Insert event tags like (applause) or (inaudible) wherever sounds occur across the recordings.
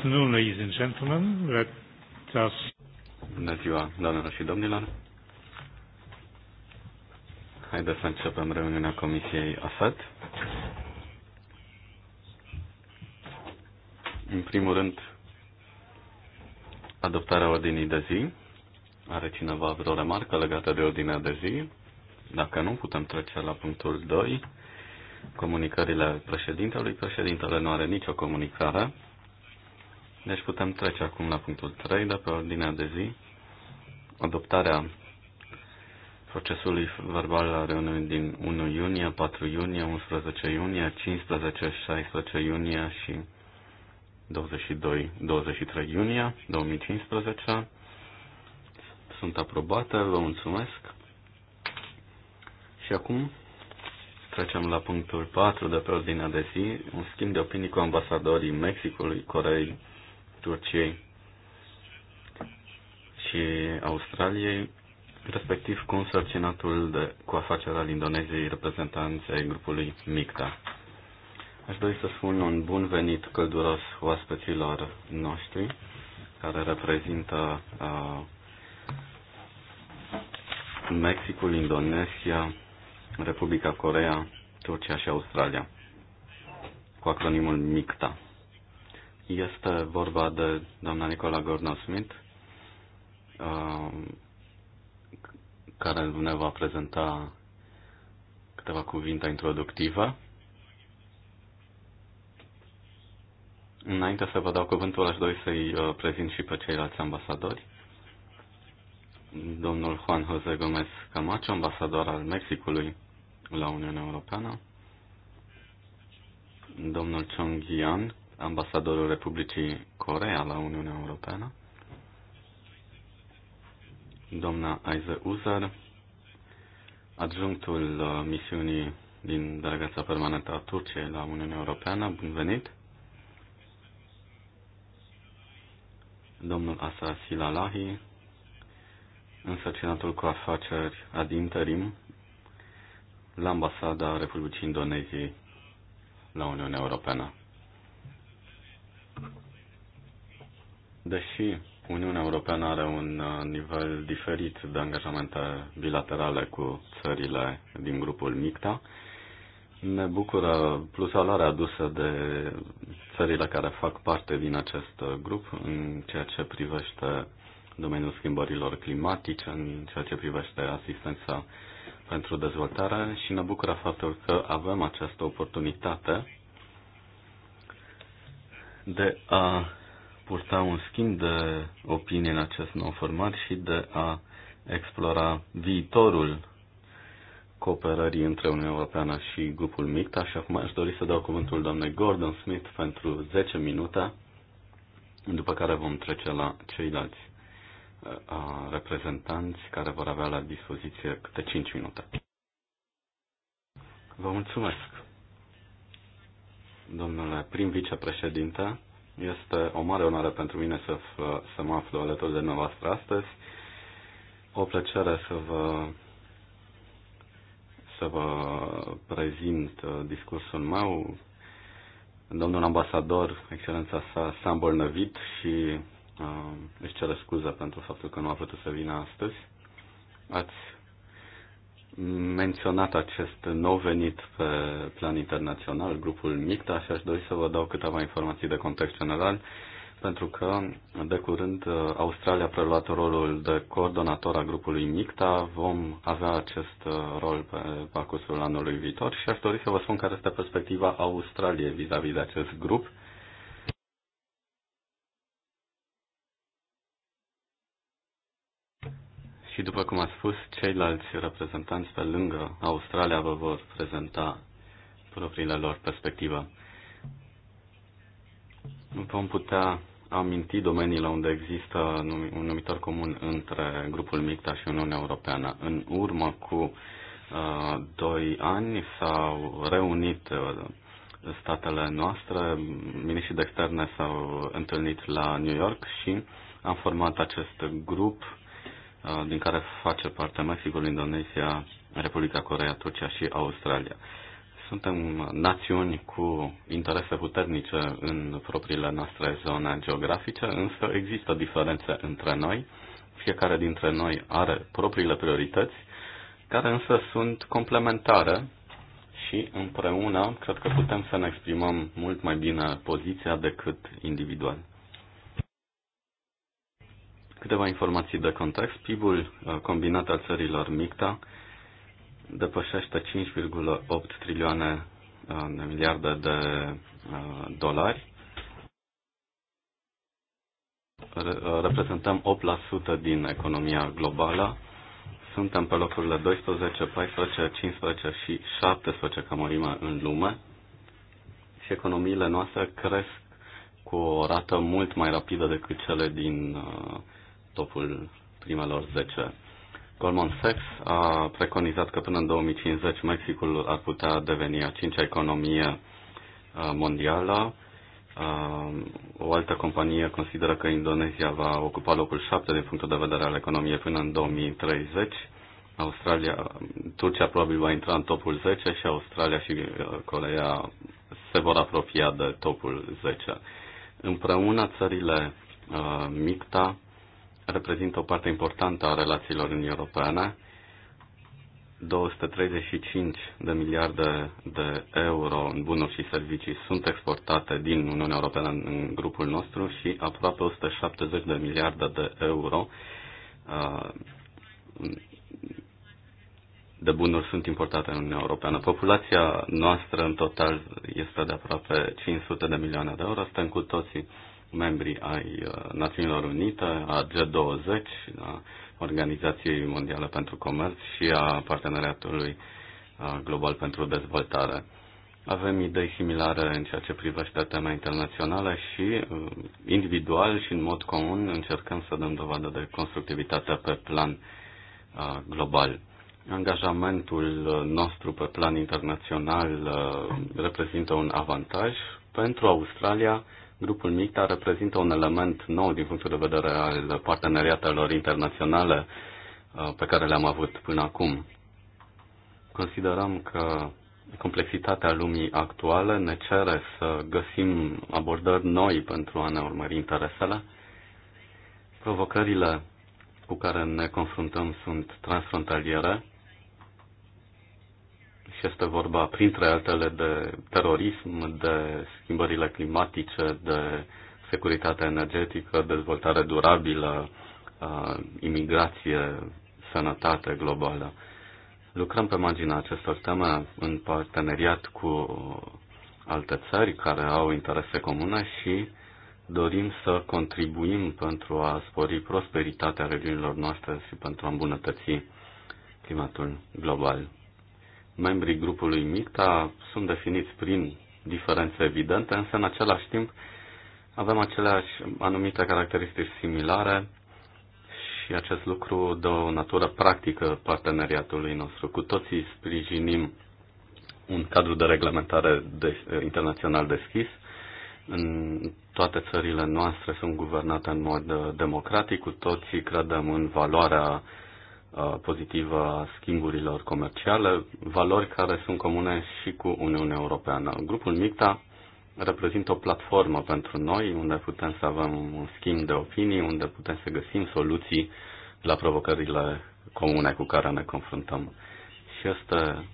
afternoon, ladies and gentlemen. Let us... Bună ziua, doamnelor și domnilor. Haideți să începem reuniunea Comisiei AFET. În primul rând, adoptarea ordinii de zi. Are cineva vreo remarcă legată de ordinea de zi? Dacă nu, putem trece la punctul 2. Comunicările președintelui. Președintele nu are nicio comunicare. Deci putem trece acum la punctul 3 de pe ordinea de zi. Adoptarea procesului verbal la reuniunii din 1 iunie, 4 iunie, 11 iunie, 15, 16 iunie și 22, 23 iunie 2015 sunt aprobate, vă mulțumesc. Și acum trecem la punctul 4 de pe ordinea de zi, un schimb de opinii cu ambasadorii Mexicului, Coreei Turciei și Australiei, respectiv cu însărcinatul de, cu afacerea al Indoneziei reprezentanței grupului MICTA. Aș dori să spun un bun venit călduros oaspeților noștri, care reprezintă uh, Mexicul, Indonezia, Republica Corea, Turcia și Australia, cu acronimul MICTA. Este vorba de doamna Nicola Gordon-Smith, uh, care ne va prezenta câteva cuvinte introductive. Înainte să vă dau cuvântul, aș dori să-i uh, prezint și pe ceilalți ambasadori. Domnul Juan José Gómez Camacho, ambasador al Mexicului la Uniunea Europeană. Domnul Chong Yan, ambasadorul Republicii Corea la Uniunea Europeană, doamna Aiza Uzar, adjunctul uh, misiunii din Delegația Permanentă a Turciei la Uniunea Europeană, bun venit! Domnul Asa Silalahi, însărcinatul cu afaceri ad interim la Ambasada Republicii Indoneziei la Uniunea Europeană. Deși Uniunea Europeană are un uh, nivel diferit de angajamente bilaterale cu țările din grupul MICTA, ne bucură plus alarea adusă de țările care fac parte din acest uh, grup în ceea ce privește domeniul schimbărilor climatice, în ceea ce privește asistența pentru dezvoltare și ne bucură faptul că avem această oportunitate de a purta un schimb de opinie în acest nou format și de a explora viitorul cooperării între Uniunea Europeană și grupul MICT. Așa cum aș dori să dau cuvântul doamnei Gordon Smith pentru 10 minute, după care vom trece la ceilalți uh, reprezentanți care vor avea la dispoziție câte 5 minute. Vă mulțumesc, domnule prim vicepreședinte. Este o mare onoare pentru mine să, să mă aflu alături de dumneavoastră astăzi. O plăcere să vă, să vă prezint uh, discursul meu. Domnul ambasador, excelența sa, s-a îmbolnăvit și uh, își cere scuze pentru faptul că nu a putut să vină astăzi. Ați menționat acest nou venit pe plan internațional, grupul MICTA, și aș dori să vă dau câteva informații de context general, pentru că de curând Australia a preluat rolul de coordonator a grupului MICTA, vom avea acest uh, rol pe parcursul anului viitor și aș dori să vă spun care este perspectiva Australiei vis-a-vis de acest grup Și după cum a spus, ceilalți reprezentanți pe lângă Australia vă vor prezenta propriile lor perspectivă. Vom putea aminti domeniile unde există un numitor comun între grupul MICTA și Uniunea Europeană. În urmă cu uh, doi ani s-au reunit uh, statele noastre, miniștrii de externe s-au întâlnit la New York și am format acest grup Uh, din care face parte Mexicul, Indonezia, Republica Corea, Turcia și Australia. Suntem națiuni cu interese puternice în propriile noastre zone geografice, însă există diferențe între noi. Fiecare dintre noi are propriile priorități, care însă sunt complementare și împreună cred că putem să ne exprimăm mult mai bine poziția decât individual. Câteva informații de context. PIB-ul uh, combinat al țărilor MICTA depășește 5,8 trilioane uh, de miliarde de uh, dolari. Reprezentăm 8% din economia globală. Suntem pe locurile 12, 14, 15 și 17 ca mărime în lume și economiile noastre cresc cu o rată mult mai rapidă decât cele din topul primelor 10. Goldman Sachs a preconizat că până în 2050 Mexicul ar putea deveni a cincea economie mondială. O altă companie consideră că Indonezia va ocupa locul 7 din punctul de vedere al economiei până în 2030. Australia, Turcia probabil va intra în topul 10 și Australia și uh, Corea se vor apropia de topul 10. Împreună țările uh, MICTA reprezintă o parte importantă a relațiilor Uniunii Europene. 235 de miliarde de euro în bunuri și servicii sunt exportate din Uniunea Europeană în grupul nostru și aproape 170 de miliarde de euro uh, de bunuri sunt importate în Uniunea Europeană. Populația noastră în total este de aproape 500 de milioane de euro. Suntem cu toții membri ai uh, Națiunilor Unite, a G20, a Organizației Mondiale pentru Comerț și a Parteneriatului uh, Global pentru Dezvoltare. Avem idei similare în ceea ce privește teme internaționale și uh, individual și în mod comun încercăm să dăm dovadă de constructivitate pe plan global. Angajamentul nostru pe plan internațional reprezintă un avantaj pentru Australia, Grupul MICTA reprezintă un element nou din punctul de vedere al parteneriatelor internaționale uh, pe care le-am avut până acum. Considerăm că complexitatea lumii actuale ne cere să găsim abordări noi pentru a ne urmări interesele. Provocările cu care ne confruntăm sunt transfrontaliere și este vorba, printre altele, de terorism, de schimbările climatice, de securitate energetică, dezvoltare durabilă, imigrație, sănătate globală. Lucrăm pe marginea acestor teme în parteneriat cu alte țări care au interese comune și dorim să contribuim pentru a spori prosperitatea regiunilor noastre și pentru a îmbunătăți climatul global membrii grupului MICTA sunt definiți prin diferențe evidente, însă în același timp avem aceleași anumite caracteristici similare și acest lucru dă o natură practică parteneriatului nostru. Cu toții sprijinim un cadru de reglementare de, internațional deschis. În toate țările noastre sunt guvernate în mod uh, democratic, cu toții credem în valoarea Uh, pozitivă a schimburilor comerciale, valori care sunt comune și cu Uniunea Europeană. Grupul MICTA reprezintă o platformă pentru noi unde putem să avem un schimb de opinii, unde putem să găsim soluții la provocările comune cu care ne confruntăm. Și este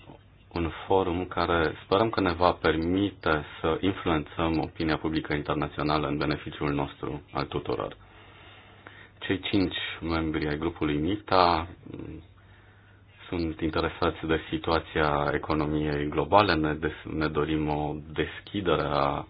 un forum care sperăm că ne va permite să influențăm opinia publică internațională în beneficiul nostru al tuturor. Cei cinci membri ai grupului NICTA sunt interesați de situația economiei globale, ne, des- ne dorim o deschidere a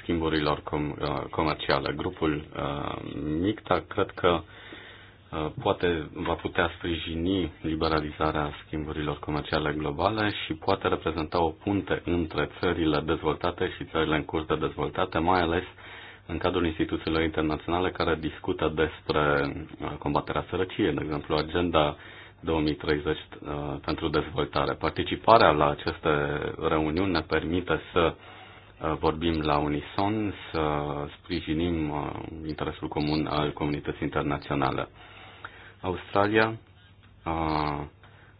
schimburilor com- uh, comerciale. Grupul uh, NICTA cred că uh, poate va putea sprijini liberalizarea schimburilor comerciale globale și poate reprezenta o punte între țările dezvoltate și țările în curs de dezvoltate, mai ales uh, în cadrul instituțiilor internaționale care discută despre uh, combaterea sărăciei, de exemplu Agenda 2030 uh, pentru dezvoltare. Participarea la aceste reuniuni ne permite să uh, vorbim la unison, să sprijinim interesul comun al comunității internaționale. Australia a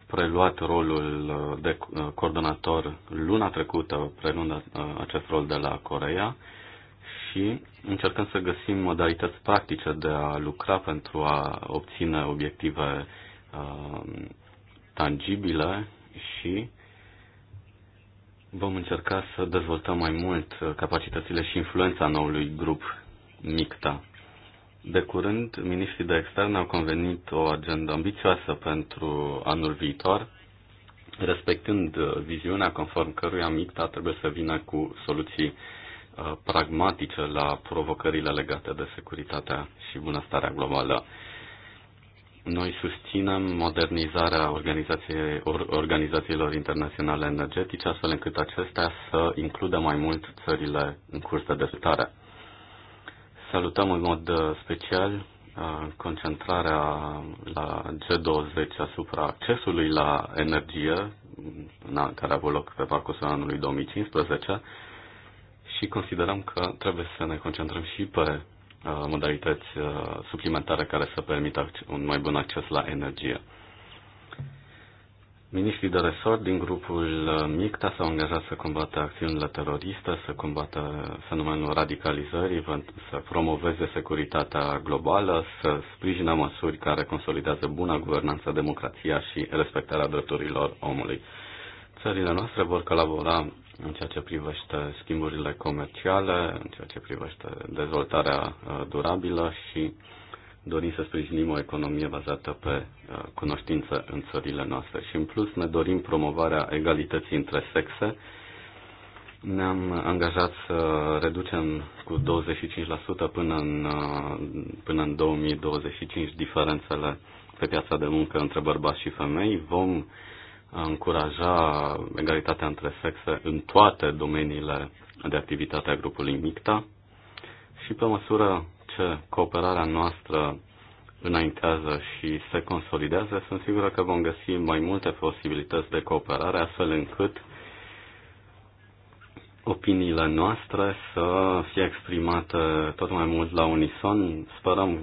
preluat rolul de coordonator luna trecută, prelunând acest rol de la Corea și încercăm să găsim modalități practice de a lucra pentru a obține obiective uh, tangibile și vom încerca să dezvoltăm mai mult uh, capacitățile și influența noului grup MICTA. De curând, ministrii de externe au convenit o agendă ambițioasă pentru anul viitor, respectând uh, viziunea conform căruia MICTA trebuie să vină cu soluții Uh, pragmatice la provocările legate de securitatea și bunăstarea globală. Noi susținem modernizarea organizațiilor internaționale energetice, astfel încât acestea să includă mai mult țările în curs de dezvoltare. Salutăm în mod uh, special uh, concentrarea la G20 asupra accesului la energie, care a avut loc pe parcursul anului 2015, și considerăm că trebuie să ne concentrăm și pe uh, modalități uh, suplimentare care să permită un mai bun acces la energie. Ministrii de resort din grupul uh, MICTA s-au angajat să combată acțiunile teroriste, să combată fenomenul radicalizării, să promoveze securitatea globală, să sprijină măsuri care consolidează buna guvernanță, democrația și respectarea drepturilor omului. Țările noastre vor colabora în ceea ce privește schimburile comerciale, în ceea ce privește dezvoltarea uh, durabilă și dorim să sprijinim o economie bazată pe uh, cunoștință în țările noastre. Și în plus ne dorim promovarea egalității între sexe. Ne-am angajat să reducem cu 25% până în, uh, până în 2025 diferențele pe piața de muncă între bărbați și femei. Vom uh, a încuraja egalitatea între sexe în toate domeniile de activitate a grupului MICTA și pe măsură ce cooperarea noastră înaintează și se consolidează, sunt sigură că vom găsi mai multe posibilități de cooperare, astfel încât opiniile noastre să fie exprimate tot mai mult la unison. Sperăm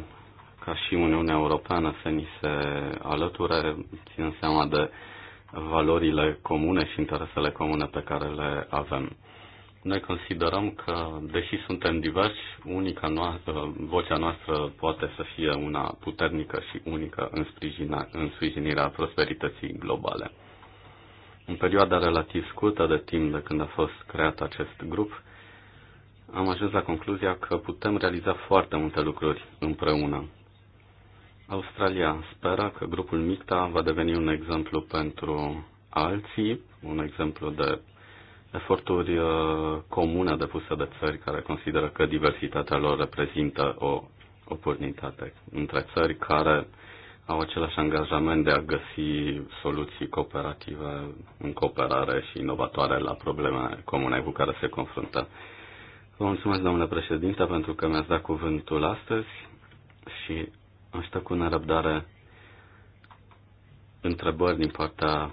ca și Uniunea Europeană să ni se alăture, ținând seama de valorile comune și interesele comune pe care le avem. Noi considerăm că, deși suntem diversi, unica noastră, vocea noastră poate să fie una puternică și unică în, în sprijinirea prosperității globale. În perioada relativ scurtă de timp de când a fost creat acest grup, am ajuns la concluzia că putem realiza foarte multe lucruri împreună. Australia speră că grupul MICTA va deveni un exemplu pentru alții, un exemplu de eforturi uh, comune depuse de țări care consideră că diversitatea lor reprezintă o oportunitate între țări care au același angajament de a găsi soluții cooperative în cooperare și inovatoare la probleme comune cu care se confruntă. Vă mulțumesc, domnule președinte, pentru că mi-ați dat cuvântul astăzi și aștept cu nerăbdare întrebări din partea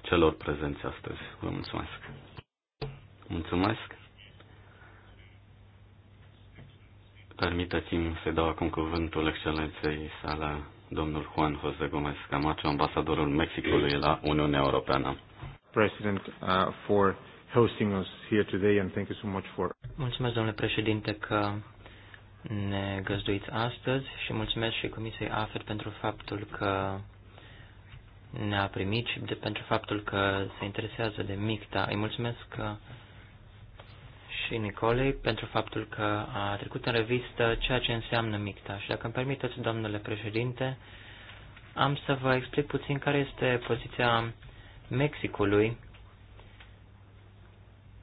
celor prezenți astăzi. Vă mulțumesc. Mulțumesc. Permiteți-mi să dau acum cuvântul excelenței sale, domnul Juan José Gómez Camacho, ambasadorul Mexicului la Uniunea Europeană. President, uh, for hosting us here today and thank you so much for... Mulțumesc, domnule președinte, că ne găzduiți astăzi și mulțumesc și Comisiei AFER pentru faptul că ne-a primit și de, pentru faptul că se interesează de MICTA. Îi mulțumesc uh, și Nicolei pentru faptul că a trecut în revistă ceea ce înseamnă MICTA. Și dacă îmi permiteți, domnule președinte, am să vă explic puțin care este poziția Mexicului,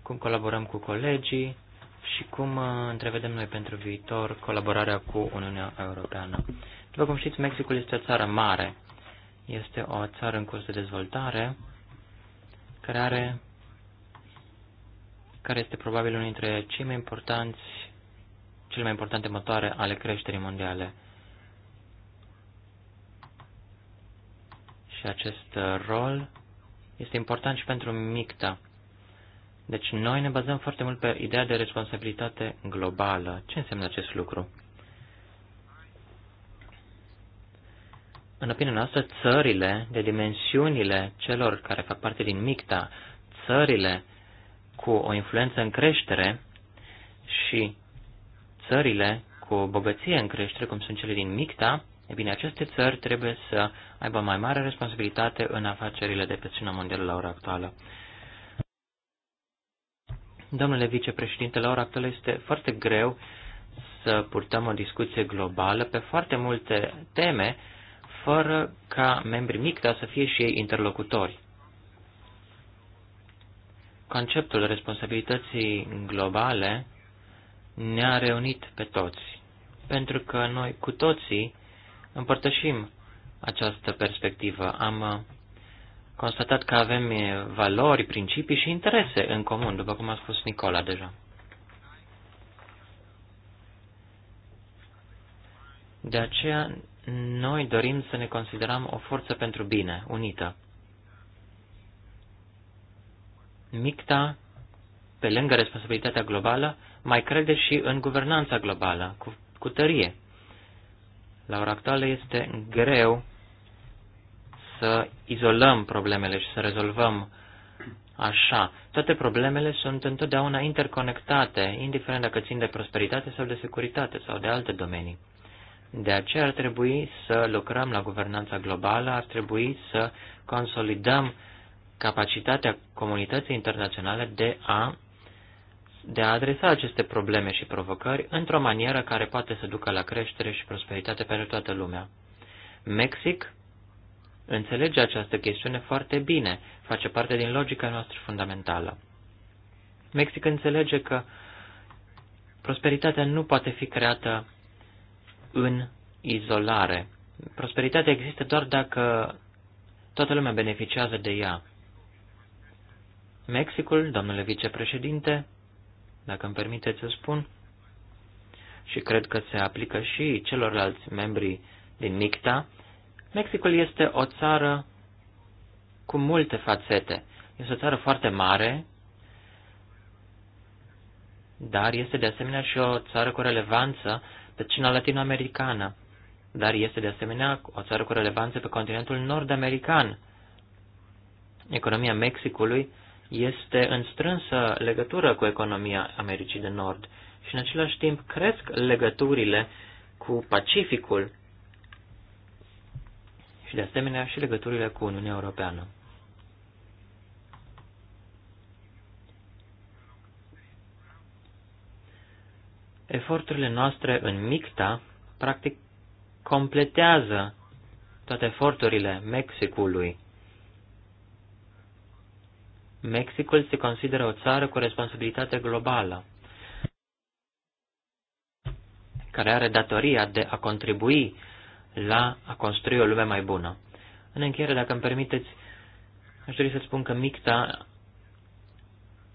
cum colaborăm cu colegii și cum uh, întrevedem noi pentru viitor colaborarea cu Uniunea Europeană. După cum știți, Mexicul este o țară mare. Este o țară în curs de dezvoltare care are care este probabil unul dintre cei mai importanți, cele mai importante motoare ale creșterii mondiale. Și acest uh, rol este important și pentru MICTA, deci noi ne bazăm foarte mult pe ideea de responsabilitate globală. Ce înseamnă acest lucru? În opinia noastră, țările de dimensiunile celor care fac parte din MICTA, țările cu o influență în creștere și țările cu o bogăție în creștere, cum sunt cele din MICTA, e bine, aceste țări trebuie să aibă mai mare responsabilitate în afacerile de pe scena mondială la ora actuală. Domnule vicepreședinte, la ora actuală este foarte greu să purtăm o discuție globală pe foarte multe teme, fără ca membrii MICTA să fie și ei interlocutori. Conceptul responsabilității globale ne-a reunit pe toți, pentru că noi cu toții împărtășim această perspectivă. Am constatat că avem valori, principii și interese în comun, după cum a spus Nicola deja. De aceea, noi dorim să ne considerăm o forță pentru bine, unită. Micta, pe lângă responsabilitatea globală, mai crede și în guvernanța globală, cu, cu tărie. La ora actuală este greu să izolăm problemele și să rezolvăm așa. Toate problemele sunt întotdeauna interconectate, indiferent dacă țin de prosperitate sau de securitate sau de alte domenii. De aceea ar trebui să lucrăm la guvernanța globală, ar trebui să consolidăm capacitatea comunității internaționale de a, de a adresa aceste probleme și provocări într-o manieră care poate să ducă la creștere și prosperitate pentru toată lumea. Mexic înțelege această chestiune foarte bine, face parte din logica noastră fundamentală. Mexic înțelege că prosperitatea nu poate fi creată în izolare. Prosperitatea există doar dacă toată lumea beneficiază de ea. Mexicul, domnule vicepreședinte, dacă îmi permiteți să spun, și cred că se aplică și celorlalți membri din MICTA, Mexicul este o țară cu multe fațete. Este o țară foarte mare, dar este de asemenea și o țară cu relevanță pe cina latinoamericană, dar este de asemenea o țară cu relevanță pe continentul nord-american. Economia Mexicului este în strânsă legătură cu economia Americii de Nord și în același timp cresc legăturile cu Pacificul, și de asemenea și legăturile cu Uniunea Europeană. Eforturile noastre în mixta, practic, completează toate eforturile Mexicului. Mexicul se consideră o țară cu responsabilitate globală, care are datoria de a contribui la a construi o lume mai bună. În încheiere, dacă îmi permiteți, aș dori să spun că MICTA,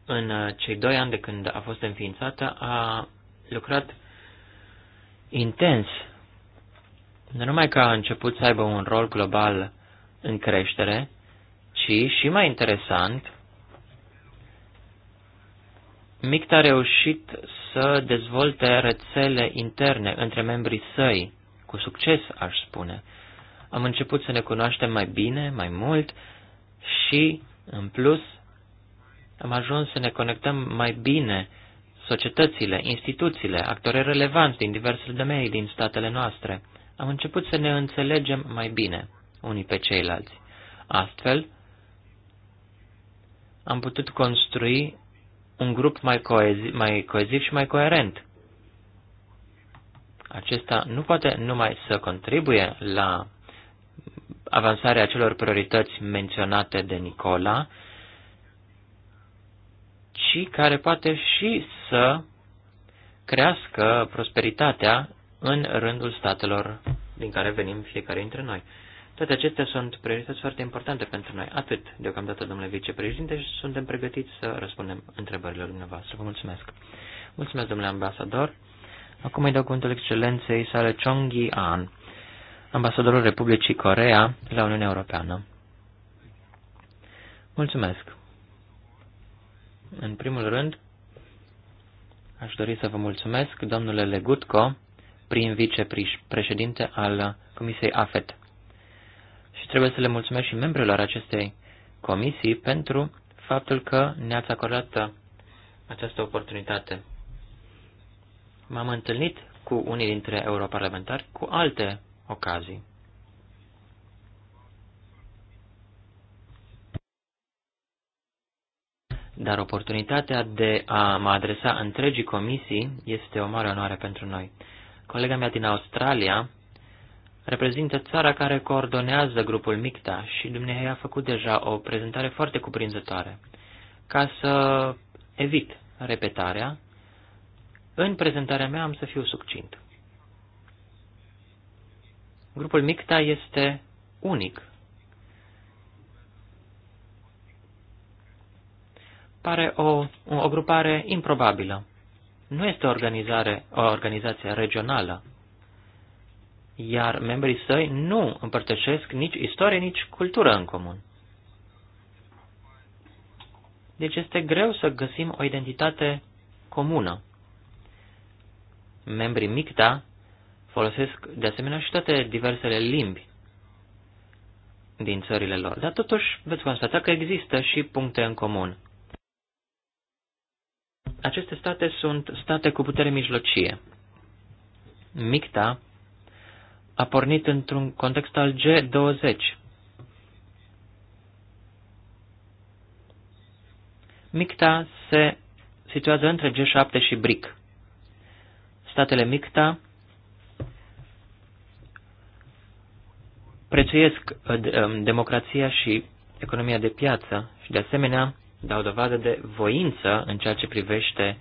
în cei doi ani de când a fost înființată, a lucrat intens. Nu numai că a început să aibă un rol global în creștere, ci, și mai interesant, MICTA a reușit să dezvolte rețele interne între membrii săi cu succes, aș spune. Am început să ne cunoaștem mai bine, mai mult și, în plus, am ajuns să ne conectăm mai bine societățile, instituțiile, actori relevanți din diversele domenii din statele noastre. Am început să ne înțelegem mai bine unii pe ceilalți. Astfel, am putut construi un grup mai, coezi, mai coeziv și mai coerent acesta nu poate numai să contribuie la avansarea celor priorități menționate de Nicola, ci care poate și să crească prosperitatea în rândul statelor din care venim fiecare dintre noi. Toate acestea sunt priorități foarte importante pentru noi. Atât deocamdată, domnule vicepreședinte, și suntem pregătiți să răspundem întrebărilor dumneavoastră. Vă mulțumesc. Mulțumesc, domnule ambasador. Acum îi dau cuvântul excelenței sale Yi An, ambasadorul Republicii Corea la Uniunea Europeană. Mulțumesc! În primul rând, aș dori să vă mulțumesc, domnule Legutko, prim vicepreședinte al Comisiei AFET. Și trebuie să le mulțumesc și membrilor acestei comisii pentru faptul că ne-ați acordat această oportunitate m-am întâlnit cu unii dintre europarlamentari cu alte ocazii. Dar oportunitatea de a mă adresa întregii comisii este o mare onoare pentru noi. Colega mea din Australia reprezintă țara care coordonează grupul MICTA și dumneavoastră a făcut deja o prezentare foarte cuprinzătoare. Ca să evit repetarea, în prezentarea mea am să fiu succint. Grupul MICTA este unic. Pare o, o grupare improbabilă. Nu este o, organizare, o organizație regională, iar membrii săi nu împărtășesc nici istorie, nici cultură în comun. Deci este greu să găsim o identitate comună membrii MICTA folosesc de asemenea și toate diversele limbi din țările lor, dar totuși veți constata că există și puncte în comun. Aceste state sunt state cu putere mijlocie. MICTA a pornit într-un context al G20. MICTA se situează între G7 și BRIC statele MICTA prețuiesc uh, um, democrația și economia de piață și, de asemenea, dau dovadă de voință în ceea ce privește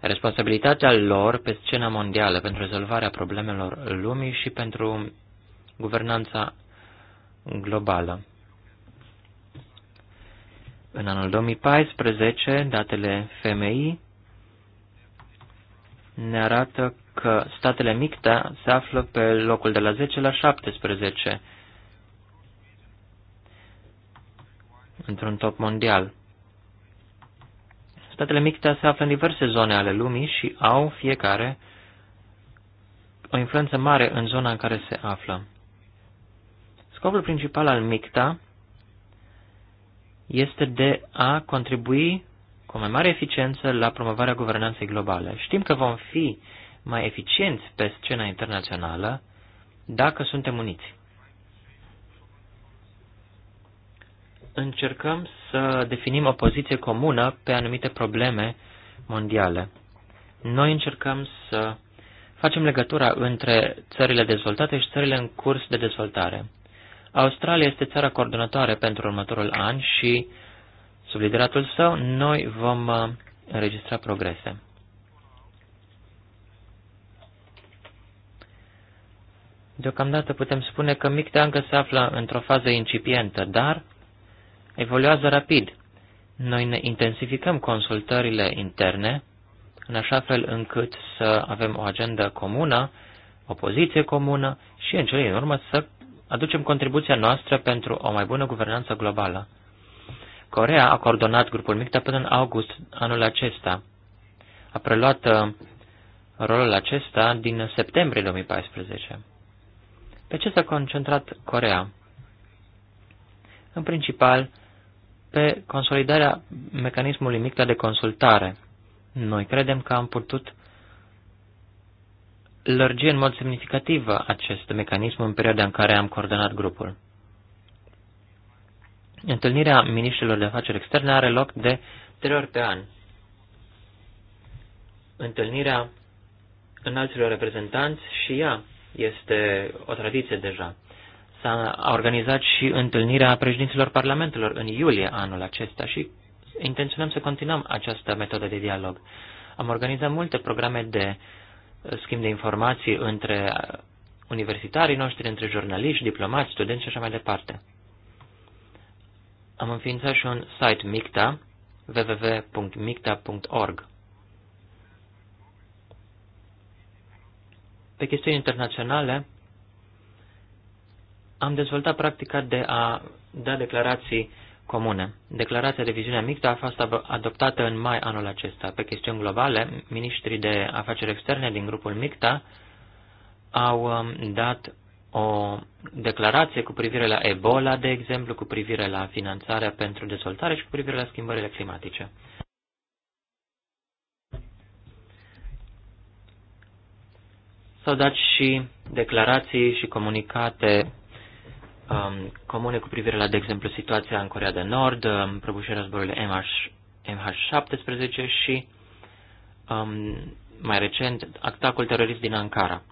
responsabilitatea lor pe scena mondială pentru rezolvarea problemelor lumii și pentru guvernanța globală. În anul 2014, datele FMI ne arată că statele Micta se află pe locul de la 10 la 17 într-un top mondial. Statele Micta se află în diverse zone ale lumii și au fiecare o influență mare în zona în care se află. Scopul principal al MICTA este de a contribui o mai mare eficiență la promovarea guvernanței globale. Știm că vom fi mai eficienți pe scena internațională dacă suntem uniți. Încercăm să definim o poziție comună pe anumite probleme mondiale. Noi încercăm să facem legătura între țările dezvoltate și țările în curs de dezvoltare. Australia este țara coordonatoare pentru următorul an și sub lideratul său, noi vom uh, înregistra progrese. Deocamdată putem spune că Mictea încă se află într-o fază incipientă, dar evoluează rapid. Noi ne intensificăm consultările interne, în așa fel încât să avem o agendă comună, o poziție comună și, în cele din urmă, să aducem contribuția noastră pentru o mai bună guvernanță globală. Corea a coordonat grupul MICTA până în august anul acesta. A preluat uh, rolul acesta din septembrie 2014. Pe ce s-a concentrat Corea? În principal, pe consolidarea mecanismului MICTA de consultare. Noi credem că am putut lărgi în mod semnificativ acest mecanism în perioada în care am coordonat grupul. Întâlnirea miniștrilor de afaceri externe are loc de trei ori pe an. Întâlnirea înalților reprezentanți și ea este o tradiție deja. S-a organizat și întâlnirea președinților parlamentelor în iulie anul acesta și intenționăm să continuăm această metodă de dialog. Am organizat multe programe de schimb de informații între universitarii noștri, între jurnaliști, diplomați, studenți și așa mai departe. Am înființat și un site MICTA, www.micta.org. Pe chestiuni internaționale, am dezvoltat practica de a da declarații comune. Declarația de viziune MICTA a fost adoptată în mai anul acesta. Pe chestiuni globale, ministrii de afaceri externe din grupul MICTA au um, dat o declarație cu privire la Ebola, de exemplu, cu privire la finanțarea pentru dezvoltare și cu privire la schimbările climatice. S-au dat și declarații și comunicate um, comune cu privire la, de exemplu, situația în Corea de Nord, um, prăbușirea zborului MH, MH17 și, um, mai recent, atacul terorist din Ankara.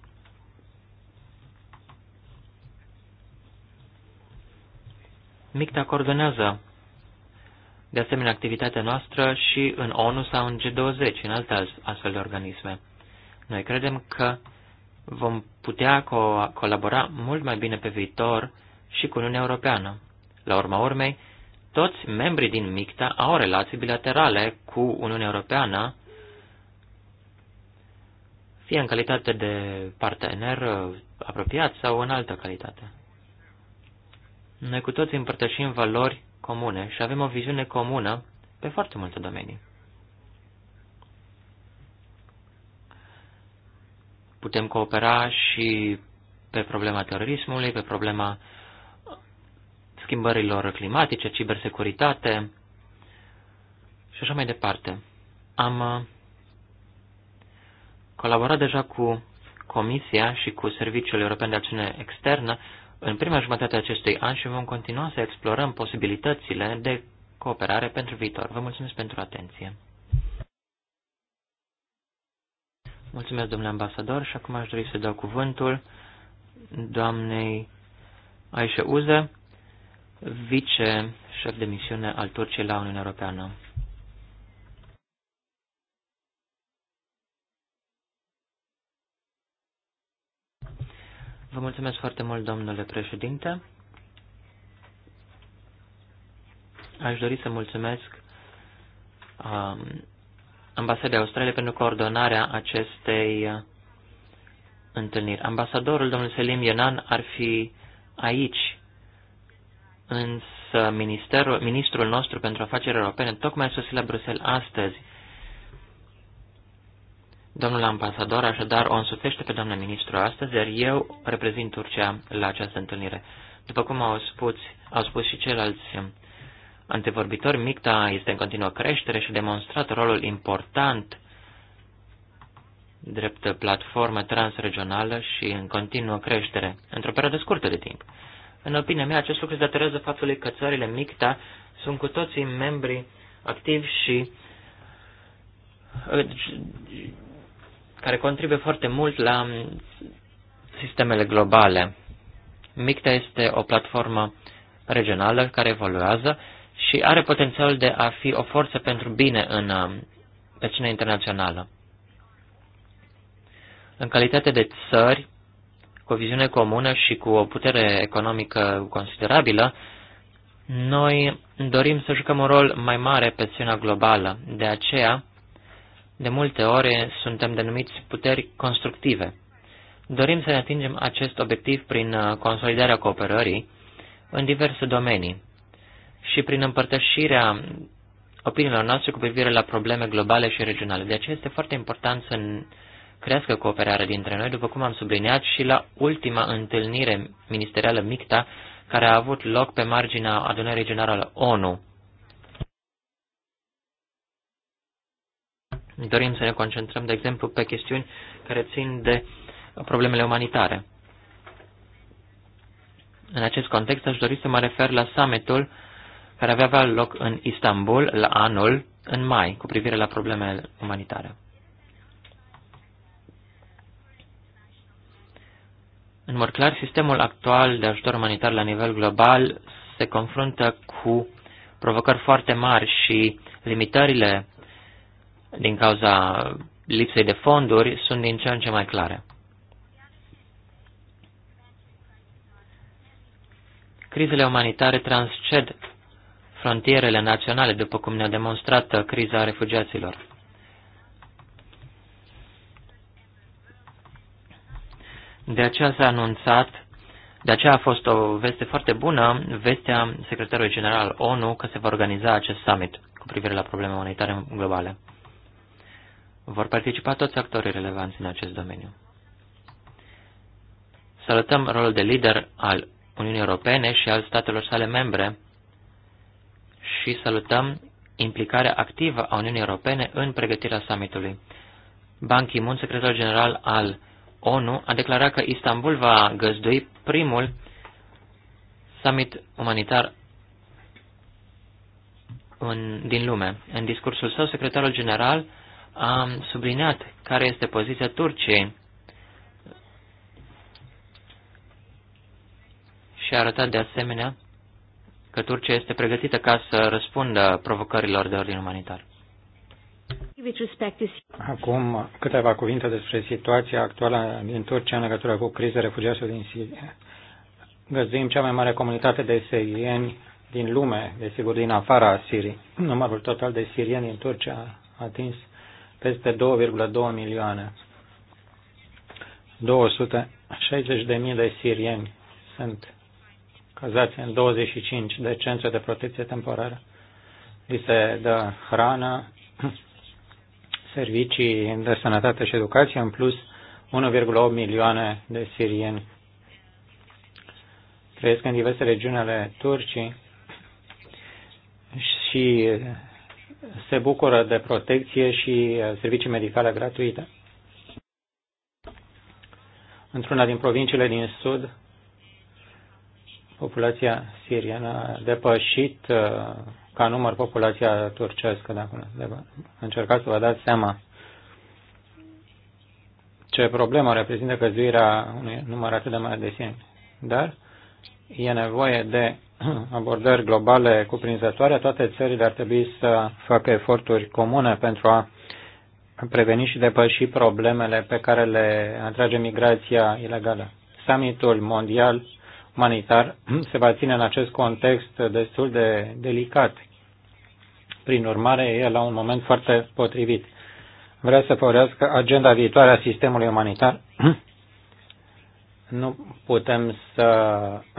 MICTA coordonează de asemenea activitatea noastră și în ONU sau în G20, în alte astfel de organisme. Noi credem că vom putea co colabora mult mai bine pe viitor și cu Uniunea Europeană. La urma urmei, toți membrii din MICTA au relații bilaterale cu Uniunea Europeană, fie în calitate de partener uh, apropiat sau în altă calitate. Noi cu toții împărtășim valori comune și avem o viziune comună pe foarte multe domenii. Putem coopera și pe problema terorismului, pe problema schimbărilor climatice, cibersecuritate și așa mai departe. Am uh, colaborat deja cu Comisia și cu Serviciul European de Acțiune Externă în prima jumătate a acestui an și vom continua să explorăm posibilitățile de cooperare pentru viitor. Vă mulțumesc pentru atenție. Mulțumesc, domnule ambasador, și acum aș dori să dau cuvântul doamnei Aisha Uze, vice-șef de misiune al Turciei la Uniunea Europeană. Vă mulțumesc foarte mult, domnule președinte. Aș dori să mulțumesc uh, ambasadei Australiei pentru coordonarea acestei uh, întâlniri. Ambasadorul, domnul Selim Ionan, ar fi aici, însă ministerul, ministrul nostru pentru afaceri europene tocmai a sosit la Bruxelles astăzi Domnul ambasador așadar o însuțește pe doamna ministru astăzi, iar eu reprezint Turcia la această întâlnire. După cum au spus, au spus și ceilalți antevorbitori, MICTA este în continuă creștere și a demonstrat rolul important drept platformă transregională și în continuă creștere, într-o perioadă scurtă de timp. În opinia mea, acest lucru se datorează faptului că țările MICTA sunt cu toții membri activi și care contribuie foarte mult la sistemele globale. MICTA este o platformă regională care evoluează și are potențial de a fi o forță pentru bine în pe scena internațională. În calitate de țări, cu o viziune comună și cu o putere economică considerabilă, noi dorim să jucăm un rol mai mare pe scena globală. De aceea, de multe ori suntem denumiți puteri constructive. Dorim să ne atingem acest obiectiv prin uh, consolidarea cooperării în diverse domenii și prin împărtășirea opiniilor noastre cu privire la probleme globale și regionale. De aceea este foarte important să crească cooperarea dintre noi, după cum am subliniat și la ultima întâlnire ministerială MICTA, care a avut loc pe marginea adunării generale ONU Dorim să ne concentrăm, de exemplu, pe chestiuni care țin de problemele umanitare. În acest context, aș dori să mă refer la summitul care avea loc în Istanbul la anul, în mai, cu privire la problemele umanitare. În mod clar, sistemul actual de ajutor umanitar la nivel global se confruntă cu provocări foarte mari și limitările din cauza lipsei de fonduri sunt din ce în ce mai clare. Crizele umanitare transced frontierele naționale, după cum ne-a demonstrat criza refugiaților. De aceea s-a anunțat, de aceea a fost o veste foarte bună, vestea secretarului general ONU că se va organiza acest summit cu privire la probleme umanitare globale. Vor participa toți actorii relevanți în acest domeniu. Salutăm rolul de lider al Uniunii Europene și al statelor sale membre și salutăm implicarea activă a Uniunii Europene în pregătirea summitului. Ban Ki-moon, secretar general al ONU, a declarat că Istanbul va găzdui primul summit umanitar în, din lume. În discursul său, secretarul general am subliniat care este poziția Turciei și a arătat de asemenea că Turcia este pregătită ca să răspundă provocărilor de ordin umanitar. Acum câteva cuvinte despre situația actuală din Turcia în legătură cu criza refugiaților din Siria. Găzduim cea mai mare comunitate de sirieni din lume, desigur din afara Siriei. Numărul total de sirieni în Turcia a atins peste 2,2 milioane. 260.000 de sirieni sunt cazați în 25 de centre de protecție temporară. Li se dă hrană, (clears throat) servicii de sănătate și educație, în plus 1,8 milioane de sirieni trăiesc în diverse regiuni ale Turcii și se bucură de protecție și uh, servicii medicale gratuite. Într-una din provinciile din sud, populația siriană a depășit uh, ca număr populația turcească, dacă încercați să vă dați seama ce problemă reprezintă căzuirea unui număr atât de mare de sirieni. Dar e nevoie de (clears throat) abordări globale cuprinzătoare, toate țările ar trebui să facă eforturi comune pentru a preveni și depăși problemele pe care le atrage migrația ilegală. Summitul mondial umanitar (clears throat) se va ține în acest context destul de delicat. Prin urmare, e la un moment foarte potrivit. Vrea să folosească agenda viitoare a sistemului umanitar (clears throat) nu putem să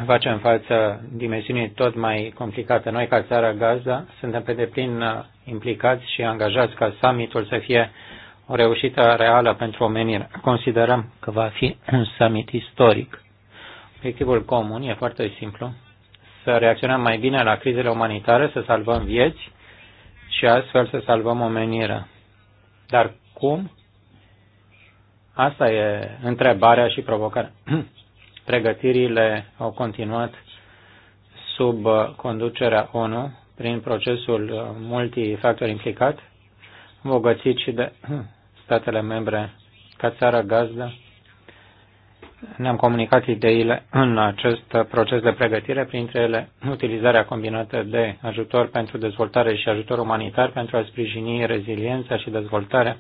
facem față dimensiunii tot mai complicate. Noi, ca țara Gaza, suntem pe deplin uh, implicați și angajați ca summitul să fie o reușită reală pentru omenire. Considerăm că va fi un summit istoric. Obiectivul comun e foarte simplu, să reacționăm mai bine la crizele umanitare, să salvăm vieți și astfel să salvăm omenirea. Dar cum? Asta e întrebarea și provocarea. (clears throat) Pregătirile au continuat sub uh, conducerea ONU prin procesul uh, multifactor implicat, îmbogățit și de (clears throat) statele membre ca țară gazdă. Ne-am comunicat ideile în acest proces de pregătire, printre ele utilizarea combinată de ajutor pentru dezvoltare și ajutor umanitar pentru a sprijini reziliența și dezvoltarea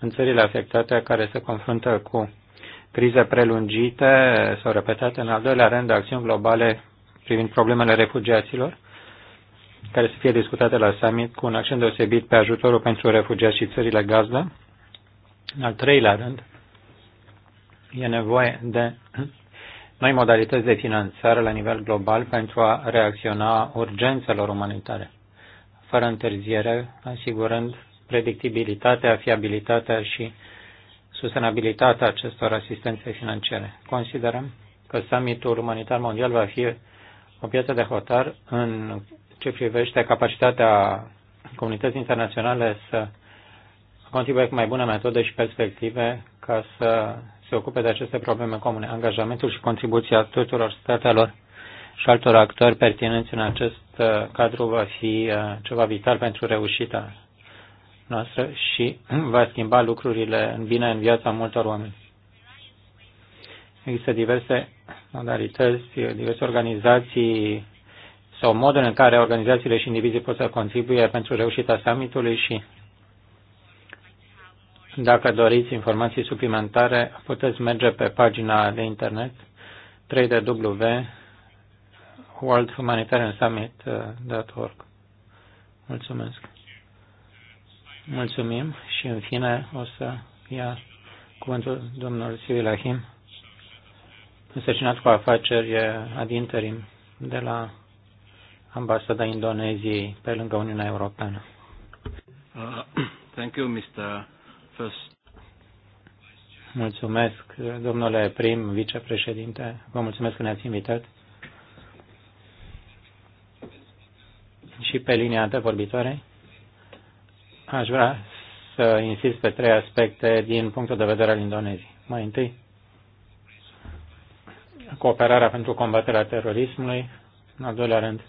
în țările afectate care se confruntă cu crize prelungite sau repetate, în al doilea rând, acțiuni globale privind problemele refugiaților, care să fie discutate la summit cu un accent deosebit pe ajutorul pentru refugiați și țările gazdă. În al treilea rând, e nevoie de noi modalități de finanțare la nivel global pentru a reacționa urgențelor umanitare, fără întârziere, asigurând predictibilitatea, fiabilitatea și sustenabilitatea acestor asistențe financiare. Considerăm că summitul umanitar mondial va fi o piață de hotar în ce privește capacitatea comunității internaționale să contribuie cu mai bune metode și perspective ca să se ocupe de aceste probleme comune. Angajamentul și contribuția tuturor statelor și altor actori pertinenți în acest uh, cadru va fi uh, ceva vital pentru reușita noastră și (clears throat) va schimba lucrurile în bine în viața multor oameni. Există diverse modalități, diverse organizații sau modul în care organizațiile și indivizii pot să contribuie pentru reușita summitului și dacă doriți informații suplimentare, puteți merge pe pagina de internet www Mulțumesc! Mulțumim și în fine o să ia cuvântul domnul Sivilahim, însărcinat cu afaceri ad interim de la ambasada Indoneziei pe lângă Uniunea Europeană. Uh, thank you, Mr. First. Mulțumesc, domnule prim vicepreședinte. Vă mulțumesc că ne-ați invitat. Și pe linia de vorbitoare Aș vrea să insist pe trei aspecte din punctul de vedere al Indoneziei. Mai întâi, cooperarea pentru combaterea terorismului, în al doilea rând,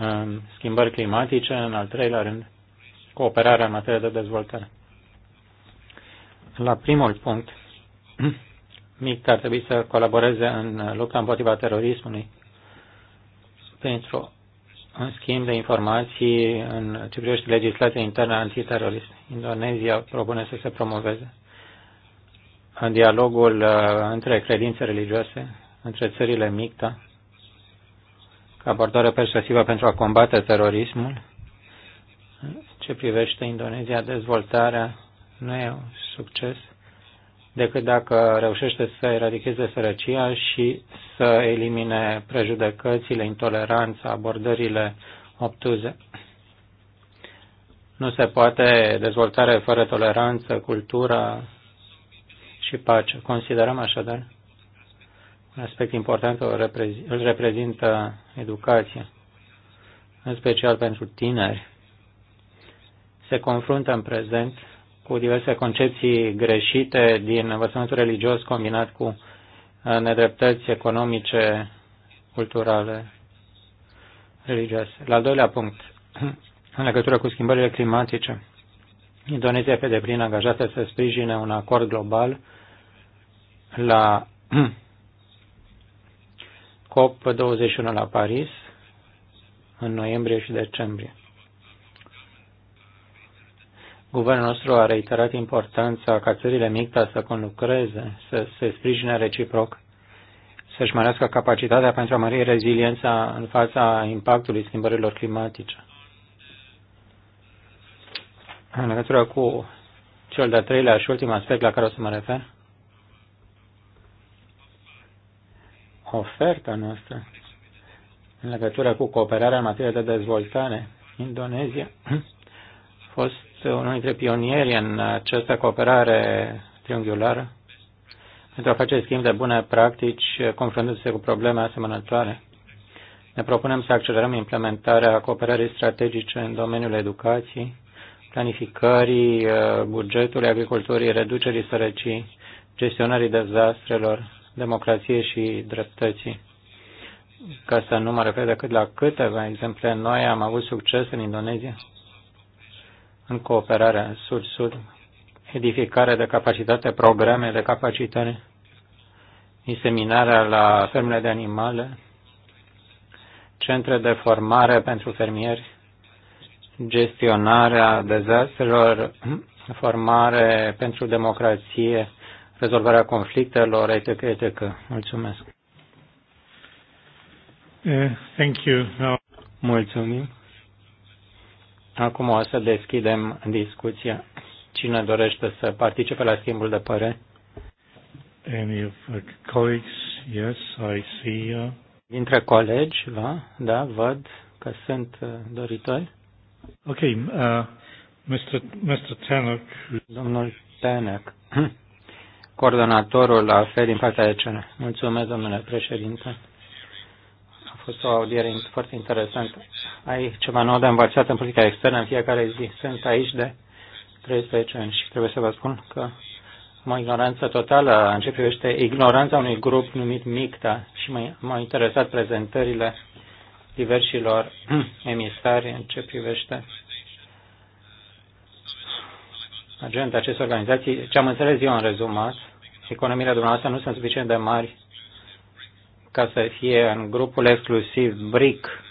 um, schimbări climatice, în al treilea rând, cooperarea în materie de dezvoltare. La primul punct, (clears throat) MIC ar trebui să colaboreze în lupta împotriva terorismului printr-o în schimb de informații în ce privește legislația internă antiterorist. Indonezia propune să se promoveze în dialogul uh, între credințe religioase, între țările MICTA, ca abordare persuasivă pentru a combate terorismul. În ce privește Indonezia, dezvoltarea nu e un succes decât dacă reușește să eradicheze sărăcia și să elimine prejudecățile, intoleranța, abordările obtuze. Nu se poate dezvoltare fără toleranță, cultură și pace. Considerăm așadar un aspect important îl reprezintă educația, în special pentru tineri. Se confruntă în prezent cu diverse concepții greșite din învățământul religios combinat cu uh, nedreptăți economice, culturale, religioase. La al doilea punct, (clears throat) în legătură cu schimbările climatice, Indonezia pe deplin angajată să sprijine un acord global la (clears throat) COP21 la Paris în noiembrie și decembrie. Guvernul nostru a reiterat importanța ca țările MICTA să conlucreze, să se sprijine reciproc, să-și mărească capacitatea pentru a mări reziliența în fața impactului schimbărilor climatice. În legătură cu cel de-al treilea și ultim aspect la care o să mă refer, oferta noastră în legătură cu cooperarea în materie de dezvoltare, Indonezia (clears throat) a fost unul dintre pionieri în această cooperare triunghiulară pentru a face schimb de bune practici, confruntându-se cu probleme asemănătoare. Ne propunem să accelerăm implementarea cooperării strategice în domeniul educației, planificării uh, bugetului, agriculturii, reducerii sărăcii, gestionării dezastrelor, democrației și dreptății. Ca să nu mă refer decât la câteva exemple, noi am avut succes în Indonezia în cooperarea sud-sud, edificare de capacitate, programe de capacitate, inseminarea la fermele de animale, centre de formare pentru fermieri, gestionarea dezastrelor, (clears throat) formare pentru democrație, rezolvarea conflictelor, etc. etc. Mulțumesc. Uh, thank you. No. Mulțumim. Acum o să deschidem discuția. Cine dorește să participe la schimbul de păreri? Any of the colleagues? Yes, I see. Uh... Dintre colegi, da, da, văd că sunt uh, doritori. Ok, uh, Mr. Mr. Tannock. Domnul Tannock, (clears throat) coordonatorul la fel din partea ECR. Mulțumesc, domnule președinte fost o audiere foarte interesantă. Ai ceva nou de învățat în politica externă în fiecare zi. Sunt aici de 13 ani și trebuie să vă spun că am o ignoranță totală în ce privește ignoranța unui grup numit MICTA și m-au interesat prezentările diversilor (clears throat) emisari în ce privește agenda acestei organizații. Ce am înțeles eu în rezumat, economiile dumneavoastră nu sunt suficient de mari ca să fie în grupul exclusiv BRIC.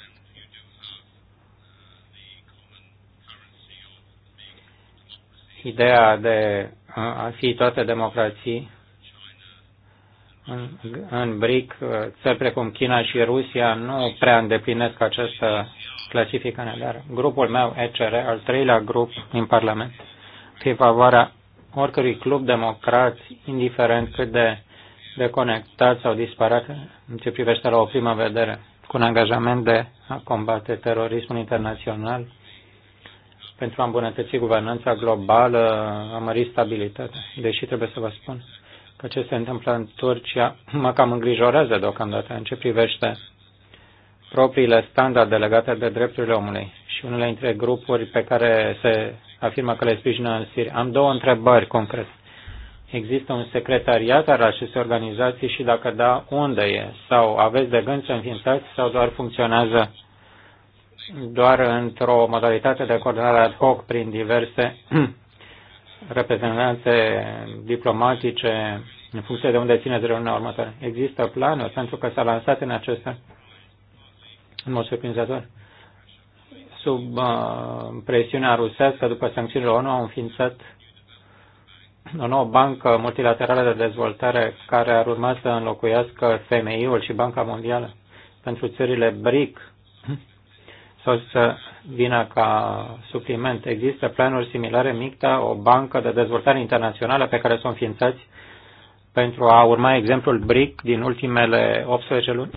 Ideea de a fi toate democrații în, în BRIC, țări precum China și Rusia nu prea îndeplinesc această clasificare, dar grupul meu, ECR, al treilea grup din Parlament, fi favoarea oricărui club democrat, indiferent cât de deconectat sau disparat în ce privește la o primă vedere, cu un angajament de a combate terorismul internațional pentru a îmbunătăți guvernanța globală, a mări stabilitatea. Deși trebuie să vă spun că ce se întâmplă în Turcia mă cam îngrijorează deocamdată în ce privește propriile standarde legate de drepturile omului și unele dintre grupuri pe care se afirmă că le sprijină în Siria. Am două întrebări concrete. Există un secretariat al acestei organizații și dacă da, unde e? Sau aveți de gând să înființați sau doar funcționează doar într-o modalitate de coordonare ad hoc prin diverse (clears throat) reprezentanțe diplomatice în funcție de unde țineți reuniunea următoare. Există planul pentru că s-a lansat în acesta în mod surprinzător sub uh, presiunea rusească după sancțiunile ONU au înființat o nouă bancă multilaterală de dezvoltare care ar urma să înlocuiască FMI-ul și Banca Mondială pentru țările BRIC sau să vină ca supliment. Există planuri similare, MICTA, o bancă de dezvoltare internațională pe care sunt o înființați pentru a urma exemplul BRIC din ultimele 18 luni?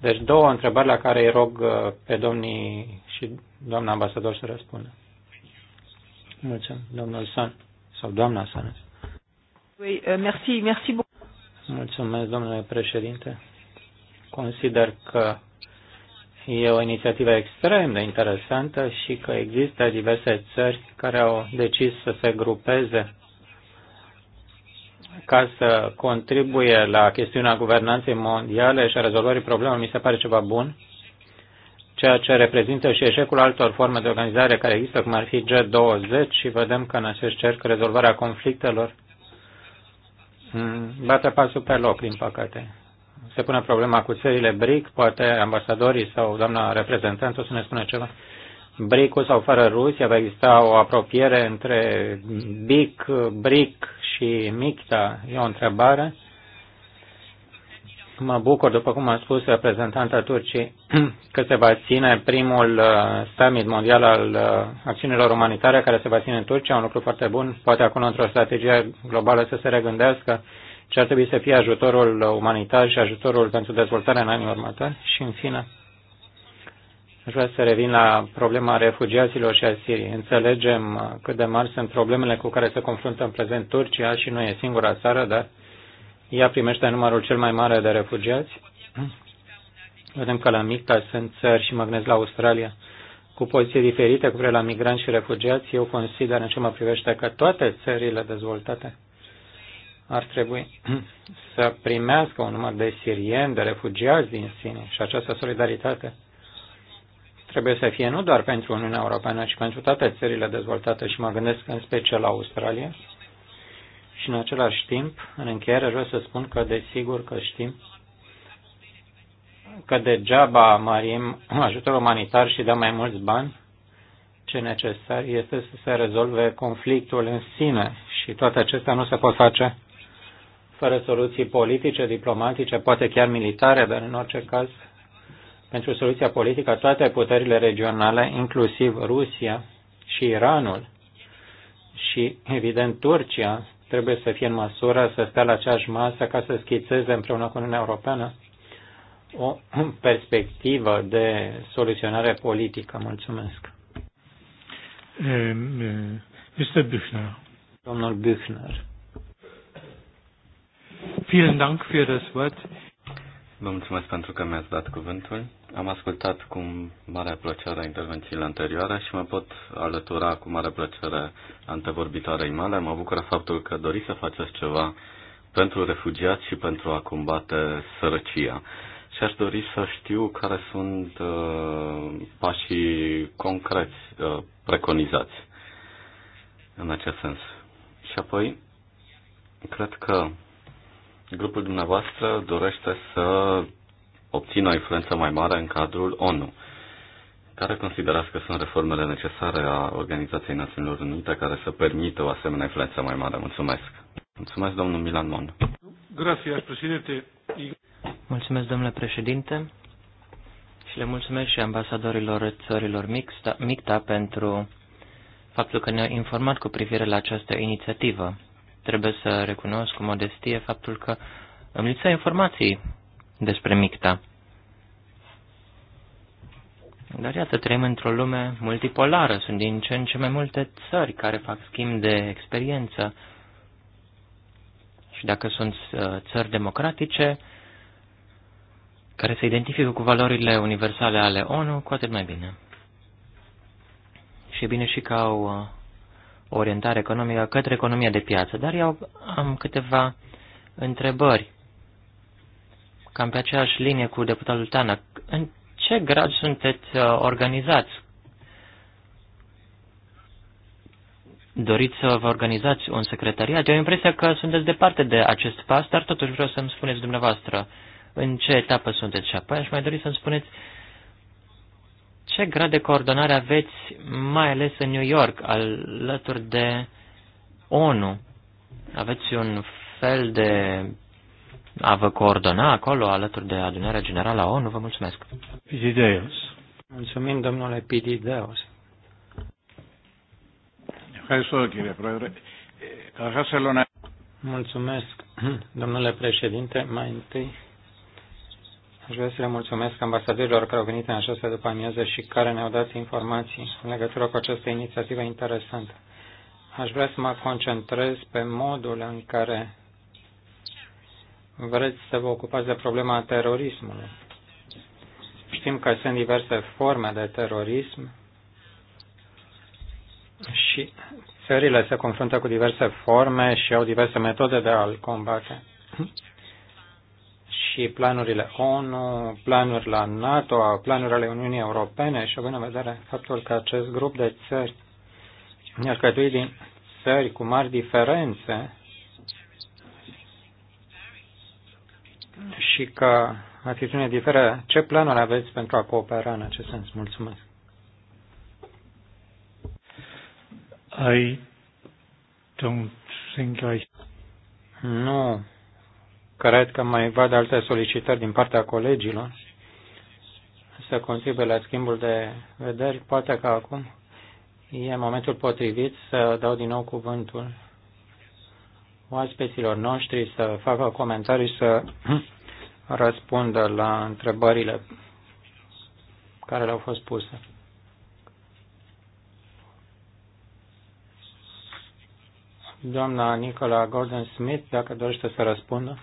Deci două întrebări la care îi rog uh, pe domnii și doamna ambasador să răspundă. mulțumesc domnul San sau doamna Sanes. Oui, păi, uh, merci, merci Mulțumesc, domnule președinte. Consider că e o inițiativă extrem de interesantă și că există diverse țări care au decis să se grupeze ca să contribuie la chestiunea guvernanței mondiale și a rezolvării problemelor. Mi se pare ceva bun ceea ce reprezintă și eșecul altor forme de organizare care există, cum ar fi G20, și vedem că în acest cerc rezolvarea conflictelor mm, bate pasul pe loc, din păcate. Se pune problema cu țările BRIC, poate ambasadorii sau doamna reprezentant o să ne spună ceva. BRIC-ul sau fără Rusia va exista o apropiere între BIC, BRIC și MICTA? E o întrebare Mă bucur, după cum a spus reprezentanta Turciei, (clears throat) că se va ține primul uh, summit mondial al uh, acțiunilor umanitare care se va ține în Turcia, un lucru foarte bun. Poate acum, într-o strategie globală, să se regândească ce ar trebui să fie ajutorul umanitar și ajutorul pentru dezvoltare în anii următori. Și, în fine, aș vrea să revin la problema refugiaților și a Siriei. Înțelegem cât de mari sunt problemele cu care se confruntă în prezent Turcia și nu e singura țară, dar ea primește numărul cel mai mare de refugiați. Vedem că la MICTA sunt țări și mă gândesc la Australia cu poziții diferite cu la migranți și refugiați. Eu consider în ce mă privește că toate țările dezvoltate ar trebui (clears throat) să primească un număr de sirieni, de refugiați din sine și această solidaritate trebuie să fie nu doar pentru Uniunea Europeană, ci pentru toate țările dezvoltate și mă gândesc în special la Australia, și în același timp, în încheiere, vreau să spun că desigur că știm că degeaba mărim (clears throat) ajutorul umanitar și dăm mai mulți bani, ce necesar este să se rezolve conflictul în sine și toate acestea nu se pot face fără soluții politice, diplomatice, poate chiar militare, dar în orice caz, pentru soluția politică, toate puterile regionale, inclusiv Rusia și Iranul și, evident, Turcia, trebuie să fie în măsură să stea la aceeași masă ca să schițeze împreună cu Uniunea Europeană o (clears throat) perspectivă de soluționare politică. Mulțumesc. Uh, Mr. Büchner. Domnul Büchner. Vielen Dank für das Wort. Vă mulțumesc pentru că mi-ați dat cuvântul. Am ascultat cu mare plăcere intervențiile anterioare și mă pot alătura cu mare plăcere antevorbitoarei mele. Mă bucură faptul că doriți să faceți ceva pentru refugiați și pentru a combate sărăcia. Și aș dori să știu care sunt uh, pașii concreți uh, preconizați în acest sens. Și apoi, cred că grupul dumneavoastră dorește să obțină o influență mai mare în cadrul ONU. Care considerați că sunt reformele necesare a Organizației Națiunilor Unite care să permită o asemenea influență mai mare? Mulțumesc. Mulțumesc, domnul Milan Mon. Gracias, președinte. Mulțumesc, domnule președinte. Și le mulțumesc și ambasadorilor țărilor MICTA pentru faptul că ne-au informat cu privire la această inițiativă. Trebuie să recunosc cu modestie faptul că îmi lipsa informații despre Micta. Dar iată, trăim într-o lume multipolară, sunt din ce în ce mai multe țări care fac schimb de experiență. Și dacă sunt uh, țări democratice, care se identifică cu valorile universale ale ONU, cu atât mai bine. Și e bine și că au uh, orientare economică către economia de piață, dar eu am câteva întrebări cam pe aceeași linie cu deputatul Tana. În ce grad sunteți uh, organizați? Doriți să vă organizați un secretariat? Eu am impresia că sunteți departe de acest pas, dar totuși vreau să-mi spuneți dumneavoastră în ce etapă sunteți și apoi aș mai dori să-mi spuneți ce grad de coordonare aveți, mai ales în New York, alături de ONU? Aveți un fel de a vă coordona acolo alături de adunarea generală a ONU. Vă mulțumesc. Pidideus. Mulțumim, domnule Pidideus. Mulțumesc, (clears throat) domnule președinte. Mai întâi aș vrea să le mulțumesc ambasadorilor care au venit în această după amiază și care ne-au dat informații în legătură cu această inițiativă interesantă. Aș vrea să mă concentrez pe modul în care vreți să vă ocupați de problema terorismului. Știm că sunt diverse forme de terorism și țările se confruntă cu diverse forme și au diverse metode de a-l combate. Și planurile ONU, planuri la NATO, planuri ale Uniunii Europene și având în vedere faptul că acest grup de țări ne-a din țări cu mari diferențe și că atitudine diferă. Ce planuri aveți pentru a coopera în acest sens? Mulțumesc. I don't think I... Nu. Cred că mai văd alte solicitări din partea colegilor să contribuie la schimbul de vederi. Poate că acum e momentul potrivit să dau din nou cuvântul oaspeților noștri să facă comentarii, să răspundă la întrebările care le-au fost puse. Doamna Nicola Gordon Smith, dacă dorește să răspundă.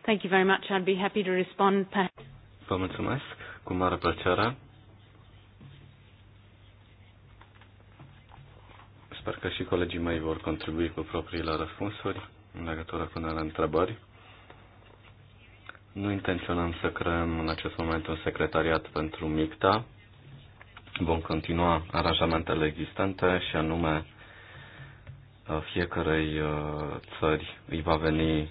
Thank you very much. I'd be happy to respond. Vă mulțumesc. Cu mare plăcere. Sper că și colegii mei vor contribui cu propriile răspunsuri în legătură cu unele întrebări. Nu intenționăm să creăm în acest moment un secretariat pentru MICTA. Vom continua aranjamentele existente și anume uh, fiecarei uh, țări îi va veni uh,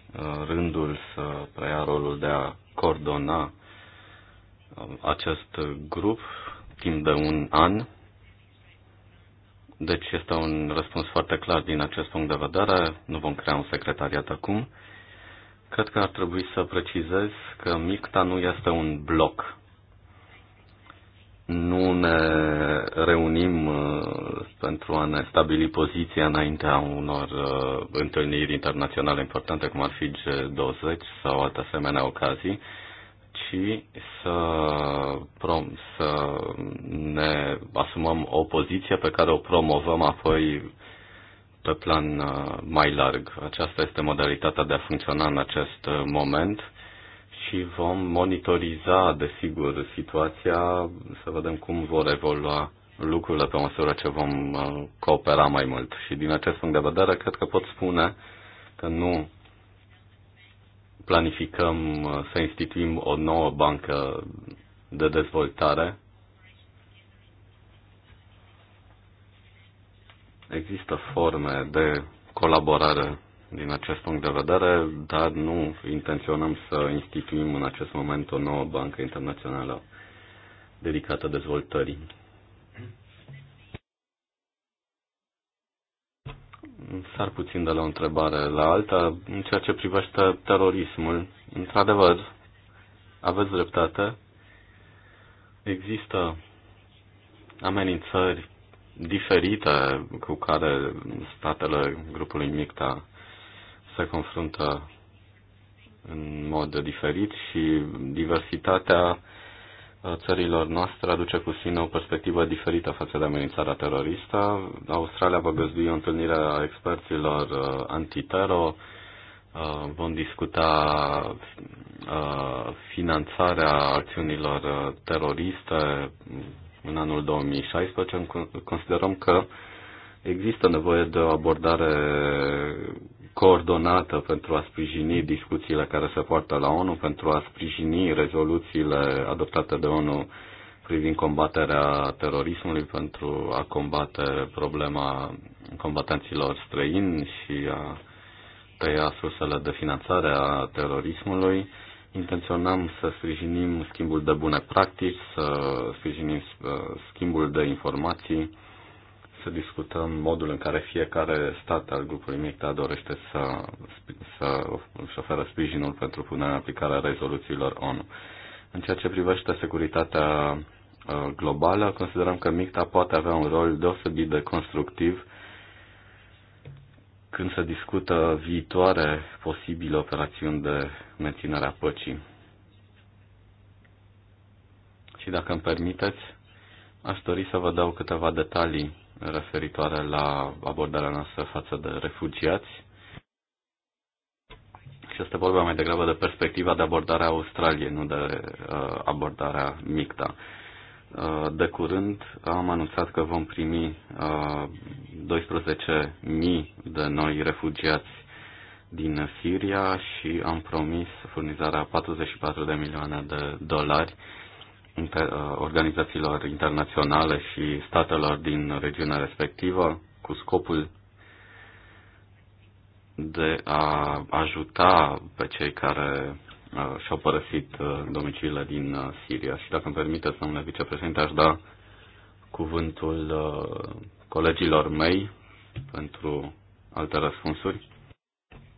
rândul să preia rolul de a coordona acest grup timp de un an. Deci este un răspuns foarte clar din acest punct de vedere. Nu vom crea un secretariat acum. Cred că ar trebui să precizez că MICTA nu este un bloc. Nu ne reunim uh, pentru a ne stabili poziția înaintea unor uh, întâlniri internaționale importante, cum ar fi G20 sau alte asemenea ocazii, ci să, prom, să ne asumăm o poziție pe care o promovăm apoi pe plan uh, mai larg. Aceasta este modalitatea de a funcționa în acest uh, moment și vom monitoriza, desigur, situația, să vedem cum vor evolua lucrurile pe măsură ce vom uh, coopera mai mult. Și din acest punct de vedere, cred că pot spune că nu planificăm să instituim o nouă bancă de dezvoltare Există forme de colaborare din acest punct de vedere, dar nu intenționăm să instituim în acest moment o nouă bancă internațională dedicată dezvoltării. Sar puțin de la o întrebare la alta, în ceea ce privește terorismul. Într-adevăr, aveți dreptate, există amenințări diferită cu care statele grupului MICTA se confruntă în mod diferit și diversitatea uh, țărilor noastre aduce cu sine o perspectivă diferită față de amenințarea teroristă. Australia va găzdui o întâlnire a experților uh, antitero, uh, vom discuta finanțarea acțiunilor teroriste, în anul 2016, considerăm că există nevoie de o abordare coordonată pentru a sprijini discuțiile care se poartă la ONU, pentru a sprijini rezoluțiile adoptate de ONU privind combaterea terorismului, pentru a combate problema combatanților străini și a tăia sursele de finanțare a terorismului intenționăm să sprijinim schimbul de bune practici, să sprijinim uh, schimbul de informații, să discutăm modul în care fiecare stat al grupului MICTA da, dorește să, să își oferă sprijinul pentru punerea în aplicare a rezoluțiilor ONU. În ceea ce privește securitatea uh, globală, considerăm că MICTA poate avea un rol deosebit de constructiv când se discută viitoare posibile operațiuni de menținere a păcii. Și dacă îmi permiteți, aș dori să vă dau câteva detalii referitoare la abordarea noastră față de refugiați. Și este vorba mai degrabă de perspectiva de abordare a Australiei, nu de uh, abordarea MICTA. Uh, Uh, de curând am anunțat că vom primi 12.000 uh, de noi refugiați din Siria și am promis furnizarea 44 de milioane de dolari uh, organizațiilor internaționale și statelor din regiunea respectivă cu scopul de a ajuta pe cei care Uh, și-au părăsit uh, domiciliile din uh, Siria. Și dacă îmi permiteți, domnule vicepreședinte, aș da cuvântul colegilor mei pentru alte răspunsuri.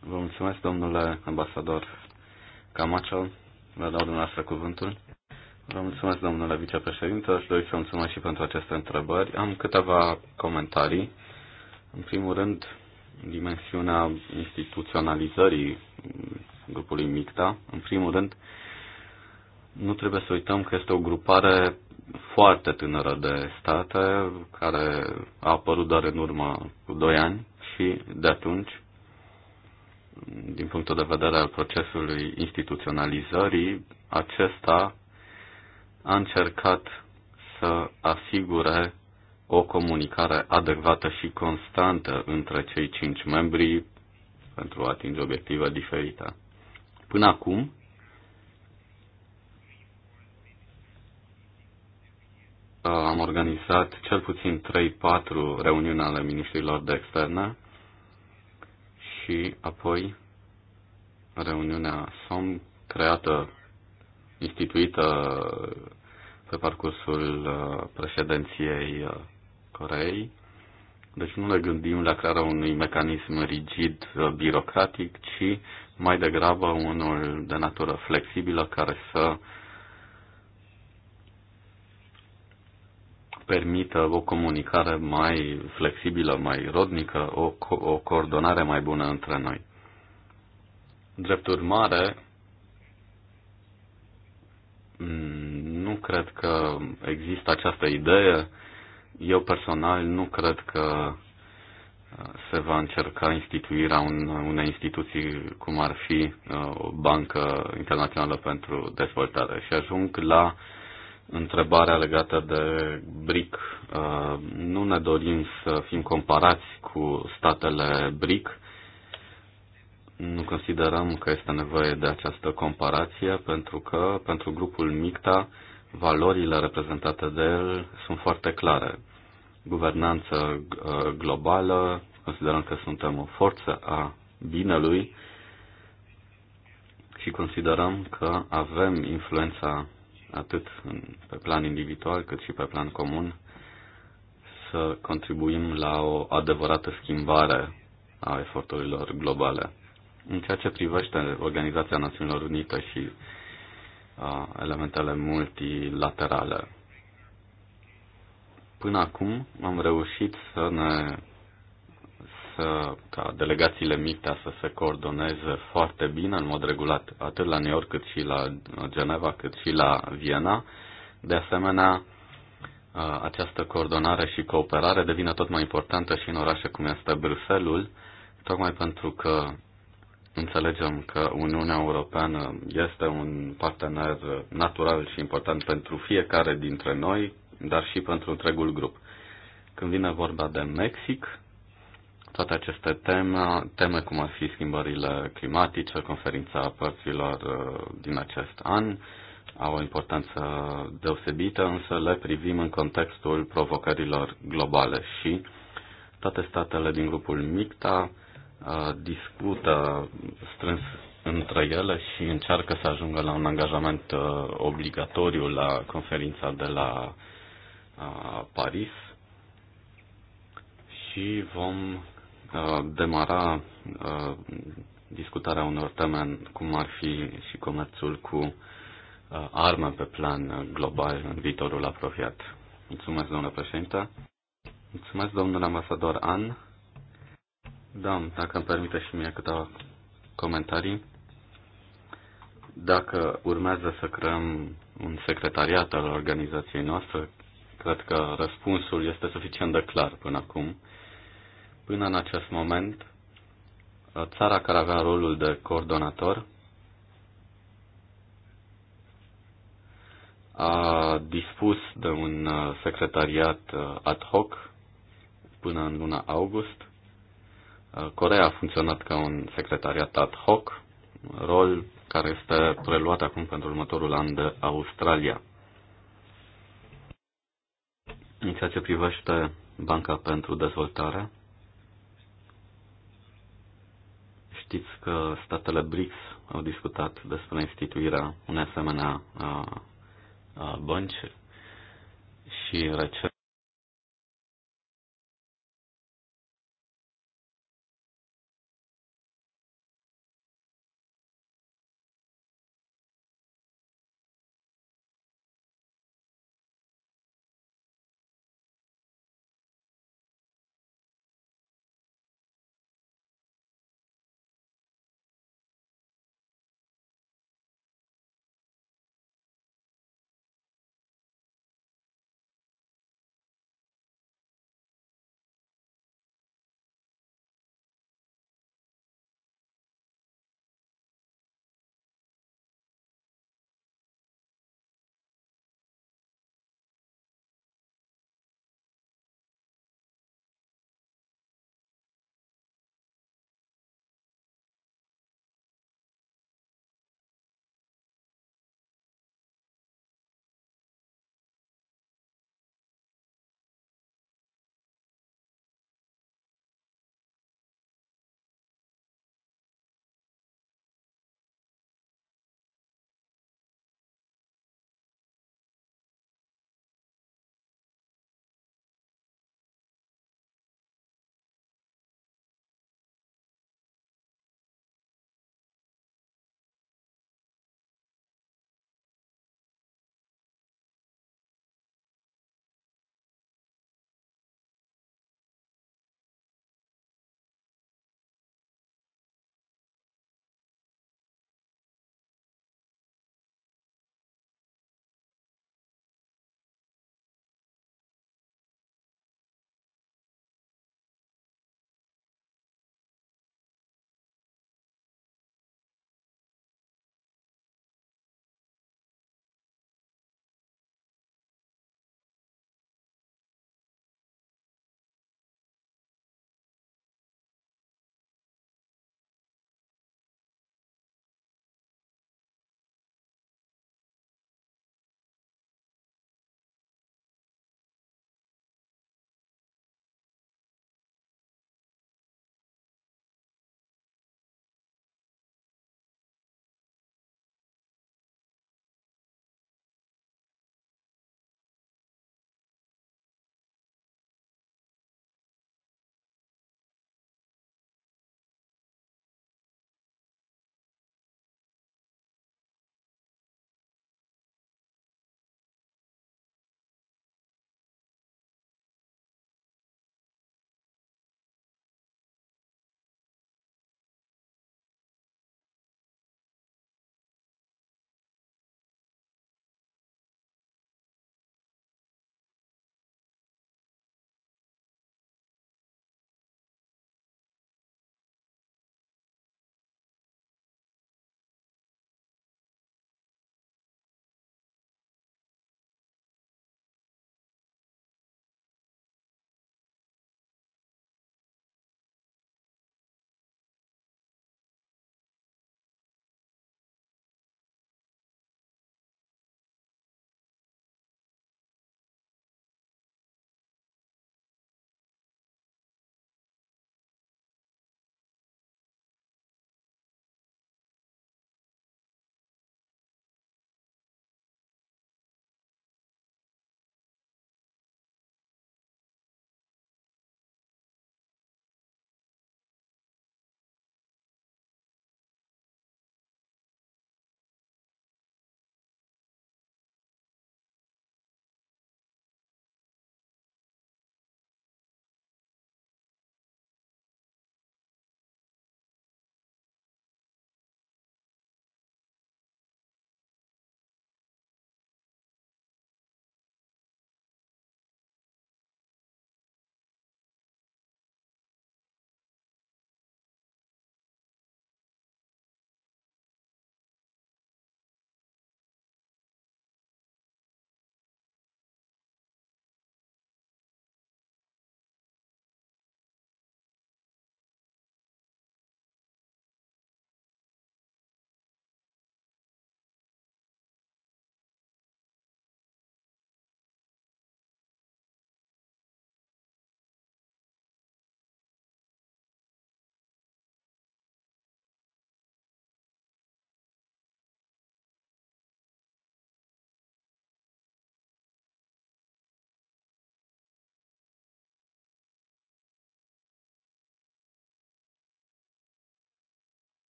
Vă mulțumesc, domnule ambasador Camacho. Vă dau dumneavoastră cuvântul. Vă mulțumesc, domnule vicepreședinte. Aș dori să mulțumesc și pentru aceste întrebări. Am câteva comentarii. În primul rând, dimensiunea instituționalizării grupului MICTA. În primul rând, nu trebuie să uităm că este o grupare foarte tânără de state care a apărut doar în urmă cu 2 ani și de atunci, din punctul de vedere al procesului instituționalizării, acesta a încercat să asigure o comunicare adecvată și constantă între cei cinci membri pentru a atinge obiective diferite. Până acum, uh, am organizat cel puțin 3-4 reuniuni ale ministrilor de externe și apoi reuniunea SOM creată, instituită pe parcursul uh, președinției uh, Coreei. Deci nu ne gândim la crearea unui mecanism rigid, birocratic, ci mai degrabă unul de natură flexibilă care să permită o comunicare mai flexibilă, mai rodnică, o, co- o coordonare mai bună între noi. Drept urmare, nu cred că există această idee. Eu personal nu cred că se va încerca instituirea un, unei instituții cum ar fi uh, o bancă internațională pentru dezvoltare. Și ajung la întrebarea legată de BRIC. Uh, nu ne dorim să fim comparați cu statele BRIC. Nu considerăm că este nevoie de această comparație pentru că pentru grupul MICTA valorile reprezentate de el sunt foarte clare guvernanță uh, globală, considerăm că suntem o forță a binelui și considerăm că avem influența atât pe plan individual cât și pe plan comun să contribuim la o adevărată schimbare a eforturilor globale. În ceea ce privește Organizația Națiunilor Unite și uh, elementele multilaterale, Până acum am reușit să ne să, ca delegațiile mici să se coordoneze foarte bine, în mod regulat, atât la New York cât și la Geneva, cât și la Viena. De asemenea, această coordonare și cooperare devine tot mai importantă și în orașe cum este Bruxelles, tocmai pentru că înțelegem că Uniunea Europeană este un partener natural și important pentru fiecare dintre noi, dar și pentru întregul grup. Când vine vorba de Mexic, toate aceste teme, teme cum ar fi schimbările climatice, conferința părților uh, din acest an, au o importanță deosebită, însă le privim în contextul provocărilor globale și toate statele din grupul MICTA uh, discută strâns între ele și încearcă să ajungă la un angajament uh, obligatoriu la conferința de la Paris și vom demara discutarea unor teme cum ar fi și comerțul cu arme pe plan global în viitorul apropiat. Mulțumesc, domnule președinte. Mulțumesc, domnule ambasador An. Da, dacă îmi permite și mie câteva comentarii. Dacă urmează să creăm un secretariat al organizației noastre, Cred că răspunsul este suficient de clar până acum. Până în acest moment, țara care avea rolul de coordonator a dispus de un uh, secretariat uh, ad hoc până în luna august. Uh, Corea a funcționat ca un secretariat ad hoc, rol care este preluat acum pentru următorul an de Australia. În ceea ce privește Banca pentru Dezvoltare, știți că statele BRICS au discutat despre instituirea unei asemenea uh, uh, bănci și recent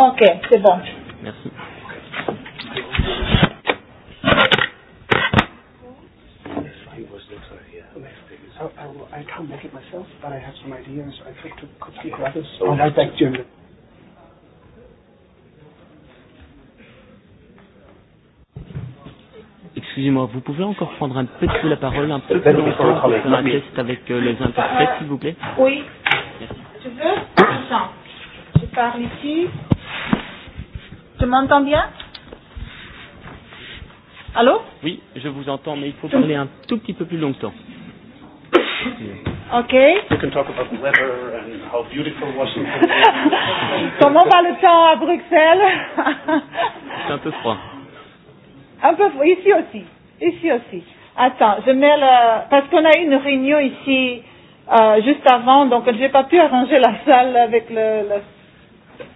Ok, c'est bon. Merci. I, can't make it myself, but I have some ideas. I think to could speak with others. Oh, I'll back you. Excusez-moi, vous pouvez encore prendre un petit peu la parole, un peu plus longtemps pour faire un test avec euh, les interprètes, s'il vous plaît Oui. Merci. Tu veux Attends. Je parle ici le monde bien Allô Oui, je vous entends, mais il faut parler un tout petit peu plus longtemps. Ok. (laughs) Comment va le temps à Bruxelles (laughs) C'est un peu froid. Un peu froid, ici aussi. Ici aussi. Attends, je mets le... Parce qu'on a eu une réunion ici euh, juste avant, donc je n'ai pas pu arranger la salle avec le, le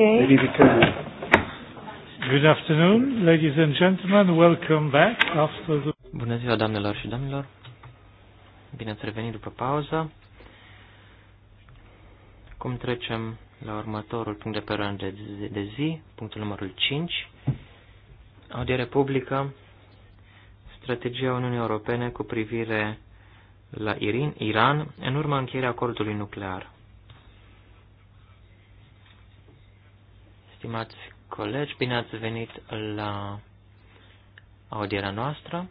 Okay. Maybe we Good afternoon, ladies and gentlemen. Welcome back after the... Bună ziua, doamnelor și domnilor. Bine ați revenit după pauză. Cum trecem la următorul punct de pe de, de, de zi, punctul numărul 5, audiere publică, strategia Uniunii Europene cu privire la Irin, Iran în urma încheierii acordului nuclear. Stimați colegi, bine ați venit la audierea noastră.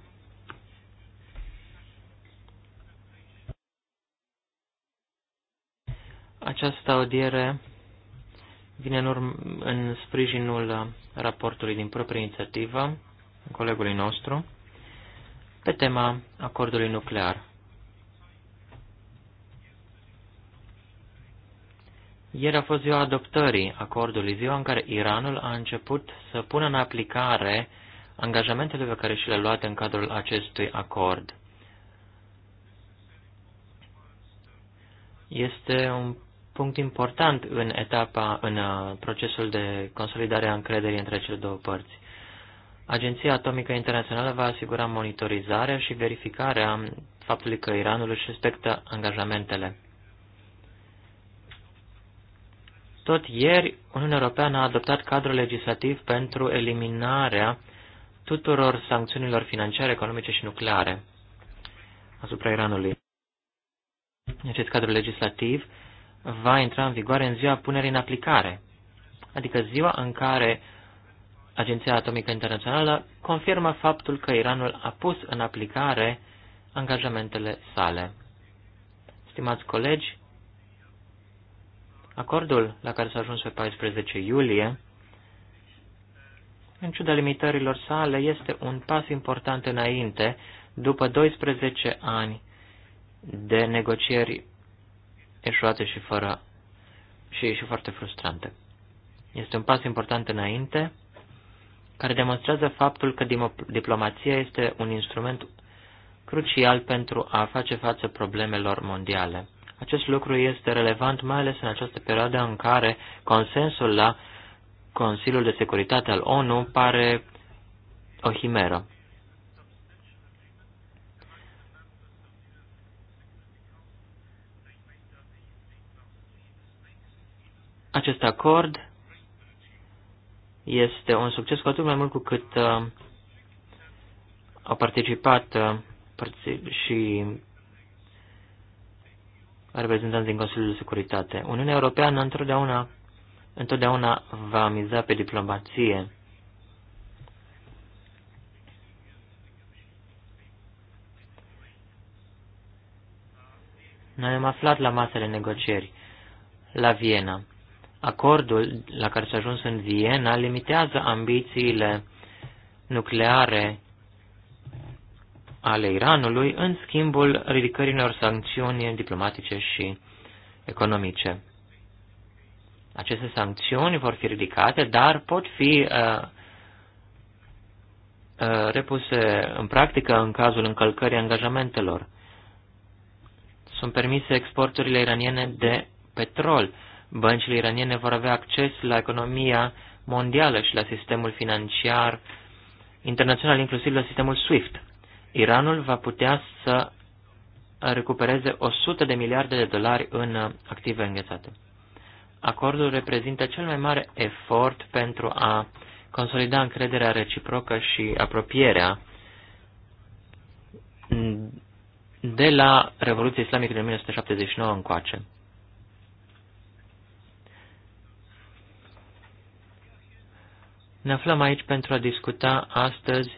Această audiere vine în, urm- în sprijinul raportului din proprie inițiativă colegului nostru pe tema acordului nuclear. Ieri a fost ziua adoptării acordului, ziua în care Iranul a început să pună în aplicare angajamentele pe care și le-a luat în cadrul acestui acord. Este un punct important în etapa, în uh, procesul de consolidare a încrederii între cele două părți. Agenția Atomică Internațională va asigura monitorizarea și verificarea faptului că Iranul își respectă angajamentele. Tot ieri, Uniunea Europeană a adoptat cadrul legislativ pentru eliminarea tuturor sancțiunilor financiare, economice și nucleare asupra Iranului. Acest cadru legislativ va intra în vigoare în ziua punerii în aplicare, adică ziua în care Agenția Atomică Internațională confirmă faptul că Iranul a pus în aplicare angajamentele sale. Stimați colegi, Acordul la care s-a ajuns pe 14 iulie, în ciuda limitărilor sale, este un pas important înainte, după 12 ani de negocieri eșuate și fără și, și foarte frustrante. Este un pas important înainte care demonstrează faptul că diplomația este un instrument crucial pentru a face față problemelor mondiale. Acest lucru este relevant mai ales în această perioadă în care consensul la Consiliul de Securitate al ONU pare o himeră. Acest acord este un succes cu atât mai mult cu cât uh, au participat uh, și reprezentanți din Consiliul de Securitate. Uniunea Europeană întotdeauna, întotdeauna va miza pe diplomație. Noi am aflat la masele negocieri, la Viena. Acordul la care s-a ajuns în Viena limitează ambițiile nucleare ale Iranului în schimbul ridicării unor sancțiuni diplomatice și economice. Aceste sancțiuni vor fi ridicate, dar pot fi uh, uh, repuse în practică în cazul încălcării angajamentelor. Sunt permise exporturile iraniene de petrol. Băncile iraniene vor avea acces la economia mondială și la sistemul financiar internațional, inclusiv la sistemul SWIFT. Iranul va putea să recupereze 100 de miliarde de dolari în uh, active înghețate. Acordul reprezintă cel mai mare efort pentru a consolida încrederea reciprocă și apropierea de la Revoluția Islamică din 1979 încoace. Ne aflăm aici pentru a discuta astăzi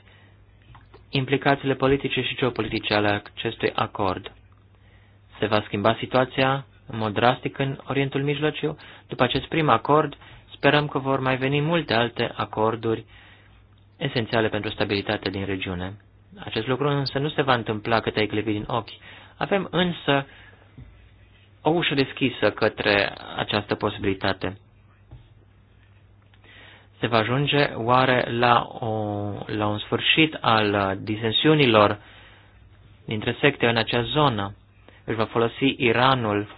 implicațiile politice și geopolitice ale acestui acord. Se va schimba situația în mod drastic în Orientul Mijlociu. După acest prim acord, sperăm că vor mai veni multe alte acorduri esențiale pentru stabilitatea din regiune. Acest lucru însă nu se va întâmpla cât ai clipi din ochi. Avem însă o ușă deschisă către această posibilitate se va ajunge oare la, o, la un sfârșit al disensiunilor dintre secte în acea zonă? Își va folosi Iranul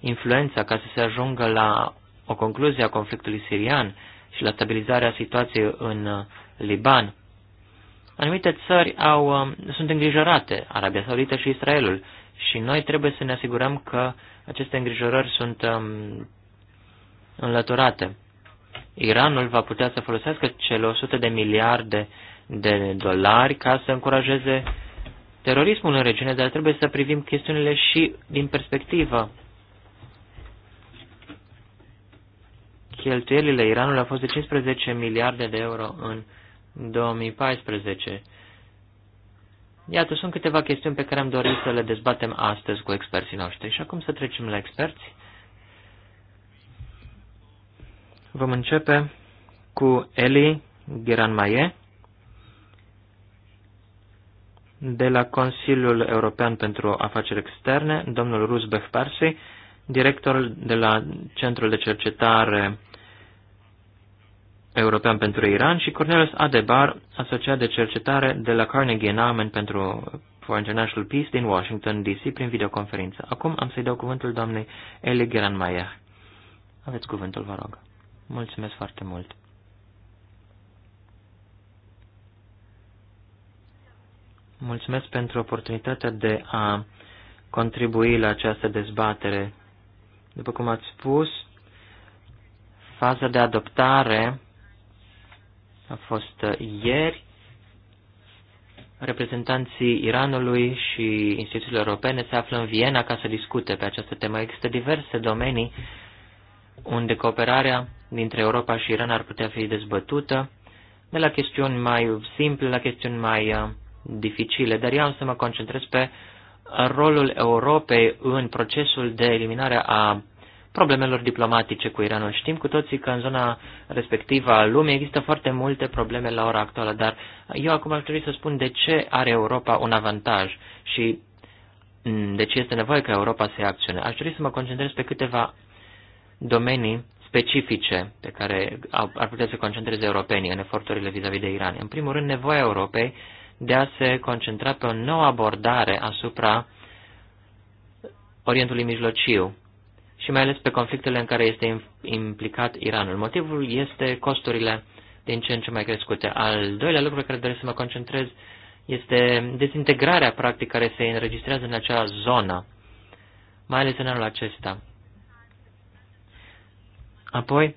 influența ca să se ajungă la o concluzie a conflictului sirian și la stabilizarea situației în Liban? Anumite țări au, sunt îngrijorate, Arabia Saudită și Israelul, și noi trebuie să ne asigurăm că aceste îngrijorări sunt um, înlăturate. Iranul va putea să folosească cele 100 de miliarde de dolari ca să încurajeze terorismul în regiune, dar trebuie să privim chestiunile și din perspectivă. Cheltuielile Iranului au fost de 15 miliarde de euro în 2014. Iată, sunt câteva chestiuni pe care am dorit să le dezbatem astăzi cu experții noștri. Și acum să trecem la experți. Vom începe cu Eli Gheranmaie de la Consiliul European pentru Afaceri Externe, domnul Rusbeh Parsi, director de la Centrul de Cercetare European pentru Iran și Cornelius Adebar, asociat de cercetare de la Carnegie Endowment pentru for International Peace din Washington, D.C. prin videoconferință. Acum am să-i dau cuvântul doamnei Eli Geranmaier. Aveți cuvântul, vă rog. Mulțumesc foarte mult! Mulțumesc pentru oportunitatea de a contribui la această dezbatere. După cum ați spus, faza de adoptare a fost ieri. Reprezentanții Iranului și instituțiile europene se află în Viena ca să discute pe această temă. Există diverse domenii unde cooperarea dintre Europa și Iran ar putea fi dezbătută, de la chestiuni mai simple la chestiuni mai uh, dificile, dar eu am să mă concentrez pe rolul Europei în procesul de eliminare a problemelor diplomatice cu Iranul. Știm cu toții că în zona respectivă a lumii există foarte multe probleme la ora actuală, dar eu acum ar trebui să spun de ce are Europa un avantaj și de ce este nevoie ca Europa să ia acțiune. Aș trebui să mă concentrez pe câteva domenii specifice pe care ar putea să concentreze europenii în eforturile vis-a-vis -vis de Iran. În primul rând, nevoia Europei de a se concentra pe o nouă abordare asupra Orientului Mijlociu și mai ales pe conflictele în care este implicat Iranul. Motivul este costurile din ce în ce mai crescute. Al doilea lucru pe care doresc să mă concentrez este dezintegrarea practic care se înregistrează în acea zonă, mai ales în anul acesta. Apoi,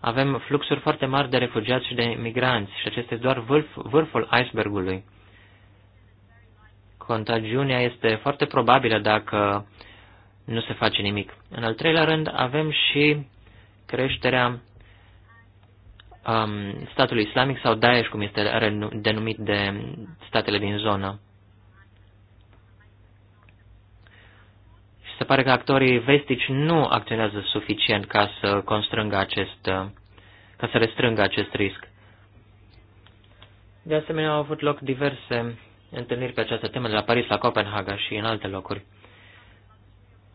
avem fluxuri foarte mari de refugiați și de migranți și acesta este doar vârf, vârful icebergului. Contagiunea este foarte probabilă dacă nu se face nimic. În al treilea rând, avem și creșterea um, statului islamic sau Daesh, cum este denumit de statele din zonă. Se pare că actorii vestici nu acționează suficient ca să constrângă acest, ca să restrângă acest risc. De asemenea, au avut loc diverse întâlniri pe această temă de la Paris la Copenhaga și în alte locuri.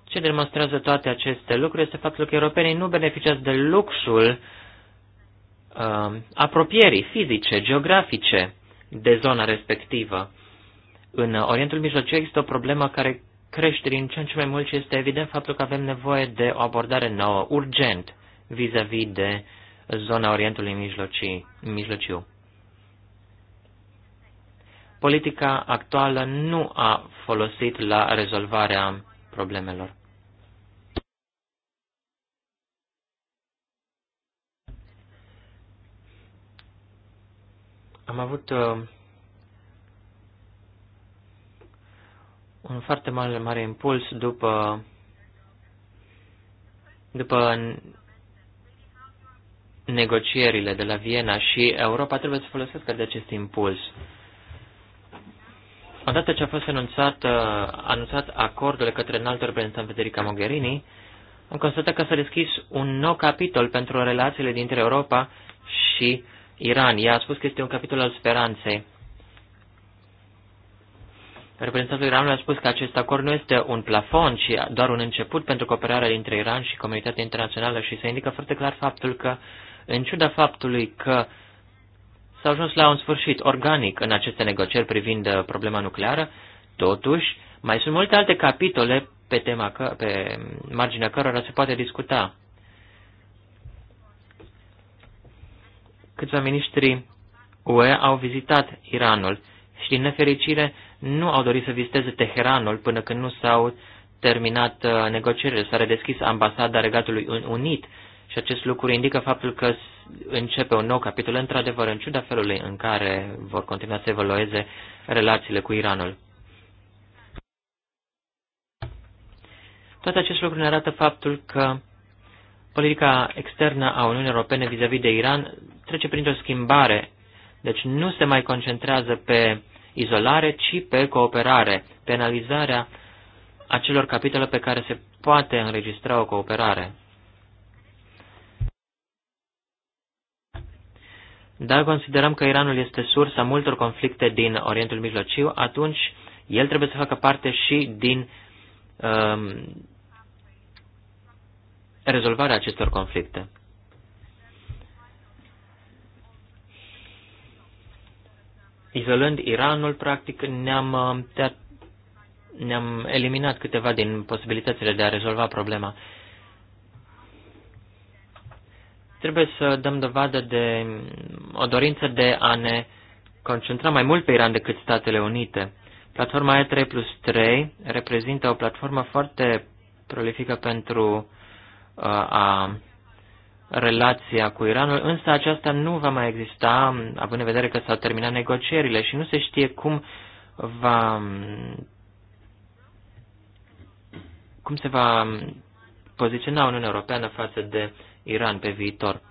Ce demonstrează toate aceste lucruri este faptul că europenii nu beneficiază de luxul uh, apropierii fizice, geografice de zona respectivă. În Orientul Mijlociu există o problemă care creșterii în ce în ce mai mult și este evident faptul că avem nevoie de o abordare nouă, urgent, vis-a-vis -vis de zona Orientului Mijlocii, Mijlociu. Politica actuală nu a folosit la rezolvarea problemelor. Am avut uh, un foarte mare, mare impuls după, după negocierile de la Viena și Europa trebuie să folosească de acest impuls. Odată ce a fost anunțat, anunțat acordul către înaltă reprezentant Federica Mogherini, am constatat că s-a deschis un nou capitol pentru relațiile dintre Europa și Iran. Ea a spus că este un capitol al speranței. Reprezentantul Iranului a spus că acest acord nu este un plafon, ci doar un început pentru cooperarea dintre Iran și comunitatea internațională și se indică foarte clar faptul că, în ciuda faptului că s-a ajuns la un sfârșit organic în aceste negocieri privind uh, problema nucleară, totuși mai sunt multe alte capitole pe, tema că, pe marginea cărora se poate discuta. Câțiva miniștri UE au vizitat Iranul și, din nefericire, nu au dorit să viziteze Teheranul până când nu s-au terminat uh, negocierile. S-a redeschis ambasada Regatului Unit și acest lucru indică faptul că începe un nou capitol, într-adevăr, în ciuda felului în care vor continua să evolueze relațiile cu Iranul. Toate acest lucru ne arată faptul că politica externă a Uniunii Europene vis-a-vis -vis de Iran trece printr-o schimbare, deci nu se mai concentrează pe izolare, ci pe cooperare, penalizarea acelor capitole pe care se poate înregistra o cooperare. Dacă considerăm că Iranul este sursa multor conflicte din Orientul Mijlociu, atunci el trebuie să facă parte și din um, rezolvarea acestor conflicte. Izolând Iranul, practic, ne-am, uh, ne eliminat câteva din posibilitățile de a rezolva problema. Trebuie să dăm dovadă de o dorință de a ne concentra mai mult pe Iran decât Statele Unite. Platforma E3 plus 3 reprezintă o platformă foarte prolifică pentru uh, a relația cu Iranul, însă aceasta nu va mai exista, având în vedere că s-au terminat negocierile și nu se știe cum va cum se va poziționa Uniunea Europeană față de Iran pe viitor.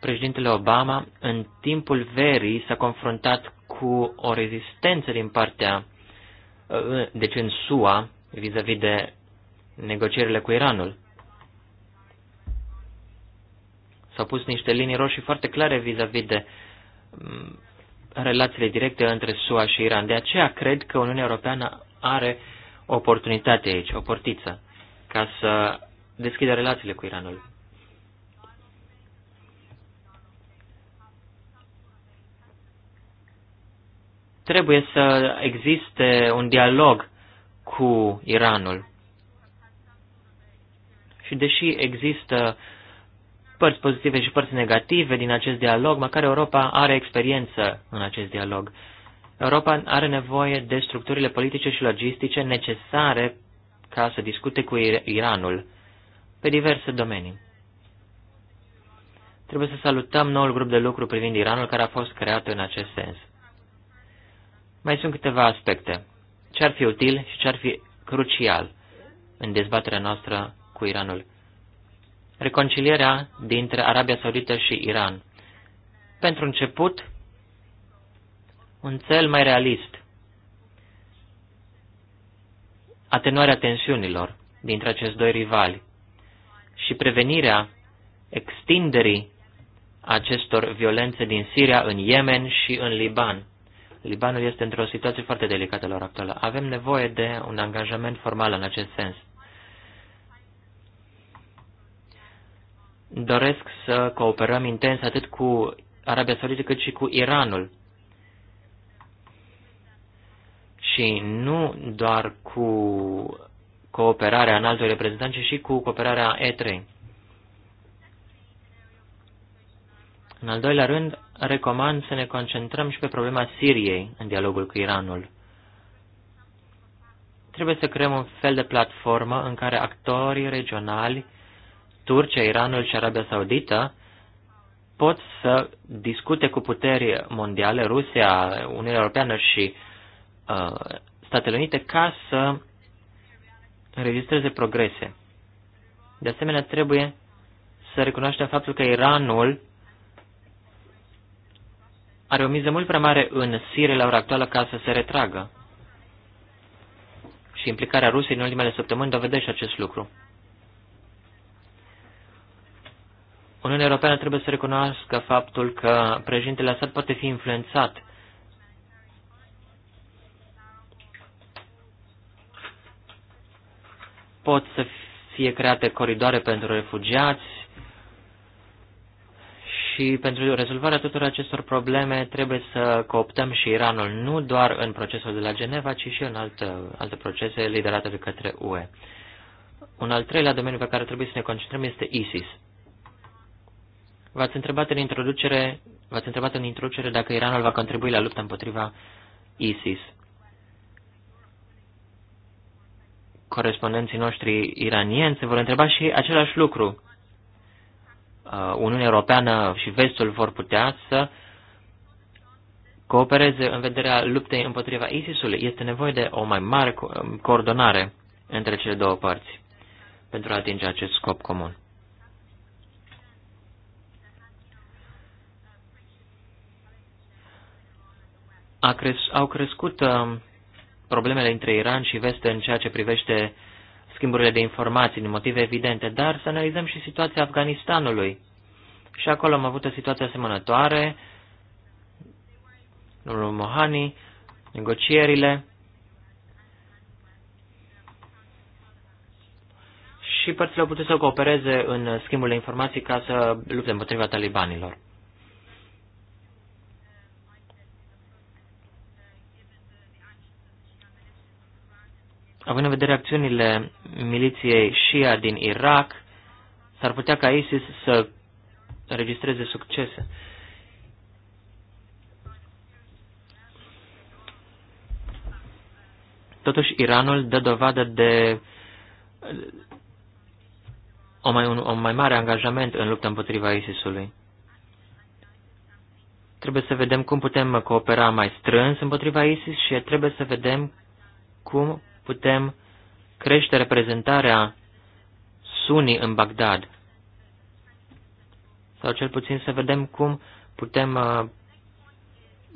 Președintele Obama, în timpul verii, s-a confruntat cu o rezistență din partea, deci în SUA, vis-a-vis -vis de negocierile cu Iranul s-au pus niște linii roșii foarte clare vis-a-vis -vis de mm, relațiile directe între SUA și Iran. De aceea cred că Uniunea Europeană are oportunitate aici, o portiță, ca să deschidă relațiile cu Iranul. Trebuie să existe un dialog cu Iranul. Și deși există uh, părți pozitive și părți negative din acest dialog, măcar Europa are experiență în acest dialog. Europa are nevoie de structurile politice și logistice necesare ca să discute cu Iranul pe diverse domenii. Trebuie să salutăm noul grup de lucru privind Iranul care a fost creat în acest sens. Mai sunt câteva aspecte. Ce ar fi util și ce ar fi crucial în dezbaterea noastră cu Iranul? reconcilierea dintre Arabia Saudită și Iran. Pentru început, un cel mai realist, atenuarea tensiunilor dintre acești doi rivali și prevenirea extinderii acestor violențe din Siria, în Yemen și în Liban. Libanul este într-o situație foarte delicată la ora actuală. Avem nevoie de un angajament formal în acest sens. doresc să cooperăm intens atât cu Arabia Saudită cât și cu Iranul. Și nu doar cu cooperarea înaltului reprezentant, ci și cu cooperarea E3. În al doilea rând, recomand să ne concentrăm și pe problema Siriei în dialogul cu Iranul. Trebuie să creăm un fel de platformă în care actorii regionali Turcia, Iranul și Arabia Saudită pot să discute cu puteri mondiale, Rusia, Uniunea Europeană și uh, Statele Unite, ca să înregistreze progrese. De asemenea, trebuie să recunoaștem faptul că Iranul are o miză mult prea mare în Siria la ora actuală ca să se retragă. Și implicarea Rusiei în ultimele săptămâni dovedește acest lucru. Uniunea Europeană trebuie să recunoască faptul că președintele Assad poate fi influențat. Pot să fie create coridoare pentru refugiați, și pentru rezolvarea tuturor acestor probleme trebuie să cooptăm și Iranul, nu doar în procesul de la Geneva, ci și în alte, alte procese liderate de către UE. Un al treilea domeniu pe care trebuie să ne concentrăm este ISIS. V-ați întrebat în introducere, v-ați întrebat în introducere dacă Iranul va contribui la lupta împotriva ISIS. Corespondenții noștri iranieni se vor întreba și același lucru. Uh, Uniunea Europeană și Vestul vor putea să coopereze în vederea luptei împotriva ISIS-ului. Este nevoie de o mai mare coordonare între cele două părți pentru a atinge acest scop comun. a au crescut um, problemele între Iran și Vest în ceea ce privește schimburile de informații, din motive evidente, dar să analizăm și situația Afganistanului. Și acolo am avut o situație asemănătoare, domnul Mohani, negocierile, și părțile au putut să coopereze în schimbul de informații ca să lupte împotriva talibanilor. având în vedere acțiunile miliției Shia din Irak, s-ar putea ca ISIS să registreze succese. Totuși, Iranul dă dovadă de o mai, un, o mai mare angajament în lupta împotriva ISIS-ului. Trebuie să vedem cum putem coopera mai strâns împotriva ISIS și trebuie să vedem cum putem crește reprezentarea sunii în Bagdad. Sau cel puțin să vedem cum putem uh,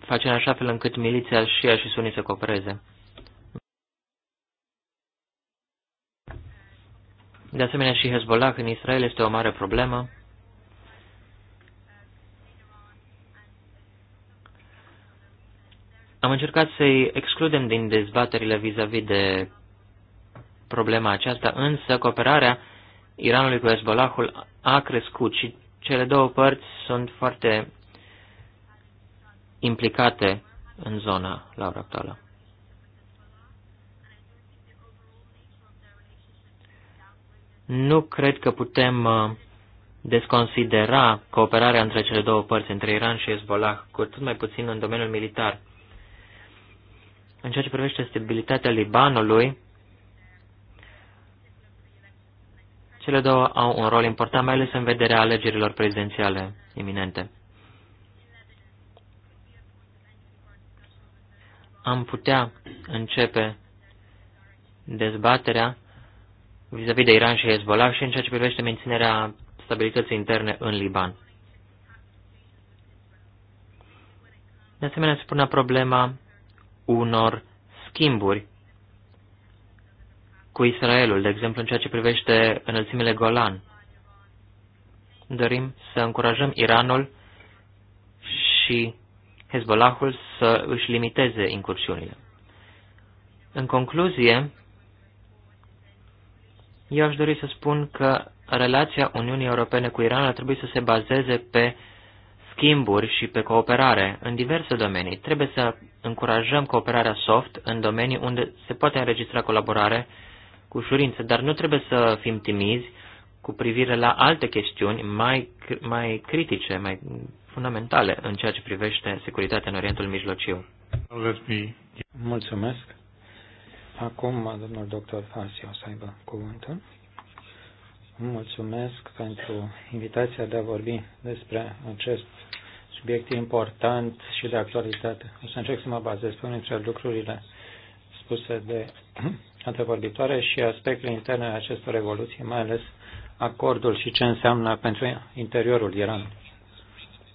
face în așa fel încât miliția și ea și sunii să coopereze. De asemenea, și Hezbollah în Israel este o mare problemă. Am încercat să-i excludem din dezbaterile vis-a-vis -vis de problema aceasta, însă cooperarea Iranului cu Hezbollahul a crescut și cele două părți sunt foarte implicate în zona la ora actuală. Nu cred că putem uh, desconsidera cooperarea între cele două părți, între Iran și Hezbollah, cu tot mai puțin în domeniul militar. În ceea ce privește stabilitatea Libanului, cele două au un rol important, mai ales în vederea alegerilor prezidențiale iminente. Am putea începe dezbaterea vis-a-vis -vis de Iran și Hezbollah și în ceea ce privește menținerea stabilității interne în Liban. De asemenea, se pune problema unor schimburi cu Israelul, de exemplu în ceea ce privește înălțimile Golan. Dorim să încurajăm Iranul și Hezbollahul să își limiteze incursiunile. În concluzie, eu aș dori să spun că relația Uniunii Europene cu Iranul ar trebui să se bazeze pe schimburi și pe cooperare în diverse domenii. Trebuie să încurajăm cooperarea soft în domenii unde se poate înregistra colaborare cu ușurință, dar nu trebuie să fim timizi cu privire la alte chestiuni mai, mai critice, mai fundamentale în ceea ce privește securitatea în Orientul Mijlociu. Mulțumesc. Acum, domnul doctor Fasi, o să aibă cuvântul. Mulțumesc pentru invitația de a vorbi despre acest subiect important și de actualitate. O să încerc să mă bazez pe unul dintre lucrurile spuse de (clears throat) antevorbitoare și aspectele interne ale acestor revoluții, mai ales acordul și ce înseamnă pentru interiorul Iranului.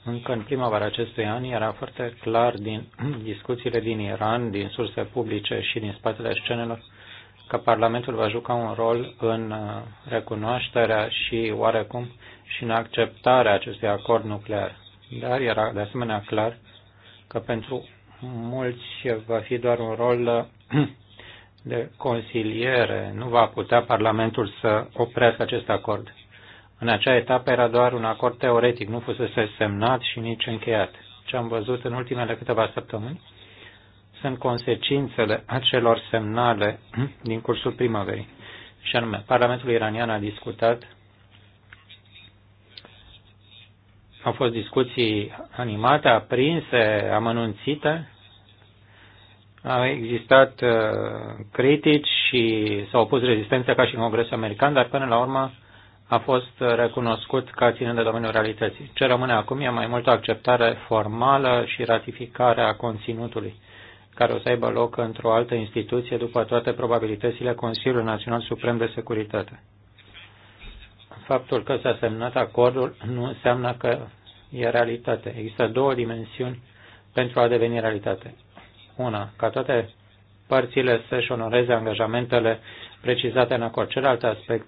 Încă în primăvara acestui an era foarte clar din (clears throat) discuțiile din Iran, din surse publice și din spatele scenelor, că Parlamentul va juca un rol în uh, recunoașterea și oarecum și în acceptarea acestui acord nuclear dar era de asemenea clar că pentru mulți va fi doar un rol (clears throat) de consiliere, nu va putea Parlamentul să oprească acest acord. În acea etapă era doar un acord teoretic, nu fusese semnat și nici încheiat. Ce am văzut în ultimele câteva săptămâni sunt consecințele acelor semnale (clears throat) din cursul primăverii. Și anume, Parlamentul iranian a discutat Au fost discuții animate, aprinse, amănunțite. Au existat uh, critici și s-au opus rezistența ca și în Congresul American, dar până la urmă a fost recunoscut ca ținând de domeniul realității. Ce rămâne acum e mai mult o acceptare formală și ratificare a conținutului, care o să aibă loc într-o altă instituție după toate probabilitățile Consiliului Național Suprem de Securitate. Faptul că s-a semnat acordul nu înseamnă că e realitate. Există două dimensiuni pentru a deveni realitate. Una, ca toate părțile să-și onoreze angajamentele precizate în acord. Celălalt aspect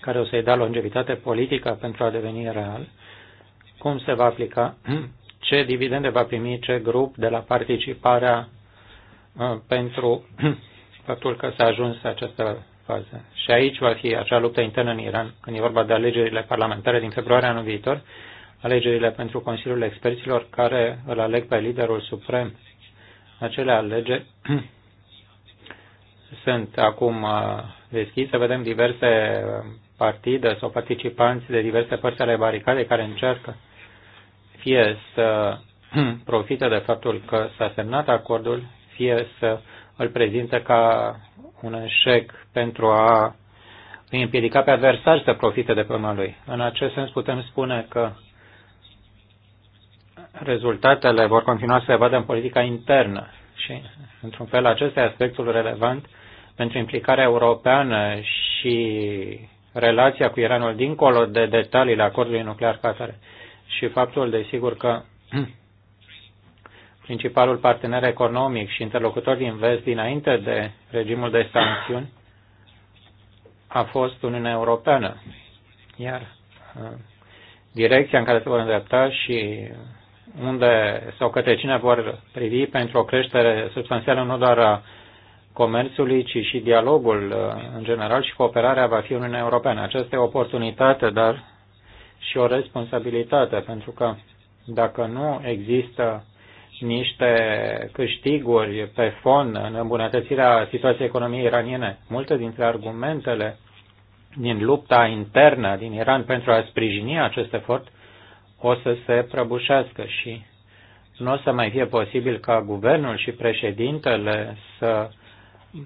care o să-i da longevitate politică pentru a deveni real, cum se va aplica, (clears throat) ce dividende va primi ce grup de la participarea uh, pentru (clears throat) faptul că s-a ajuns această fază. Și aici va fi acea luptă internă în Iran, când e vorba de alegerile parlamentare din februarie anul viitor, alegerile pentru Consiliul Experților care îl aleg pe liderul suprem. Acele alegeri (clears throat) sunt acum uh, deschise, vedem diverse uh, partide sau participanți de diverse părți ale baricadei care încearcă fie să (clears throat) profite de faptul că s-a semnat acordul, fie să îl prezintă ca un eșec pentru a îi împiedica pe adversari să profite de pământul lui. În acest sens putem spune că rezultatele vor continua să se vadă în politica internă și, într-un fel, acesta e aspectul relevant pentru implicarea europeană și relația cu Iranul dincolo de detaliile acordului nuclear Qatar și faptul, desigur, că (clears throat) principalul partener economic și interlocutor din vest dinainte de regimul de sancțiuni a fost Uniunea Europeană. Iar uh, direcția în care se vor îndrepta și unde sau către cine vor privi pentru o creștere substanțială nu doar a comerțului, ci și dialogul uh, în general și cooperarea va fi Uniunea Europeană. Aceasta e o oportunitate, dar și o responsabilitate, pentru că dacă nu există niște câștiguri pe fond în îmbunătățirea situației economiei iraniene. Multe dintre argumentele din lupta internă din Iran pentru a sprijini acest efort o să se prăbușească și nu o să mai fie posibil ca guvernul și președintele să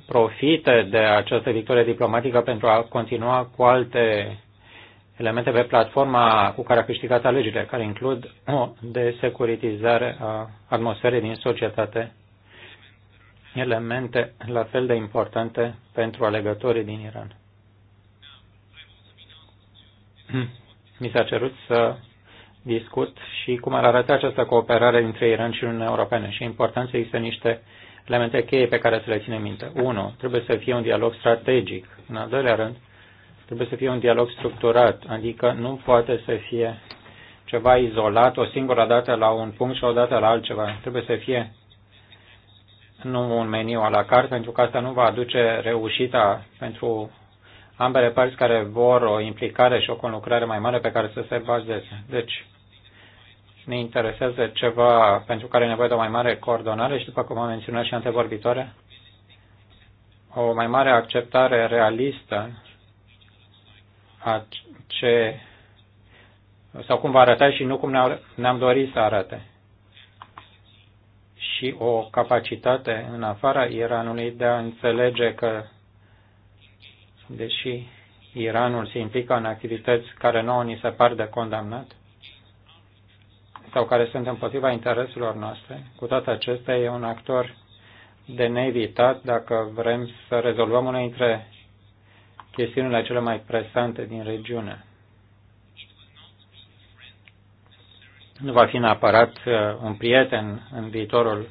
profite de această victorie diplomatică pentru a continua cu alte elemente pe platforma cu care a câștigat alegerile, care includ o desecuritizare a atmosferei din societate, elemente la fel de importante pentru alegătorii din Iran. (clears throat) Mi s-a cerut să discut și cum ar arăta această cooperare dintre Iran și Uniunea Europeană și e important să există niște elemente cheie pe care să le ținem minte. 1. Trebuie să fie un dialog strategic. În al doilea rând, Trebuie să fie un dialog structurat, adică nu poate să fie ceva izolat o singură dată la un punct și o dată la altceva. Trebuie să fie nu un meniu a la carte, pentru că asta nu va aduce reușita pentru ambele părți care vor o implicare și o conlucrare mai mare pe care să se bazeze. Deci, ne interesează ceva pentru care e nevoie de o mai mare coordonare și, după cum am menționat și antevorbitoare, o mai mare acceptare realistă a ce sau cum va arăta și nu cum ne-am dorit să arate. Și o capacitate în afara Iranului de a înțelege că, deși Iranul se implică în activități care nouă ni se par de condamnat sau care sunt împotriva intereselor noastre, cu toate acestea e un actor de neevitat dacă vrem să rezolvăm una dintre chestiunile cele mai presante din regiune. Nu va fi neapărat uh, un prieten în viitorul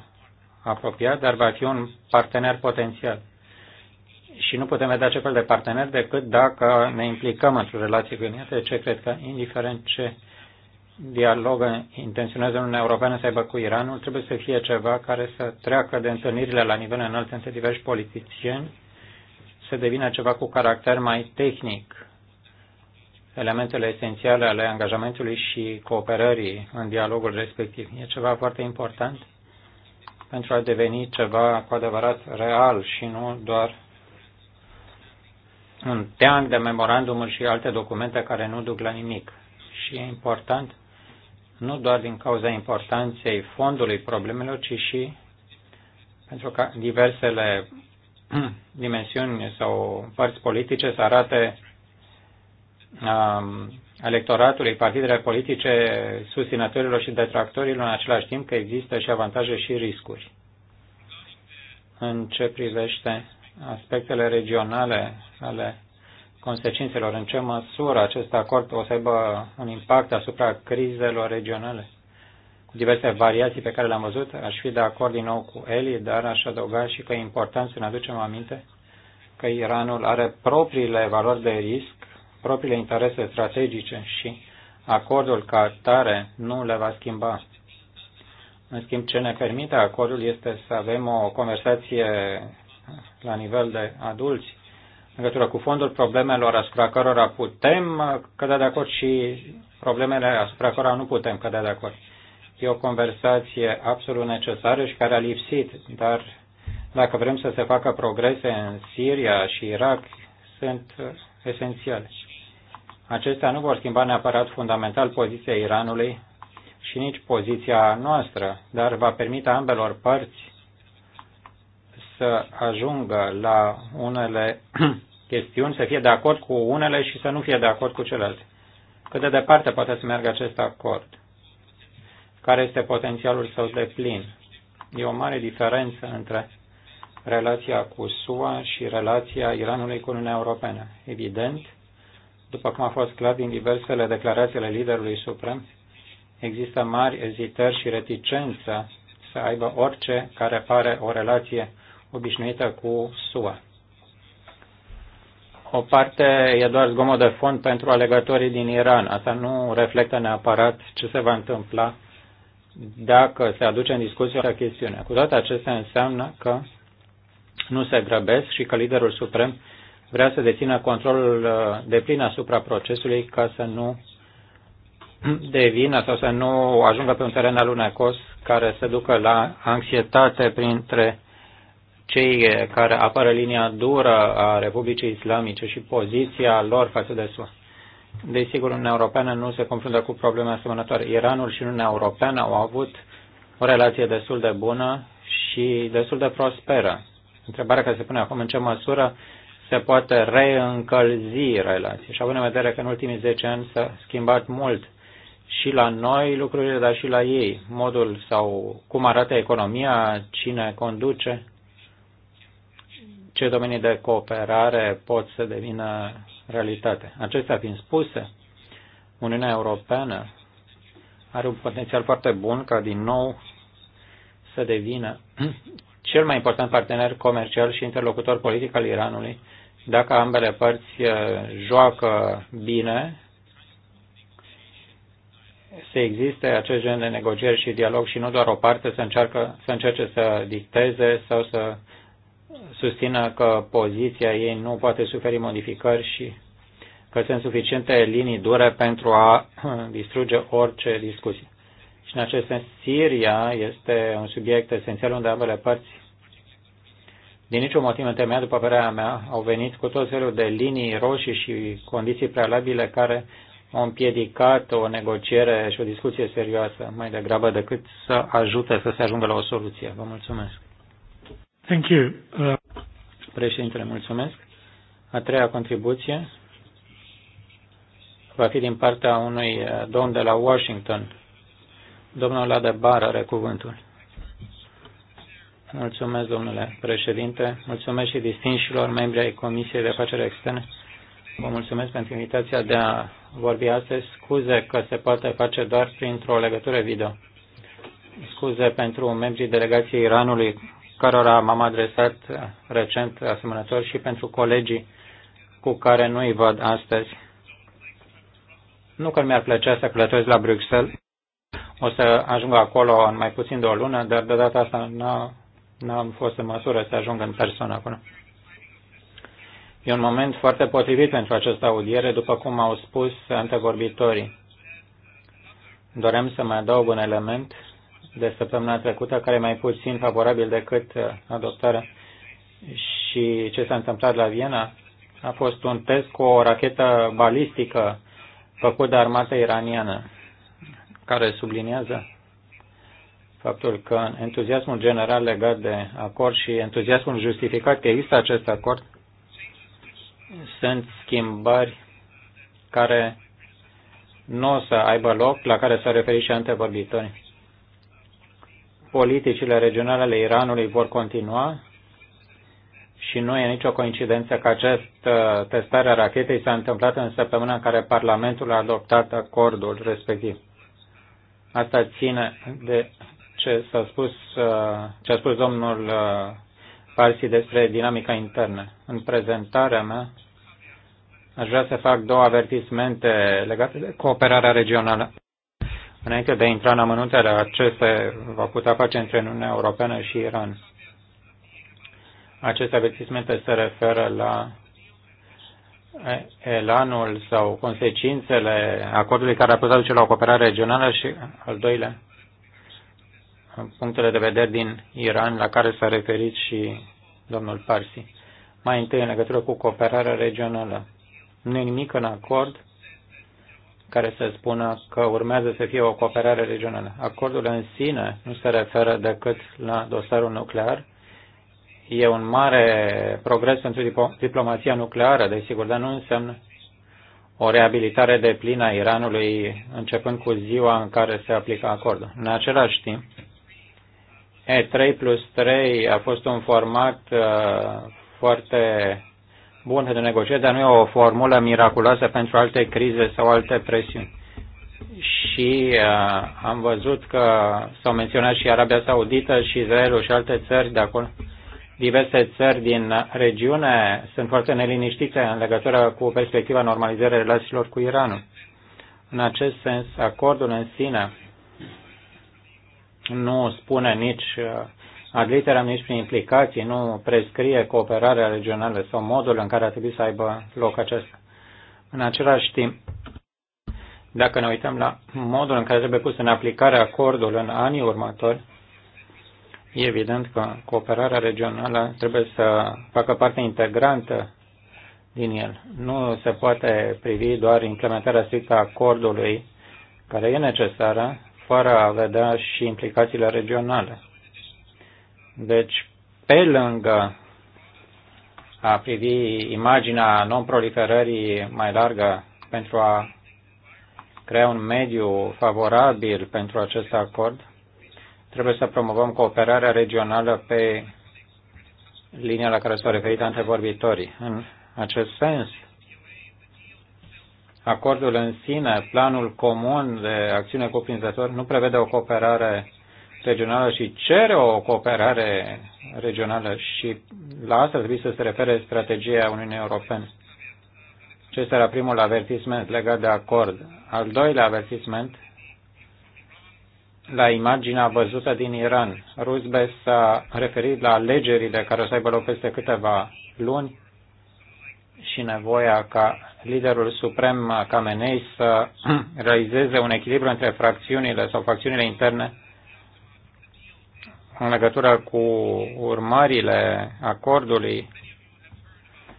apropiat, dar va fi un partener potențial. Și nu putem vedea ce fel de partener decât dacă ne implicăm într-o relație cu Uniunea, ce cred că, indiferent ce dialog intenționează Uniunea Europeană să aibă cu Iranul, trebuie să fie ceva care să treacă de întâlnirile la nivel înalt între diversi politicieni să devină ceva cu caracter mai tehnic, elementele esențiale ale angajamentului și cooperării în dialogul respectiv. E ceva foarte important pentru a deveni ceva cu adevărat real și nu doar un teanc de memorandumuri și alte documente care nu duc la nimic. Și e important nu doar din cauza importanței fondului problemelor, ci și pentru că diversele (clears throat) dimensiuni sau părți politice să arate um, electoratului, partidele politice, susținătorilor și detractorilor în același timp că există și avantaje și riscuri. În ce privește aspectele regionale ale consecințelor, în ce măsură acest acord o să aibă un impact asupra crizelor regionale? diverse variații pe care le-am văzut. Aș fi de acord din nou cu Eli, dar aș adăuga și că e important să ne aducem aminte că Iranul are propriile valori de risc, propriile interese strategice și acordul ca tare nu le va schimba. În schimb, ce ne permite acordul este să avem o conversație la nivel de adulți în legătură cu fondul problemelor asupra cărora putem cădea de acord și problemele asupra cărora nu putem cădea de acord. E o conversație absolut necesară și care a lipsit, dar dacă vrem să se facă progrese în Siria și Irak, sunt esențiale. Acestea nu vor schimba neapărat fundamental poziția Iranului și nici poziția noastră, dar va permite ambelor părți să ajungă la unele (clears throat) chestiuni, să fie de acord cu unele și să nu fie de acord cu celelalte. Cât de departe poate să meargă acest acord? care este potențialul său de plin. E o mare diferență între relația cu SUA și relația Iranului cu Uniunea Europeană. Evident, după cum a fost clar din diversele declarații ale liderului suprem, există mari ezitări și reticență să aibă orice care pare o relație obișnuită cu SUA. O parte e doar zgomot de fond pentru alegătorii din Iran. Asta nu reflectă neapărat ce se va întâmpla dacă se aduce în discuție această chestiune. Cu toate acestea înseamnă că nu se grăbesc și că liderul suprem vrea să dețină controlul uh, de plin asupra procesului ca să nu (clears throat) devină sau să nu ajungă pe un teren alunecos care să ducă la anxietate printre cei care apără linia dură a Republicii Islamice și poziția lor față de sus. Desigur, Uniunea Europeană nu se confruntă cu probleme asemănătoare. Iranul și Uniunea Europeană au avut o relație destul de bună și destul de prosperă. Întrebarea care se pune acum, în ce măsură se poate reîncălzi relația. Și având în vedere că în ultimii 10 ani s-a schimbat mult și la noi lucrurile, dar și la ei, modul sau cum arată economia, cine conduce, ce domenii de cooperare pot să devină realitate. Acestea fiind spuse, Uniunea Europeană are un potențial foarte bun ca din nou să devină (clears throat) cel mai important partener comercial și interlocutor politic al Iranului, dacă ambele părți uh, joacă bine, să existe acest gen de negocieri și dialog și nu doar o parte să, încearcă, să încerce să dicteze sau să susțină că poziția ei nu poate suferi modificări și că sunt suficiente linii dure pentru a (clears throat) distruge orice discuție. Și în acest sens, Siria este un subiect esențial unde ambele părți, din niciun motiv întemeiat, după părerea mea, au venit cu tot felul de linii roșii și condiții prealabile care au împiedicat o negociere și o discuție serioasă, mai degrabă decât să ajute să se ajungă la o soluție. Vă mulțumesc. Thank you. Uh... Președintele, mulțumesc. A treia contribuție va fi din partea unui uh, domn de la Washington. Domnul Bar are cuvântul. Mulțumesc, domnule președinte. Mulțumesc și distinșilor membri ai Comisiei de Afaceri Externe. Vă mulțumesc pentru invitația de a vorbi astăzi. Scuze că se poate face doar printr-o legătură video. Scuze pentru membrii delegației Iranului cărora m-am adresat recent asemănător și pentru colegii cu care nu îi văd astăzi. Nu că mi-ar plăcea să călătoresc la Bruxelles, o să ajung acolo în mai puțin de o lună, dar de data asta n-am fost în măsură să ajung în persoană acolo. E un moment foarte potrivit pentru această audiere, după cum au spus antevorbitorii. Doream să mai adaug un element de săptămâna trecută, care e mai puțin favorabil decât uh, adoptarea. Și ce s-a întâmplat la Viena a fost un test cu o rachetă balistică făcut de armata iraniană, care subliniază faptul că entuziasmul general legat de acord și entuziasmul justificat că există acest acord sunt schimbări care nu o să aibă loc, la care s-au referit și antevorbitorii politicile regionale ale Iranului vor continua și nu e nicio coincidență că această uh, testare a rachetei s-a întâmplat în săptămâna în care Parlamentul a adoptat acordul respectiv. Asta ține de ce s-a spus, uh, ce a spus domnul uh, Parsi despre dinamica internă. În prezentarea mea aș vrea să fac două avertismente legate de cooperarea regională. Înainte de a intra în amănuntele aceste va putea face între Uniunea Europeană și Iran. Aceste avertismente se referă la elanul sau consecințele acordului care a putea duce la o cooperare regională și, al doilea, punctele de vedere din Iran la care s-a referit și domnul Parsi. Mai întâi, în legătură cu cooperarea regională. Nu e nimic în acord care să spună că urmează să fie o cooperare regională. Acordul în sine nu se referă decât la dosarul nuclear. E un mare progres pentru diplomația nucleară, desigur, dar nu înseamnă o reabilitare de plină a Iranului începând cu ziua în care se aplică acordul. În același timp, E3 plus 3 a fost un format uh, foarte bun de negociat, dar nu e o formulă miraculoasă pentru alte crize sau alte presiuni. Și uh, am văzut că s-au menționat și Arabia Saudită și Israelul și alte țări de acolo. Diverse țări din regiune sunt foarte neliniștite în legătură cu perspectiva normalizării relațiilor cu Iranul. În acest sens, acordul în sine nu spune nici uh, ad literam nici prin implicații nu prescrie cooperarea regională sau modul în care ar trebui să aibă loc acesta. În același timp, dacă ne uităm la modul în care trebuie pus în aplicare acordul în anii următori, e evident că cooperarea regională trebuie să facă parte integrantă din el. Nu se poate privi doar implementarea strictă a acordului, care e necesară, fără a vedea și implicațiile regionale. Deci, pe lângă a privi imaginea non-proliferării mai largă pentru a crea un mediu favorabil pentru acest acord, trebuie să promovăm cooperarea regională pe linia la care s-au referit antevorbitorii. În acest sens, acordul în sine, planul comun de acțiune cuprinzător, nu prevede o cooperare regională și cere o cooperare regională și la asta trebuie să se refere strategia Uniunii Europene. Acesta era primul avertisment legat de acord. Al doilea avertisment la imaginea văzută din Iran. Rusbe s-a referit la alegerile care o să aibă loc peste câteva luni și nevoia ca liderul suprem Khamenei să (clears throat) realizeze un echilibru între fracțiunile sau facțiunile interne în legătură cu urmările acordului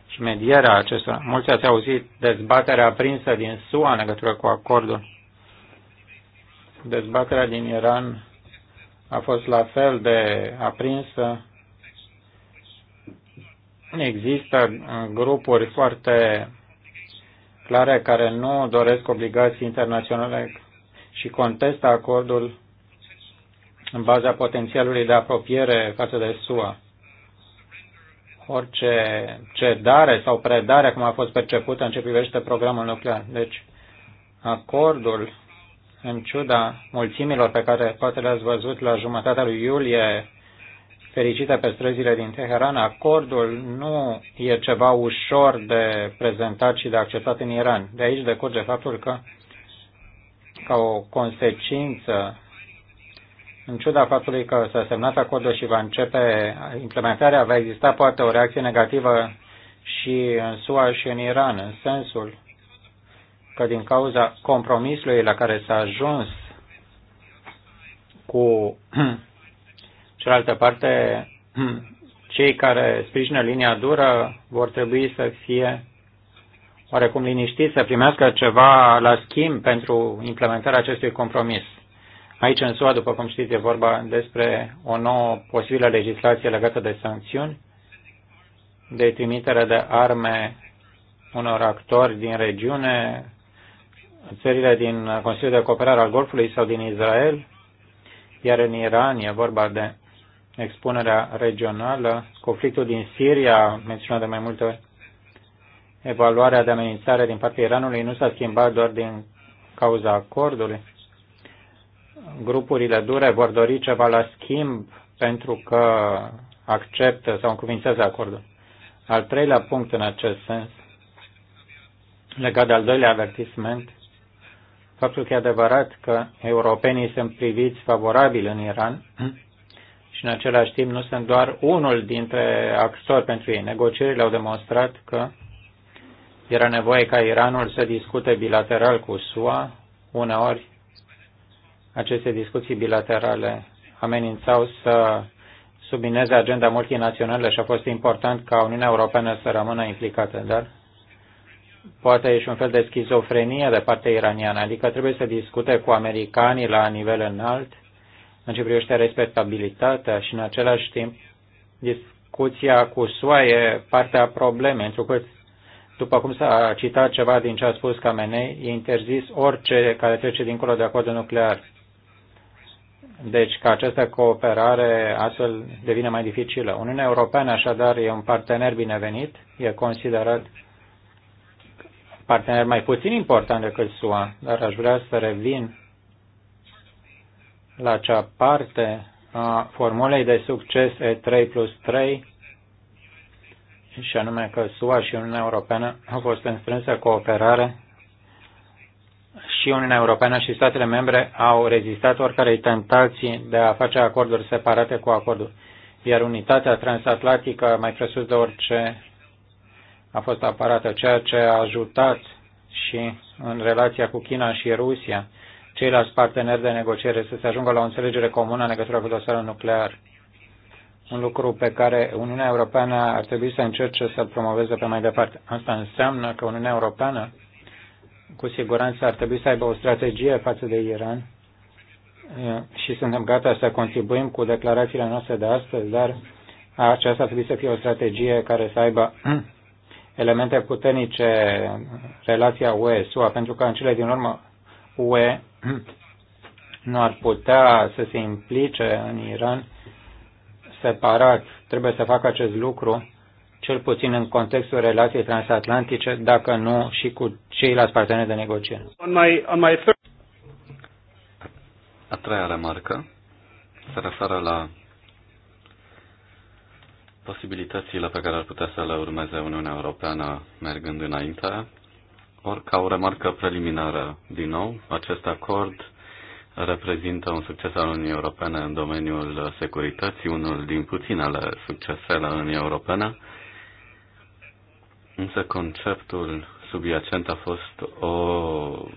și medierea acestora. Mulți ați auzit dezbaterea aprinsă din SUA în legătură cu acordul. Dezbaterea din Iran a fost la fel de aprinsă. Există grupuri foarte clare care nu doresc obligații internaționale și contestă acordul în baza potențialului de apropiere față de SUA. Orice cedare sau predare, cum a fost percepută în ce privește programul nuclear. Deci, acordul, în ciuda mulțimilor pe care poate le-ați văzut la jumătatea lui iulie, fericită pe străzile din Teheran, acordul nu e ceva ușor de prezentat și de acceptat în Iran. De aici decurge faptul că, ca o consecință în ciuda faptului că s-a semnat acordul și va începe implementarea, va exista poate o reacție negativă și în SUA și în Iran, în sensul că din cauza compromisului la care s-a ajuns cu (clears throat) cealaltă parte, (clears throat) cei care sprijină linia dură vor trebui să fie oarecum liniștiți, să primească ceva la schimb pentru implementarea acestui compromis. Aici, în SUA, după cum știți, e vorba despre o nouă posibilă legislație legată de sancțiuni, de trimiterea de arme unor actori din regiune, țările din Consiliul de Cooperare al Golfului sau din Israel, iar în Iran e vorba de expunerea regională, conflictul din Siria, menționat de mai multe ori, evaluarea de amenințare din partea Iranului nu s-a schimbat doar din cauza acordului, grupurile dure vor dori ceva la schimb pentru că acceptă sau încuvințează acordul. Al treilea punct în acest sens, legat de al doilea avertisment, faptul că e adevărat că europenii sunt priviți favorabil în Iran (clears throat) și în același timp nu sunt doar unul dintre actori pentru ei. Negocierile au demonstrat că era nevoie ca Iranul să discute bilateral cu SUA, uneori aceste discuții bilaterale amenințau să submineze agenda multinațională și a fost important ca Uniunea Europeană să rămână implicată, dar poate e și un fel de schizofrenie de partea iraniană, adică trebuie să discute cu americanii la nivel înalt în ce privește respectabilitatea și în același timp discuția cu SUA e partea problemei, întrucât după cum s-a citat ceva din ce a spus Camenei, e interzis orice care trece dincolo de acordul nuclear. Deci că această cooperare astfel devine mai dificilă. Uniunea Europeană așadar e un partener binevenit, e considerat partener mai puțin important decât SUA, dar aș vrea să revin la cea parte a formulei de succes E3 plus 3, și anume că SUA și Uniunea Europeană au fost în strânsă cooperare și Uniunea Europeană și statele membre au rezistat oricărei tentații de a face acorduri separate cu acorduri, iar unitatea transatlantică, mai presus de orice, a fost aparată, ceea ce a ajutat și în relația cu China și Rusia, ceilalți parteneri de negociere să se ajungă la o înțelegere comună în legătură cu dosarul nuclear. Un lucru pe care Uniunea Europeană ar trebui să încerce să-l promoveze pe mai departe. Asta înseamnă că Uniunea Europeană cu siguranță ar trebui să aibă o strategie față de Iran și suntem gata să contribuim cu declarațiile noastre de astăzi, dar aceasta ar trebui să fie o strategie care să aibă (clears throat) elemente puternice relația UE-SUA, pentru că în cele din urmă UE (clears throat) nu ar putea să se implice în Iran separat. Trebuie să facă acest lucru cel puțin în contextul relației transatlantice, dacă nu și cu ceilalți parteneri de negociere. A treia remarcă se referă la posibilitățile pe care ar putea să le urmeze Uniunea Europeană mergând înainte. Or, ca o remarcă preliminară, din nou, acest acord reprezintă un succes al Uniunii Europene în domeniul securității, unul din puținele succesele Uniunii Europene Însă conceptul subiacent a fost o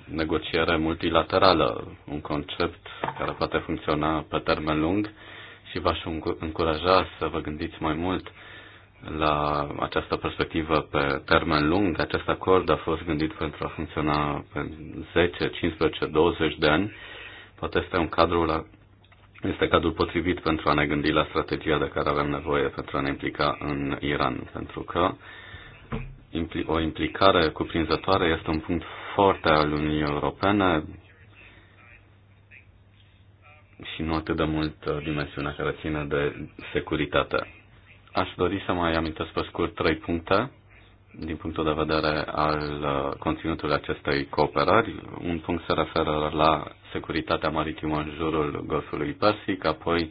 negociere multilaterală, un concept care poate funcționa pe termen lung și v-aș încuraja să vă gândiți mai mult la această perspectivă pe termen lung. Acest acord a fost gândit pentru a funcționa pe 10, 15, 20 de ani. Poate este un cadru la, este cadrul potrivit pentru a ne gândi la strategia de care avem nevoie pentru a ne implica în Iran, pentru că o implicare cuprinzătoare este un punct foarte al Uniunii Europene și nu atât de mult uh, dimensiunea care ține de securitate. Aș dori să mai amintesc pe scurt trei puncte din punctul de vedere al uh, conținutului acestei cooperări. Un punct se referă la securitatea maritimă în jurul Golfului Persic, apoi uh,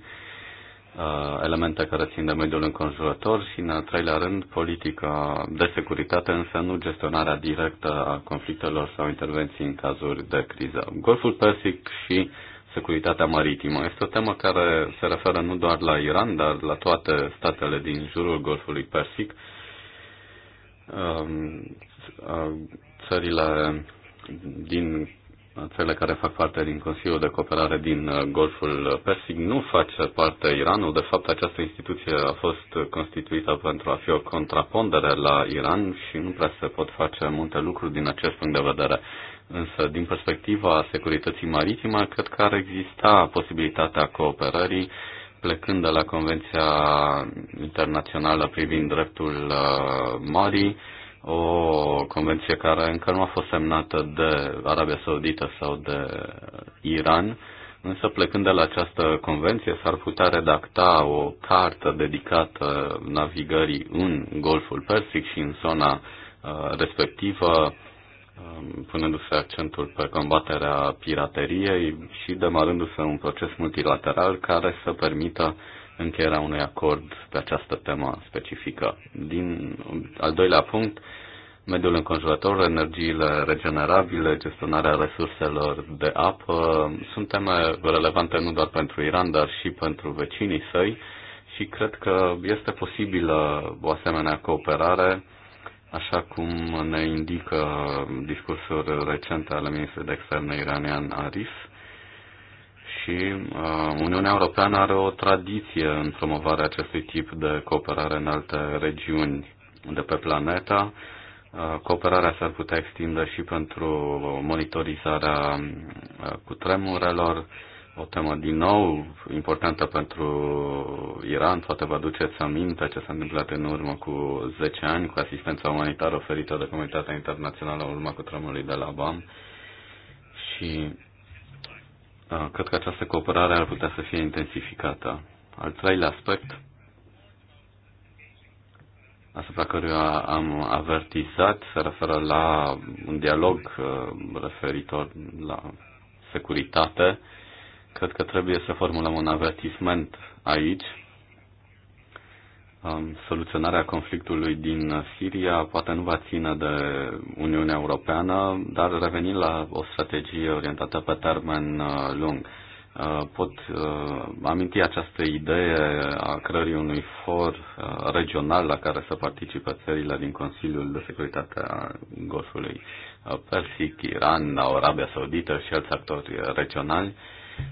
Uh, elemente care țin de mediul înconjurător și, în al treilea rând, politica de securitate, însă nu gestionarea directă a conflictelor sau intervenții în cazuri de criză. Golful Persic și securitatea maritimă este o temă care se referă nu doar la Iran, dar la toate statele din jurul Golfului Persic. Um, uh, țările din țările care fac parte din Consiliul de Cooperare din uh, Golful Persic nu face parte Iranul. De fapt, această instituție a fost constituită pentru a fi o contrapondere la Iran și nu prea se pot face multe lucruri din acest punct de vedere. Însă, din perspectiva securității maritime, cred că ar exista posibilitatea cooperării plecând de la Convenția Internațională privind dreptul uh, o convenție care încă nu a fost semnată de Arabia Saudită sau de Iran, însă plecând de la această convenție s-ar putea redacta o cartă dedicată navigării în Golful Persic și în zona uh, respectivă, um, punându-se accentul pe combaterea pirateriei și demarându-se un proces multilateral care să permită încheierea unui acord pe această temă specifică. Din al doilea punct, mediul înconjurător, energiile regenerabile, gestionarea resurselor de apă sunt teme relevante nu doar pentru Iran, dar și pentru vecinii săi și cred că este posibilă o asemenea cooperare, așa cum ne indică discursul recent al ministrului de externe iranian Arif, și uh, Uniunea Europeană are o tradiție în promovarea acestui tip de cooperare în alte regiuni de pe planeta. Uh, cooperarea s-ar putea extinde și pentru monitorizarea uh, cutremurelor, o temă din nou importantă pentru Iran. Poate vă aduceți aminte ce s-a întâmplat în urmă cu 10 ani cu asistența umanitară oferită de comunitatea internațională în urma cutremurului de la BAM. Și Uh, cred că această cooperare ar putea să fie intensificată. Al treilea aspect asupra căruia am avertizat se referă la un dialog uh, referitor la securitate. Cred că trebuie să formulăm un avertisment aici Um, soluționarea conflictului din Siria poate nu va ține de Uniunea Europeană, dar revenind la o strategie orientată pe termen uh, lung, uh, pot uh, aminti această idee a creării unui for regional la care să participe țările din Consiliul de Securitate a Golfului Persic, Iran, Arabia Saudită și alți actori regionali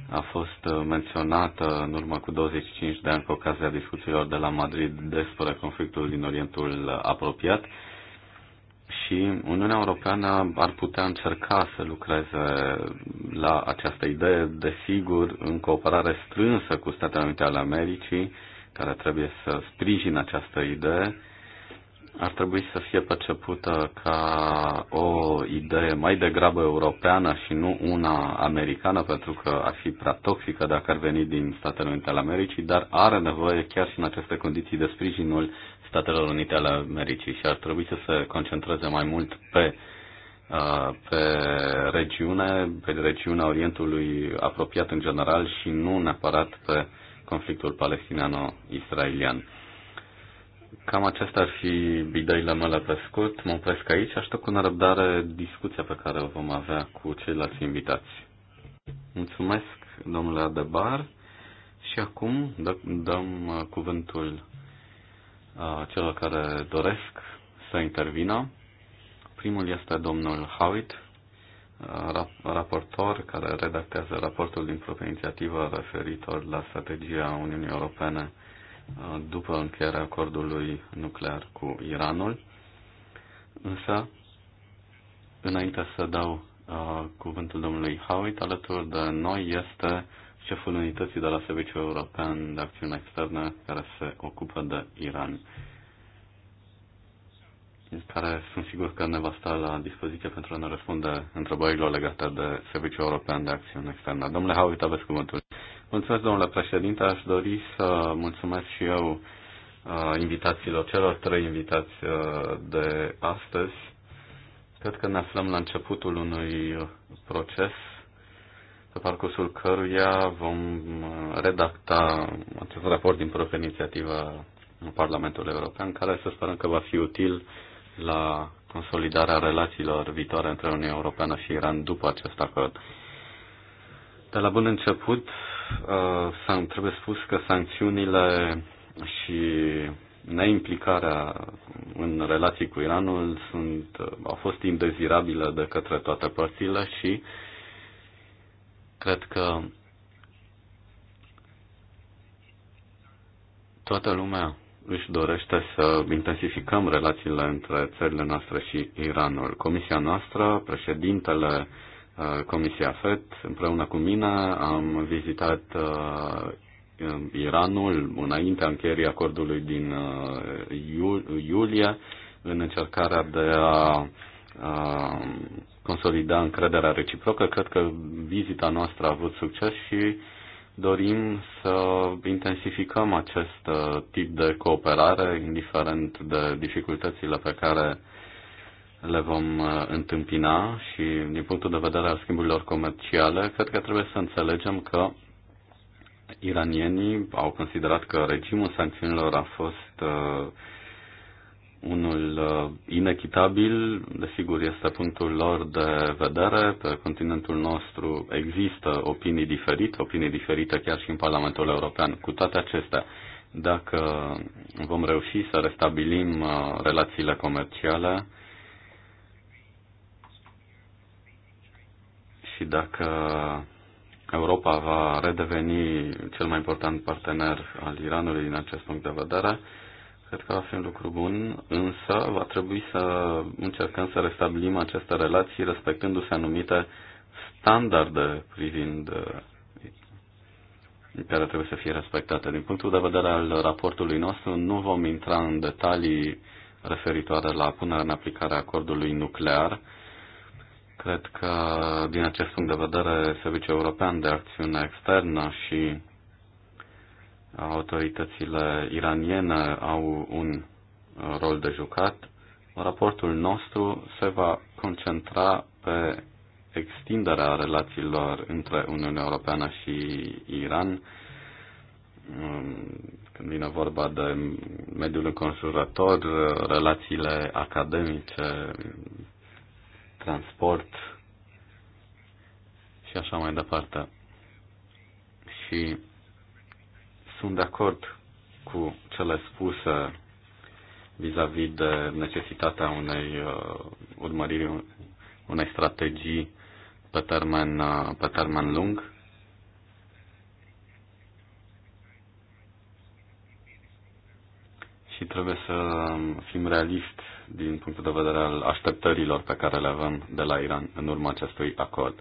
a fost uh, menționată în urmă cu 25 de ani cu ocazia discuțiilor de la Madrid despre conflictul din Orientul apropiat și Uniunea Europeană ar putea încerca să lucreze la această idee, desigur, în cooperare strânsă cu Statele Unite ale Americii, care trebuie să sprijină această idee ar trebui să fie percepută ca o idee mai degrabă europeană și nu una americană, pentru că ar fi prea toxică dacă ar veni din Statele Unite ale Americii, dar are nevoie chiar și în aceste condiții de sprijinul Statelor Unite ale Americii și ar trebui să se concentreze mai mult pe uh, pe regiune, pe regiunea Orientului apropiat în general și nu neapărat pe conflictul palestiniano-israelian Cam aceasta ar fi ideile mele pe scurt. Mă opresc aici. Aștept cu nerăbdare discuția pe care o vom avea cu ceilalți invitați. Mulțumesc, domnule Adebar. Și acum dăm uh, cuvântul uh, celor care doresc să intervină. Primul este domnul Howitt, uh, raportor care redactează raportul din propria inițiativă referitor la strategia Uniunii Europene după încheierea acordului nuclear cu Iranul. Însă, înainte să dau uh, cuvântul domnului Howitt, alături de noi este șeful unității de la Serviciul European de Acțiune Externă care se ocupă de Iran care sunt sigur că ne va sta la dispoziție pentru a ne răspunde întrebărilor legate de Serviciul European de Acțiune Externă. Domnule Howitt, aveți cuvântul. Mulțumesc, domnule președinte. Aș dori să mulțumesc și eu uh, invitațiilor, celor trei invitați uh, de astăzi. Cred că ne aflăm la începutul unui proces pe parcursul căruia vom uh, redacta acest raport din propria inițiativă în Parlamentul European, care să sperăm că va fi util la consolidarea relațiilor viitoare între Uniunea Europeană și Iran după acest acord. De la bun început, uh, trebuie spus că sancțiunile și neimplicarea în relații cu Iranul sunt, uh, au fost indezirabile de către toate părțile și cred că toată lumea își dorește să intensificăm relațiile între țările noastre și Iranul. Comisia noastră, președintele Uh, Comisia FET. Împreună cu mine am vizitat uh, Iranul înaintea încheierii acordului din uh, iulie în încercarea de a consolida încrederea reciprocă. Cred că vizita noastră a avut succes și dorim să intensificăm acest tip de cooperare, indiferent de dificultățile pe care le vom uh, întâmpina și din punctul de vedere al schimburilor comerciale, cred că trebuie să înțelegem că iranienii au considerat că regimul sancțiunilor a fost uh, unul uh, inechitabil, desigur este punctul lor de vedere, pe continentul nostru există opinii diferite, opinii diferite chiar și în Parlamentul European. Cu toate acestea, dacă vom reuși să restabilim uh, relațiile comerciale, și dacă Europa va redeveni cel mai important partener al Iranului din acest punct de vedere, cred că va fi un lucru bun, însă va trebui să încercăm să restabilim aceste relații respectându-se anumite standarde privind uh, care trebuie să fie respectate. Din punctul de vedere al raportului nostru, nu vom intra în detalii referitoare la punerea în aplicare a acordului nuclear, Cred că, din acest punct de vedere, Serviciul European de Acțiune Externă și autoritățile iraniene au un uh, rol de jucat. Raportul nostru se va concentra pe extinderea relațiilor între Uniunea Europeană și Iran, um, când vine vorba de mediul înconjurător, uh, relațiile academice, transport și așa mai departe. Și sunt de acord cu cele spuse vis-a-vis -vis de necesitatea unei uh, urmăriri, unei strategii pe termen, uh, pe termen lung. Și trebuie să fim realisti din punctul de vedere al așteptărilor pe care le avem de la Iran în urma acestui acord.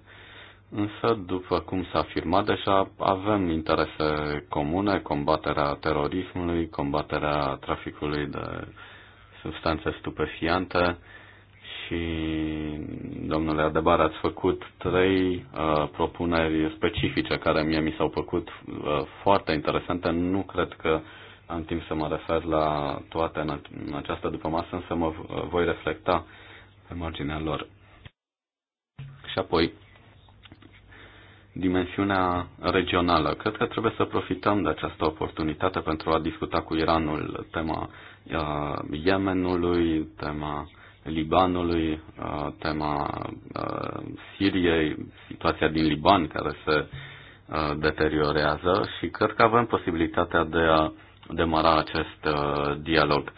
Însă, după cum s-a afirmat deja, avem interese comune, combaterea terorismului, combaterea traficului de substanțe stupefiante și, domnule Adebar, ați făcut trei uh, propuneri specifice care mie mi s-au făcut uh, foarte interesante. Nu cred că uh, am timp să mă refer la toate în această dupămasă, însă mă voi reflecta pe marginea lor. Și apoi, dimensiunea regională. Cred că trebuie să profităm de această oportunitate pentru a discuta cu Iranul tema Yemenului, tema Libanului, tema Siriei, situația din Liban care se deteriorează și cred că avem posibilitatea de a demara acest uh, dialog.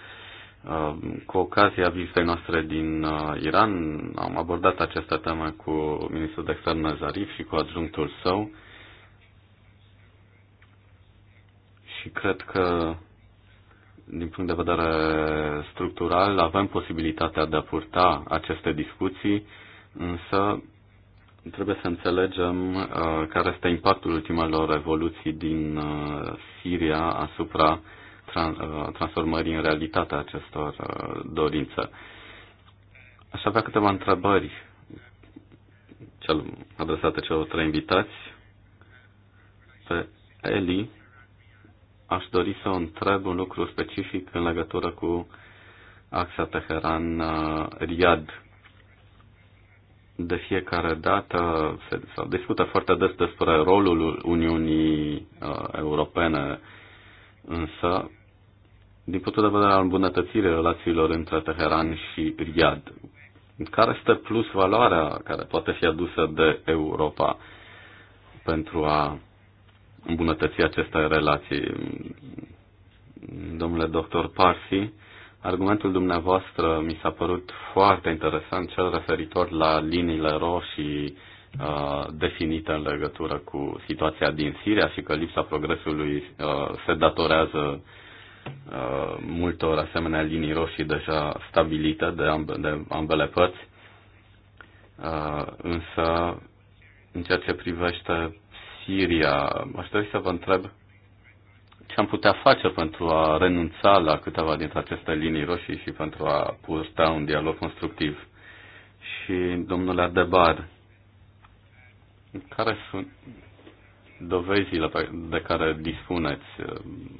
Uh, cu ocazia vizitei noastre din uh, Iran, am abordat această temă cu ministrul de externe Zarif și cu adjunctul său și cred că din punct de vedere structural avem posibilitatea de a purta aceste discuții, însă Trebuie să înțelegem uh, care este impactul ultimelor revoluții din uh, Siria asupra tran- uh, transformării în realitate a acestor uh, dorințe. Aș avea câteva întrebări cel, adresate celor trei invitați. Pe Eli aș dori să o întreb un lucru specific în legătură cu axa Teheran-Riad uh, de fiecare dată se sau discută foarte des despre rolul Uniunii uh, Europene, însă, din punctul de vedere al îmbunătățirii relațiilor între Teheran și Riyadh, care este plus valoarea care poate fi adusă de Europa pentru a îmbunătăți aceste relații? Domnule doctor Parsi, Argumentul dumneavoastră mi s-a părut foarte interesant, cel referitor la liniile roșii definită uh, definite în legătură cu situația din Siria și că lipsa progresului uh, se datorează uh, multor asemenea linii roșii deja stabilite de, ambe, de ambele părți. însă, în ceea ce privește Siria, aș dori să vă întreb ce am putea face pentru a renunța la câteva dintre aceste linii roșii și pentru a purta un dialog constructiv. Și domnule Adebar, care sunt dovezile de care dispuneți?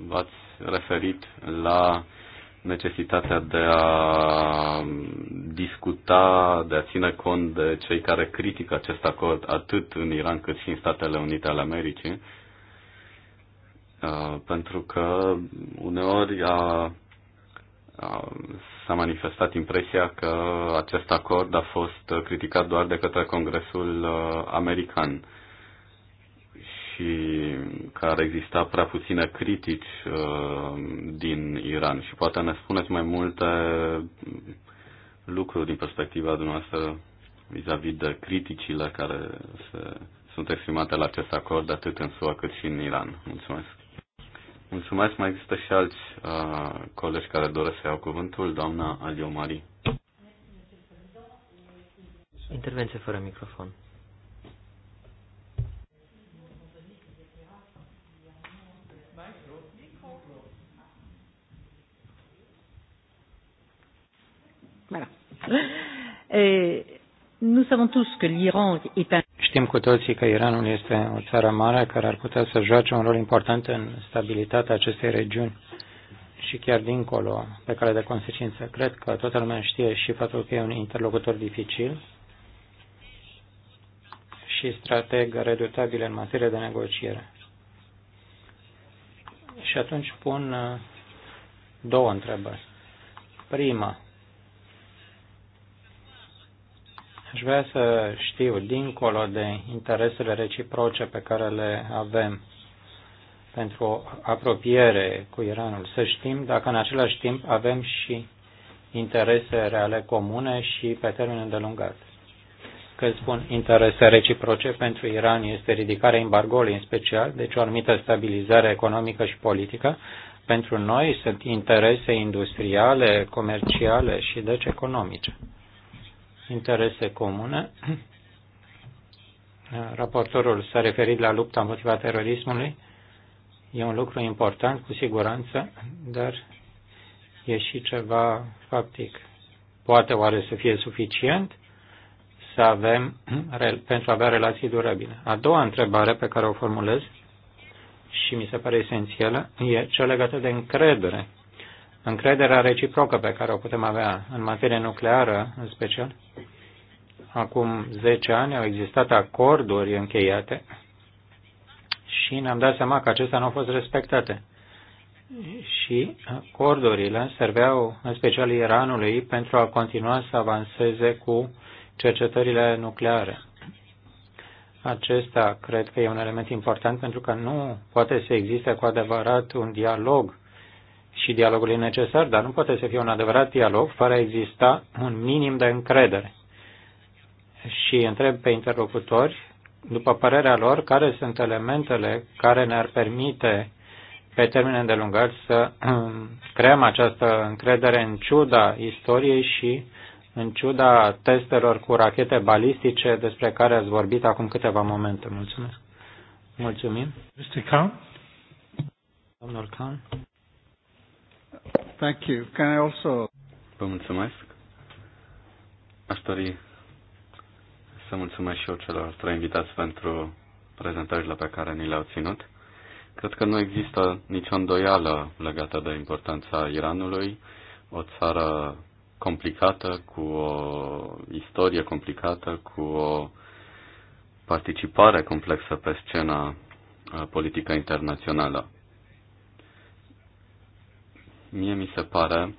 V-ați referit la necesitatea de a discuta, de a ține cont de cei care critică acest acord atât în Iran cât și în Statele Unite ale Americii Uh, pentru că uneori a, a, s-a manifestat impresia că acest acord a fost criticat doar de către Congresul uh, American și că ar exista prea puține critici uh, din Iran. Și poate ne spuneți mai multe lucruri din perspectiva dumneavoastră vis-a-vis de criticile care se, sunt exprimate la acest acord atât în SUA cât și în Iran. Mulțumesc. Mulțumesc, mai există și alți uh, colegi care doresc să iau cuvântul, doamna Alio Mari. Intervenție fără microfon. Voilà. (laughs) Eh, Știm cu toții că Iranul este o țară mare care ar putea să joace un rol important în stabilitatea acestei regiuni și chiar dincolo, pe care de consecință. Cred că toată lumea știe și faptul că e un interlocutor dificil și strateg redutabil în materie de negociere. Și atunci pun uh, două întrebări. Prima, Aș vrea să știu, dincolo de interesele reciproce pe care le avem pentru o apropiere cu Iranul, să știm dacă în același timp avem și interese reale comune și pe termen îndelungat. Când spun interese reciproce pentru Iran este ridicarea embargoului în special, deci o anumită stabilizare economică și politică. Pentru noi sunt interese industriale, comerciale și deci economice interese comune. Raportorul s-a referit la lupta împotriva terorismului. E un lucru important, cu siguranță, dar e și ceva faptic. Poate oare să fie suficient să avem, pentru a avea relații durabile? A doua întrebare pe care o formulez și mi se pare esențială e cea legată de încredere încrederea reciprocă pe care o putem avea în materie nucleară, în special. Acum 10 ani au existat acorduri încheiate și ne-am dat seama că acestea nu au fost respectate. Și acordurile serveau în special Iranului pentru a continua să avanseze cu cercetările nucleare. Acesta cred că e un element important pentru că nu poate să existe cu adevărat un dialog și dialogul e necesar, dar nu poate să fie un adevărat dialog fără a exista un minim de încredere. Și întreb pe interlocutori, după părerea lor, care sunt elementele care ne-ar permite pe termen îndelungat să (clears throat) creăm această încredere în ciuda istoriei și în ciuda testelor cu rachete balistice despre care ați vorbit acum câteva momente. Mulțumesc. Mulțumim. Mr. Khan. Domnul Khan. Thank you. Can I also... Vă mulțumesc. Aș dori să mulțumesc și eu celor trei invitați pentru prezentările pe care ni le-au ținut. Cred că nu există nicio îndoială legată de importanța Iranului, o țară complicată, cu o istorie complicată, cu o participare complexă pe scena uh, politică internațională. Mie mi se pare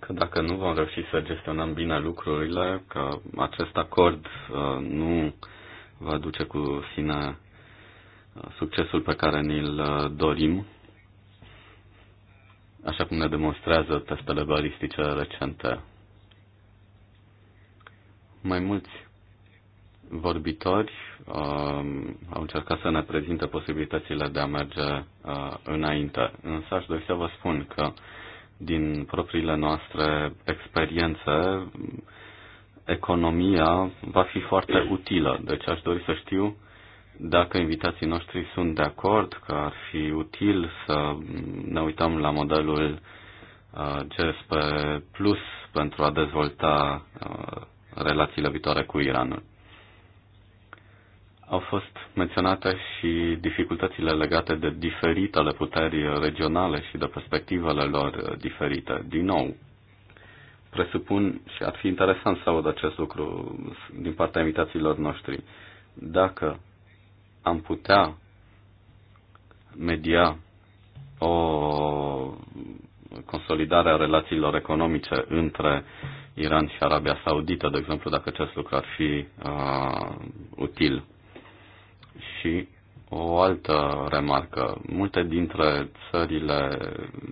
că dacă nu vom reuși să gestionăm bine lucrurile, că acest acord uh, nu va duce cu sine uh, succesul pe care ni-l uh, dorim, așa cum ne demonstrează testele balistice recente. Mai mulți vorbitori uh, um, au încercat să ne prezinte posibilitățile de a merge uh, înainte. Însă aș dori să vă spun că din propriile noastre experiențe, economia va fi foarte utilă. Deci aș dori să știu dacă invitații noștri sunt de acord că ar fi util să ne uităm la modelul uh, GSP Plus pentru a dezvolta uh, relațiile viitoare cu Iranul. Au fost menționate și dificultățile legate de diferitele puteri regionale și de perspectivele lor diferite. Din nou, presupun și ar fi interesant să aud acest lucru din partea invitațiilor noștri. Dacă am putea media o consolidare a relațiilor economice între Iran și Arabia Saudită, de exemplu, dacă acest lucru ar fi uh, util și o altă remarcă. Multe dintre țările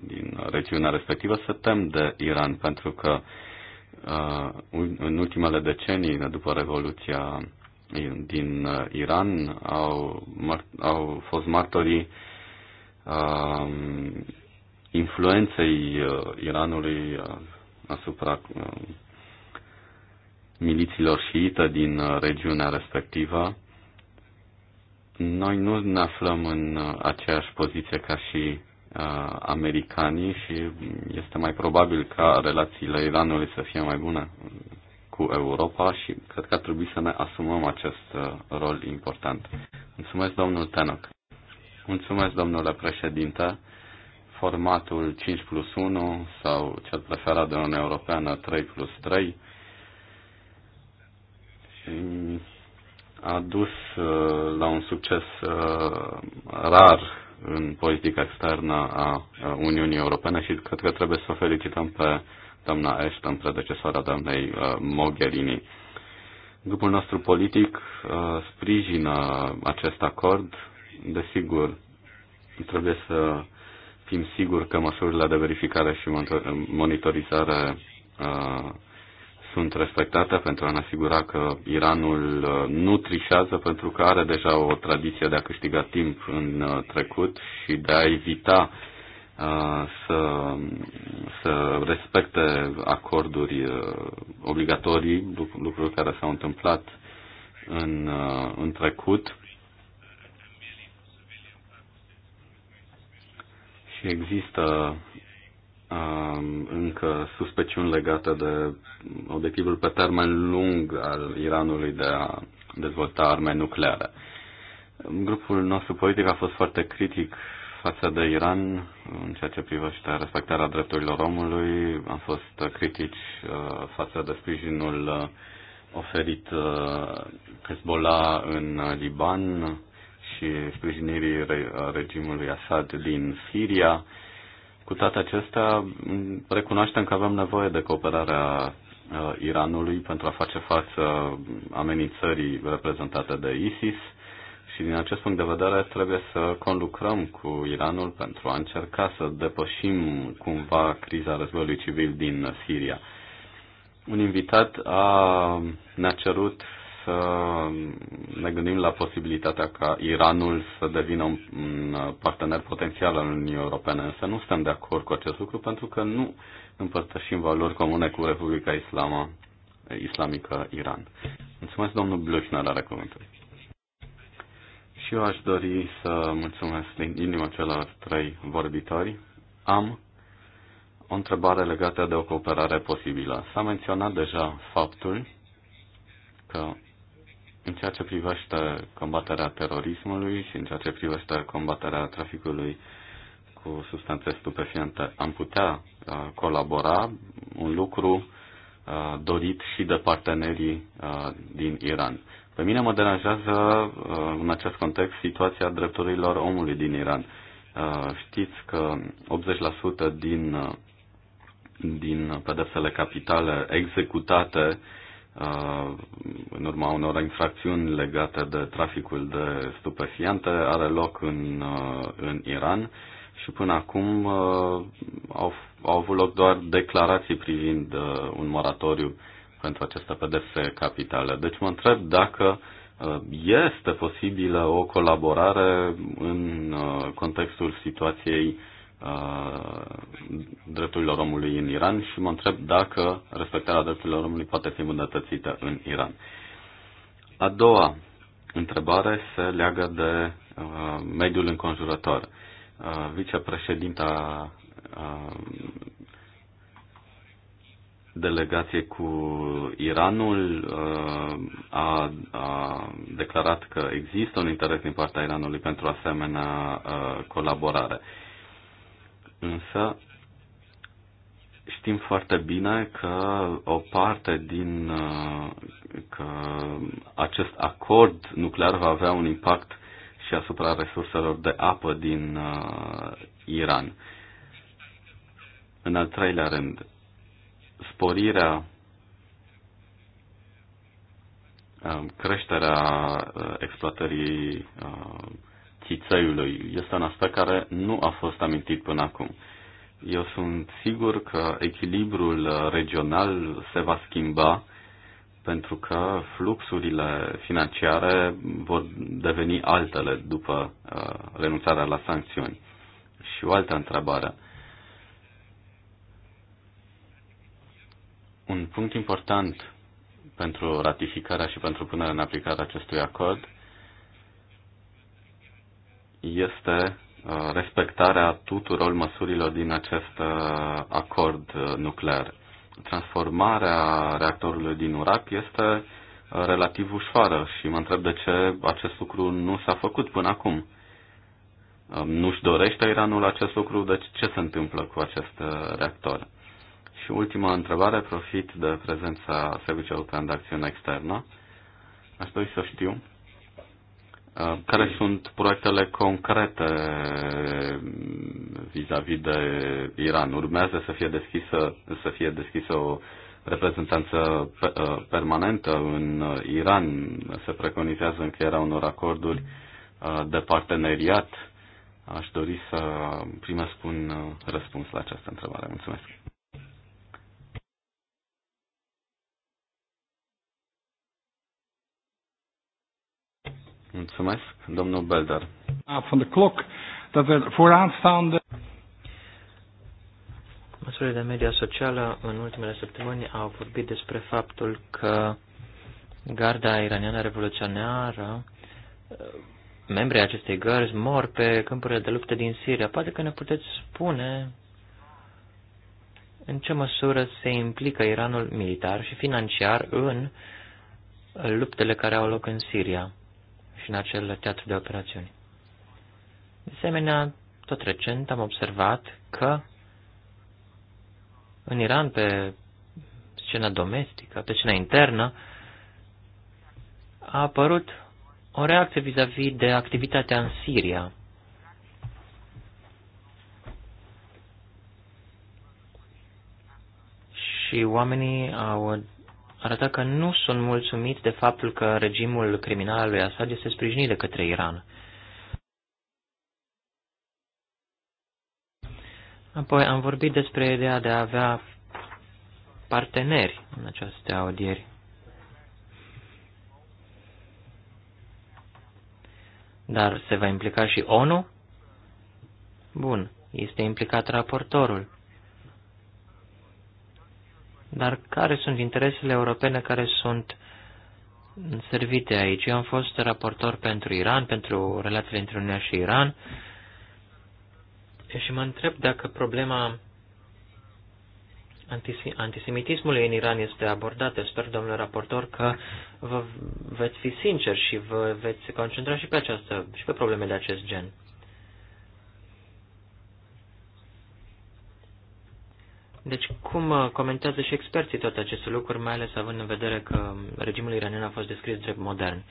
din regiunea respectivă se tem de Iran pentru că uh, în ultimele decenii, după Revoluția din Iran, au, au fost martorii uh, influenței uh, Iranului uh, asupra uh, milițiilor șiite din regiunea respectivă noi nu ne aflăm în uh, aceeași poziție ca și uh, americanii și este mai probabil ca relațiile Iranului să fie mai bune cu Europa și cred că ar trebui să ne asumăm acest uh, rol important. Mulțumesc, domnul Tenoc. Mulțumesc, domnule președinte. Formatul 5 plus 1 sau cel preferat de Uniunea Europeană 3 plus 3 a dus uh, la un succes uh, rar în politica externă a uh, Uniunii Europene și cred că trebuie să o felicităm pe doamna Ashton, predecesoara doamnei Mogherini. Grupul nostru politic sprijină acest acord. Desigur, trebuie să fim siguri că măsurile de verificare și monitorizare sunt respectate pentru a ne asigura că Iranul uh, nu trișează pentru că are deja o tradiție de a câștiga timp în uh, trecut și de a evita uh, să, să respecte acorduri obligatorii, lucruri care s-au întâmplat în, în trecut. Și există încă suspeciuni legate de obiectivul pe termen lung al Iranului de a dezvolta arme nucleare. Grupul nostru politic a fost foarte critic față de Iran în ceea ce privește respectarea drepturilor omului. Am fost critici uh, față de sprijinul uh, oferit uh, Hezbollah în Liban și sprijinirii regimului Assad din Siria cu toate acestea, recunoaștem că avem nevoie de cooperarea uh, Iranului pentru a face față amenințării reprezentate de ISIS și din acest punct de vedere trebuie să conlucrăm cu Iranul pentru a încerca să depășim cumva criza războiului civil din Siria. Un invitat a, ne-a cerut să ne gândim la posibilitatea ca Iranul să devină un partener potențial al Uniunii Europene, însă nu suntem de acord cu acest lucru pentru că nu împărtășim valori comune cu Republica Islamă, Islamică Iran. Mulțumesc, domnul Blöchner, la cuvântul. Și eu aș dori să mulțumesc din inima celor trei vorbitori. Am o întrebare legată de o cooperare posibilă. S-a menționat deja faptul că în ceea ce privește combaterea terorismului și în ceea ce privește combaterea traficului cu substanțe stupefiante, am putea uh, colabora un lucru uh, dorit și de partenerii uh, din Iran. Pe mine mă deranjează în acest context situația drepturilor omului din Iran. Știți că 80% din, din pedepsele capitale executate în urma unor infracțiuni legate de traficul de stupefiante are loc în, în Iran și până acum au, au avut loc doar declarații privind un moratoriu pentru aceste pedepse capitale. Deci mă întreb dacă este posibilă o colaborare în contextul situației Uh, drepturilor omului în Iran și mă întreb dacă respectarea drepturilor omului poate fi îmbunătățită în Iran. A doua întrebare se leagă de uh, mediul înconjurător. Uh, vicepreședinta uh, delegație cu Iranul uh, a, a declarat că există un interes din partea Iranului pentru asemenea uh, colaborare. Însă știm foarte bine că o parte din uh, că acest acord nuclear va avea un impact și asupra resurselor de apă din uh, Iran. În al treilea rând, sporirea uh, creșterea exploatării țițeiului este un aspect care nu a fost amintit până acum. Eu sunt sigur că echilibrul regional se va schimba pentru că fluxurile financiare vor deveni altele după uh, renunțarea la sancțiuni. Și o altă întrebare. Un punct important pentru ratificarea și pentru punerea în aplicare acestui acord este uh, respectarea tuturor măsurilor din acest uh, acord uh, nuclear. Transformarea reactorului din URAC este relativ ușoară și mă întreb de ce acest lucru nu s-a făcut până acum. Nu-și dorește Iranul acest lucru, deci ce se întâmplă cu acest reactor? Și ultima întrebare, profit de prezența Serviciului European de Acțiune Externă. Aș dori să știu Uh, care sunt proiectele concrete mm, vis-a-vis -vis de Iran? Urmează să fie deschisă, să fie deschisă o reprezentanță uh, permanentă în Iran? Se preconizează încheierea unor acorduri uh, de parteneriat? Aș dori să primesc un răspuns la această întrebare. Mulțumesc! Mulțumesc, domnul Belder. Ah, de klok, dat we vooraanstaande... Măsurile de media socială în ultimele săptămâni au vorbit despre faptul că garda iraniană revoluționară, membrii acestei gărzi mor pe câmpurile de luptă din Siria. Poate că ne puteți spune în ce măsură se implică Iranul militar și financiar în luptele care au loc în Siria și în acel teatru de operațiuni. De asemenea, tot recent am observat că în Iran, pe scena domestică, pe scena internă, a apărut o reacție vis-a-vis -vis de activitatea în Siria. Și oamenii au arăta că nu sunt mulțumiți de faptul că regimul criminal al lui Assad este sprijinit de către Iran. Apoi am vorbit despre ideea de a avea parteneri în aceste audieri. Dar se va implica și ONU? Bun, este implicat raportorul. Dar care sunt interesele europene care sunt servite aici? Eu am fost raportor pentru Iran, pentru relațiile între Uniunea și Iran și mă întreb dacă problema antisemitismului în Iran este abordată. Sper, domnule raportor, că vă veți fi sinceri și vă veți concentra și pe această, și pe probleme de acest gen. Deci cum uh, comentează și experții toate aceste lucruri, mai ales având în vedere că regimul iranian a fost descris drept modern?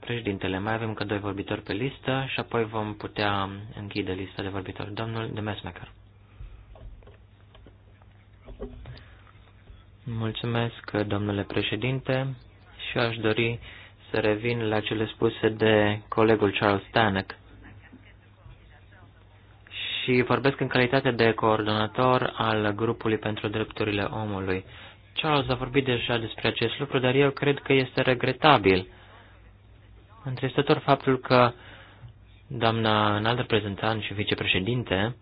Președintele, mai avem încă doi vorbitori pe listă și apoi vom putea închide lista de vorbitori. Domnul de Mesmaker. Mulțumesc, domnule președinte, și aș dori să revin la cele spuse de colegul Charles Stanek și vorbesc în calitate de coordonator al grupului pentru drepturile omului. Charles a vorbit deja despre acest lucru, dar eu cred că este regretabil. Întristător faptul că doamna înalt reprezentant și vicepreședinte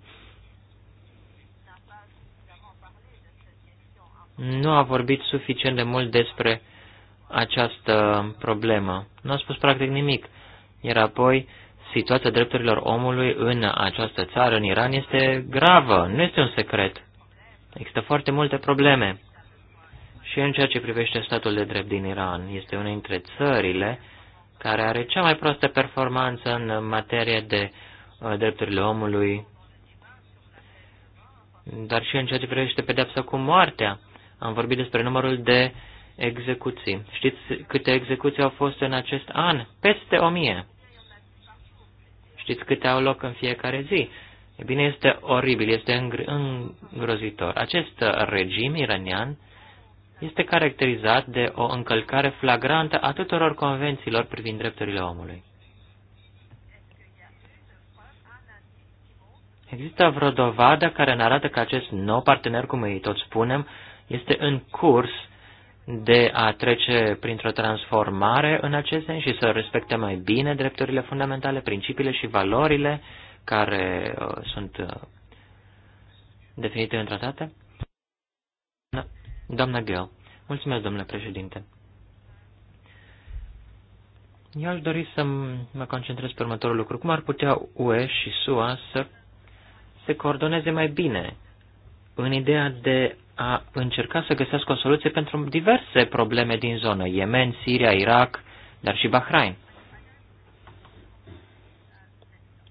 nu a vorbit suficient de mult despre această problemă. Nu a spus practic nimic. Iar apoi, situația drepturilor omului în această țară, în Iran, este gravă, nu este un secret. Există foarte multe probleme. Și în ceea ce privește statul de drept din Iran, este una dintre țările care are cea mai proastă performanță în materie de uh, drepturile omului, dar și în ceea ce privește pedepsa cu moartea. Am vorbit despre numărul de execuții. Știți câte execuții au fost în acest an? Peste o mie. Știți câte au loc în fiecare zi? E bine, este oribil, este îngrozitor. Acest regim iranian este caracterizat de o încălcare flagrantă a tuturor convențiilor privind drepturile omului. Există vreo dovadă care ne arată că acest nou partener, cum îi tot spunem, este în curs de a trece printr-o transformare în acest sens și să respecte mai bine drepturile fundamentale, principiile și valorile care uh, sunt uh, definite în tratate? Doamna Gale, mulțumesc, domnule președinte. Eu aș dori să mă concentrez pe următorul lucru. Cum ar putea UE și SUA să se coordoneze mai bine în ideea de a încercat să găsească o soluție pentru diverse probleme din zonă, Yemen, Siria, Irak, dar și Bahrain.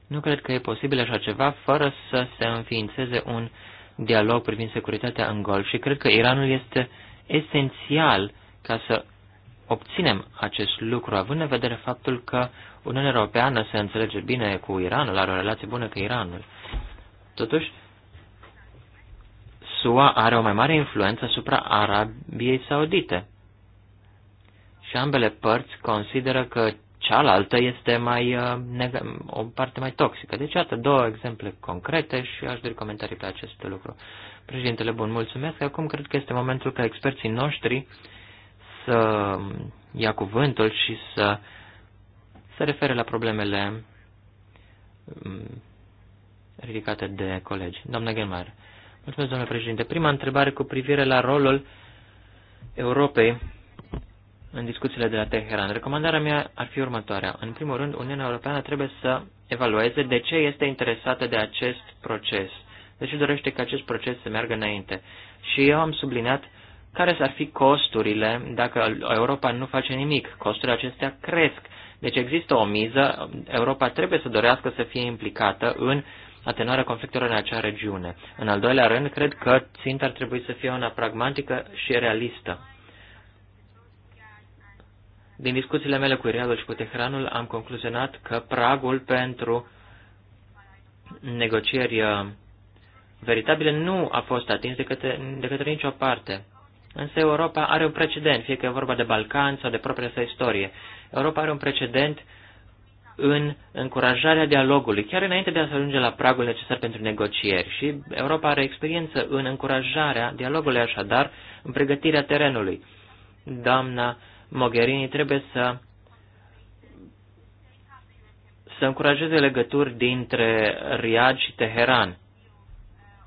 Nu cred că e posibil așa ceva fără să se înființeze un dialog privind securitatea în Golf și cred că Iranul este esențial ca să obținem acest lucru, având în vedere faptul că Uniunea Europeană se înțelege bine cu Iranul, are o relație bună cu Iranul. Totuși, SUA are o mai mare influență asupra Arabiei Saudite. Și ambele părți consideră că cealaltă este mai, uh, o parte mai toxică. Deci, iată două exemple concrete și aș dori comentarii pe acest lucru. Președintele, bun, mulțumesc. Acum cred că este momentul ca experții noștri să ia cuvântul și să se refere la problemele mm, ridicate de colegi. Doamna Gelmar, Mulțumesc, domnule președinte. Prima întrebare cu privire la rolul Europei în discuțiile de la Teheran. Recomandarea mea ar fi următoarea. În primul rând, Uniunea Europeană trebuie să evalueze de ce este interesată de acest proces, de ce dorește ca acest proces să meargă înainte. Și eu am subliniat care s-ar fi costurile dacă Europa nu face nimic. Costurile acestea cresc. Deci există o miză, Europa trebuie să dorească să fie implicată în uh, atenuarea conflictelor în acea regiune. În al doilea rând, cred că ținta ar trebui să fie una pragmatică și realistă. Din discuțiile mele cu Iriadul și cu Tehranul am concluzionat că pragul pentru negocieri uh, veritabile nu a fost atins de către, de către nicio parte. Însă Europa are un precedent, fie că e vorba de Balcan sau de propria sa istorie. Europa are un precedent uh, în încurajarea dialogului, chiar înainte de a se ajunge la pragul necesar pentru negocieri. Și Europa are experiență în încurajarea dialogului, așadar, în pregătirea terenului. Doamna Mogherini trebuie să să încurajeze legături dintre Riad și Teheran.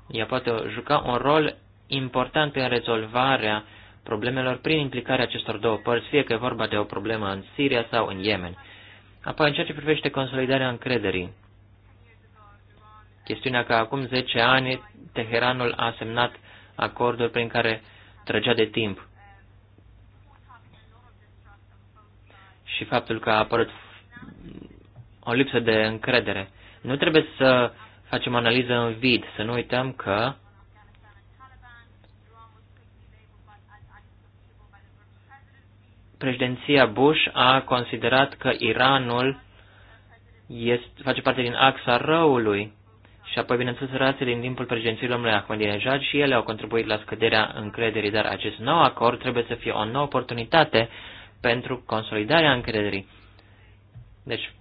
Ea poate juca un rol important pe rezolvarea problemelor prin implicarea acestor două părți, fie că e vorba de o problemă în Siria sau în Yemen. Apoi, în ceea ce privește consolidarea încrederii, chestiunea că acum 10 ani Teheranul a semnat acordul prin care trăgea de timp și faptul că a apărut o lipsă de încredere. Nu trebuie să facem analiză în vid, să nu uităm că președinția Bush a considerat că Iranul este, face parte din axa răului și apoi, bineînțeles, relațiile din timpul președinției domnului Ahmadinejad și ele au contribuit la scăderea încrederii, dar acest nou acord trebuie să fie o nouă oportunitate pentru consolidarea încrederii. Deci,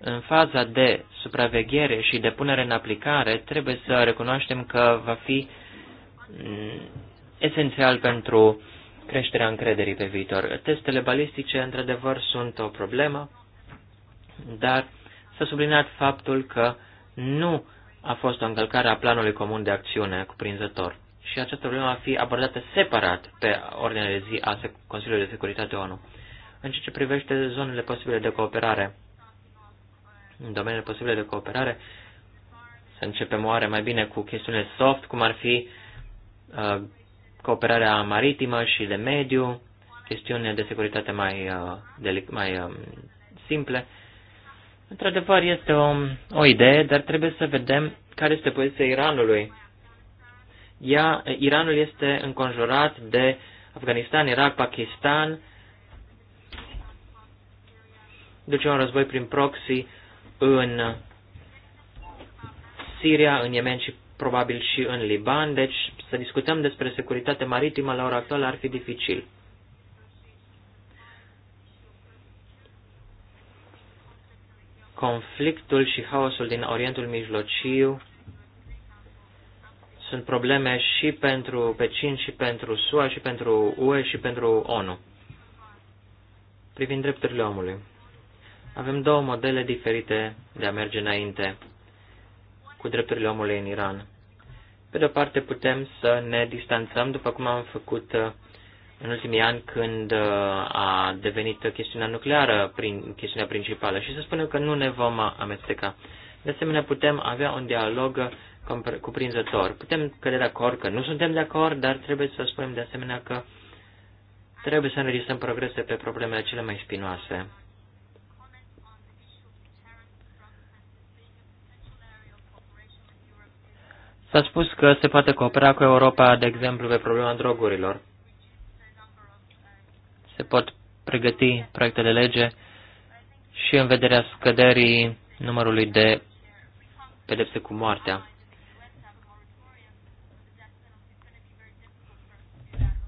în faza de supraveghere și de punere în aplicare, trebuie să recunoaștem că va fi esențial pentru creșterea încrederii pe viitor. Testele balistice, într-adevăr, sunt o problemă, dar s-a subliniat faptul că nu a fost o încălcare a planului comun de acțiune cuprinzător și această problemă va fi abordată separat pe ordinea de zi a Consiliului de Securitate ONU. În ceea ce privește zonele posibile de cooperare, în domeniile posibile de cooperare, să începem oare mai bine cu chestiunile soft, cum ar fi uh, cooperarea maritimă și de mediu, chestiune de securitate mai, uh, de, mai um, simple. Într-adevăr, este o, o idee, dar trebuie să vedem care este poziția Iranului. Ea, Iranul este înconjurat de Afganistan, Irak, Pakistan, duce un război prin proxy în Siria, în Yemen și probabil și în Liban, deci să discutăm despre securitate maritimă la ora actuală ar fi dificil. Conflictul și haosul din Orientul Mijlociu sunt probleme și pentru Pecin, și pentru SUA, și pentru UE, și pentru ONU. Privind drepturile omului, avem două modele diferite de a merge înainte cu drepturile omului în Iran. Pe de-o parte, putem să ne distanțăm, după cum am făcut uh, în ultimii ani când uh, a devenit chestiunea nucleară prin chestiunea principală și să spunem că nu ne vom amesteca. De asemenea, putem avea un dialog uh, cuprinzător. Putem cădea de acord că nu suntem de acord, dar trebuie să spunem de asemenea că trebuie să înregistrăm progrese pe problemele cele mai spinoase. S-a spus că se poate coopera cu Europa, de exemplu, pe problema drogurilor. Se pot pregăti proiecte de lege și în vederea scăderii numărului de pedepse cu moartea.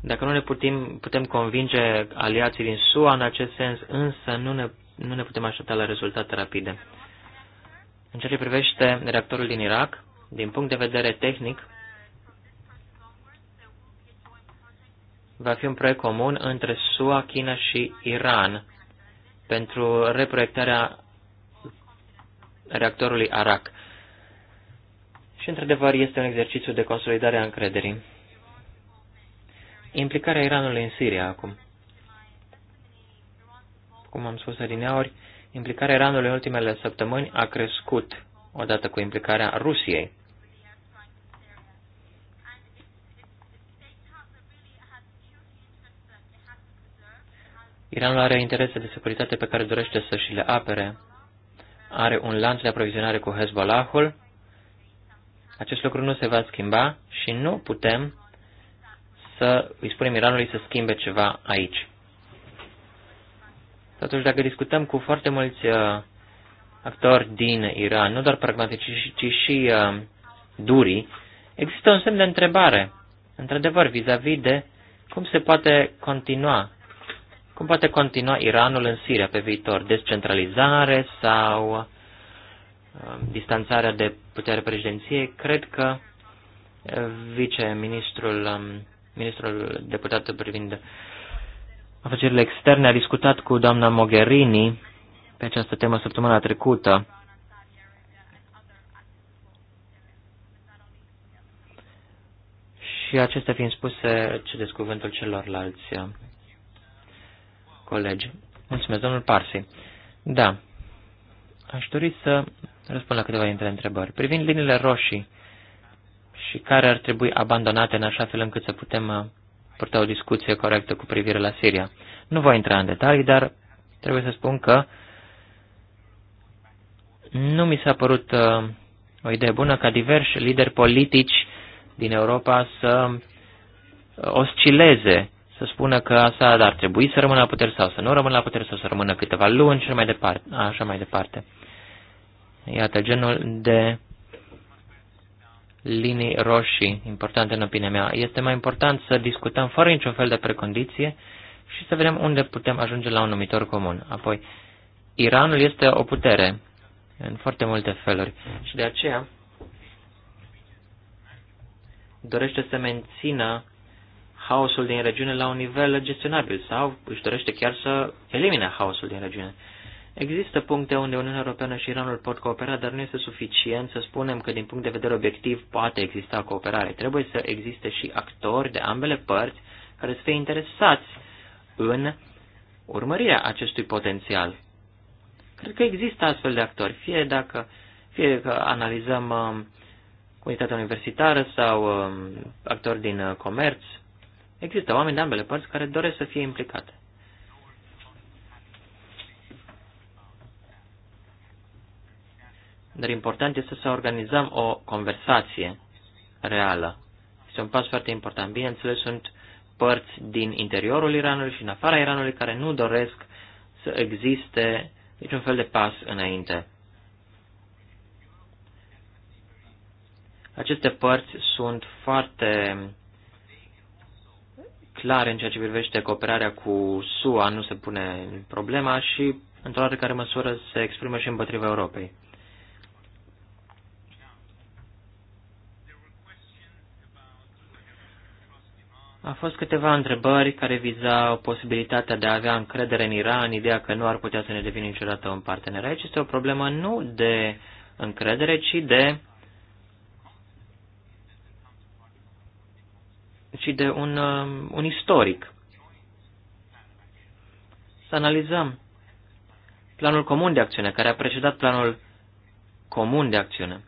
Dacă nu ne putem, putem convinge aliații din SUA în acest sens, însă nu ne, nu ne putem aștepta la rezultate rapide. În ceea ce privește reactorul din Irak, din punct de vedere tehnic, va fi un proiect comun între SUA, China și Iran pentru reproiectarea reactorului Arak. Și, într-adevăr, este un exercițiu de consolidare a încrederii. Implicarea Iranului în Siria acum. Cum am spus ori, implicarea Iranului în ultimele săptămâni a crescut odată cu implicarea Rusiei. Iranul are interese de securitate pe care dorește să și le apere. Are un lanț de aprovizionare cu Hezbollahul. Acest lucru nu se va schimba și nu putem să îi spunem Iranului să schimbe ceva aici. Totuși, dacă discutăm cu foarte mulți uh, actori din Iran, nu doar pragmatici, ci și uh, durii, există un semn de întrebare, într-adevăr, vis-a-vis -vis de cum se poate continua cum poate continua Iranul în Siria pe viitor? Descentralizare sau uh, distanțarea de putere președinției? Cred că uh, viceministrul um, ministrul deputat privind afacerile externe a discutat cu doamna Mogherini pe această temă săptămâna trecută. Și acestea fiind spuse, cedez cuvântul celorlalți colegi. Mulțumesc, domnul Parsi. Da, aș dori să răspund la câteva dintre întrebări. Privind liniile roșii și care ar trebui abandonate în așa fel încât să putem uh, purta o discuție corectă cu privire la Siria. Nu voi intra în detalii, dar trebuie să spun că nu mi s-a părut uh, o idee bună ca diversi lideri politici din Europa să uh, oscileze să spună că asta ar trebui să rămână la putere sau să nu rămână la putere sau să rămână câteva luni și mai departe, așa mai departe. Iată genul de linii roșii importante în opinia mea. Este mai important să discutăm fără niciun fel de precondiție și să vedem unde putem ajunge la un numitor comun. Apoi, Iranul este o putere în foarte multe feluri și de aceea dorește să mențină haosul din regiune la un nivel gestionabil sau își dorește chiar să elimine haosul din regiune. Există puncte unde Uniunea Europeană și Iranul pot coopera, dar nu este suficient să spunem că din punct de vedere obiectiv poate exista cooperare. Trebuie să existe și actori de ambele părți care să fie interesați în urmărirea acestui potențial. Cred că există astfel de actori, fie dacă fie că analizăm comunitatea um, universitară sau um, actori din uh, comerț, Există oameni de ambele părți care doresc să fie implicate. Dar important este să organizăm o conversație reală. Este un pas foarte important. Bineînțeles, sunt părți din interiorul Iranului și în afara Iranului care nu doresc să existe niciun fel de pas înainte. Aceste părți sunt foarte clare în ceea ce privește cooperarea cu SUA, nu se pune problema și, într-o oarecare măsură, se exprimă și împotriva Europei. A fost câteva întrebări care vizau posibilitatea de a avea încredere în Iran, ideea că nu ar putea să ne devină niciodată un partener. Aici este o problemă nu de încredere, ci de ci de un, um, un istoric. Să analizăm planul comun de acțiune, care a precedat planul comun de acțiune.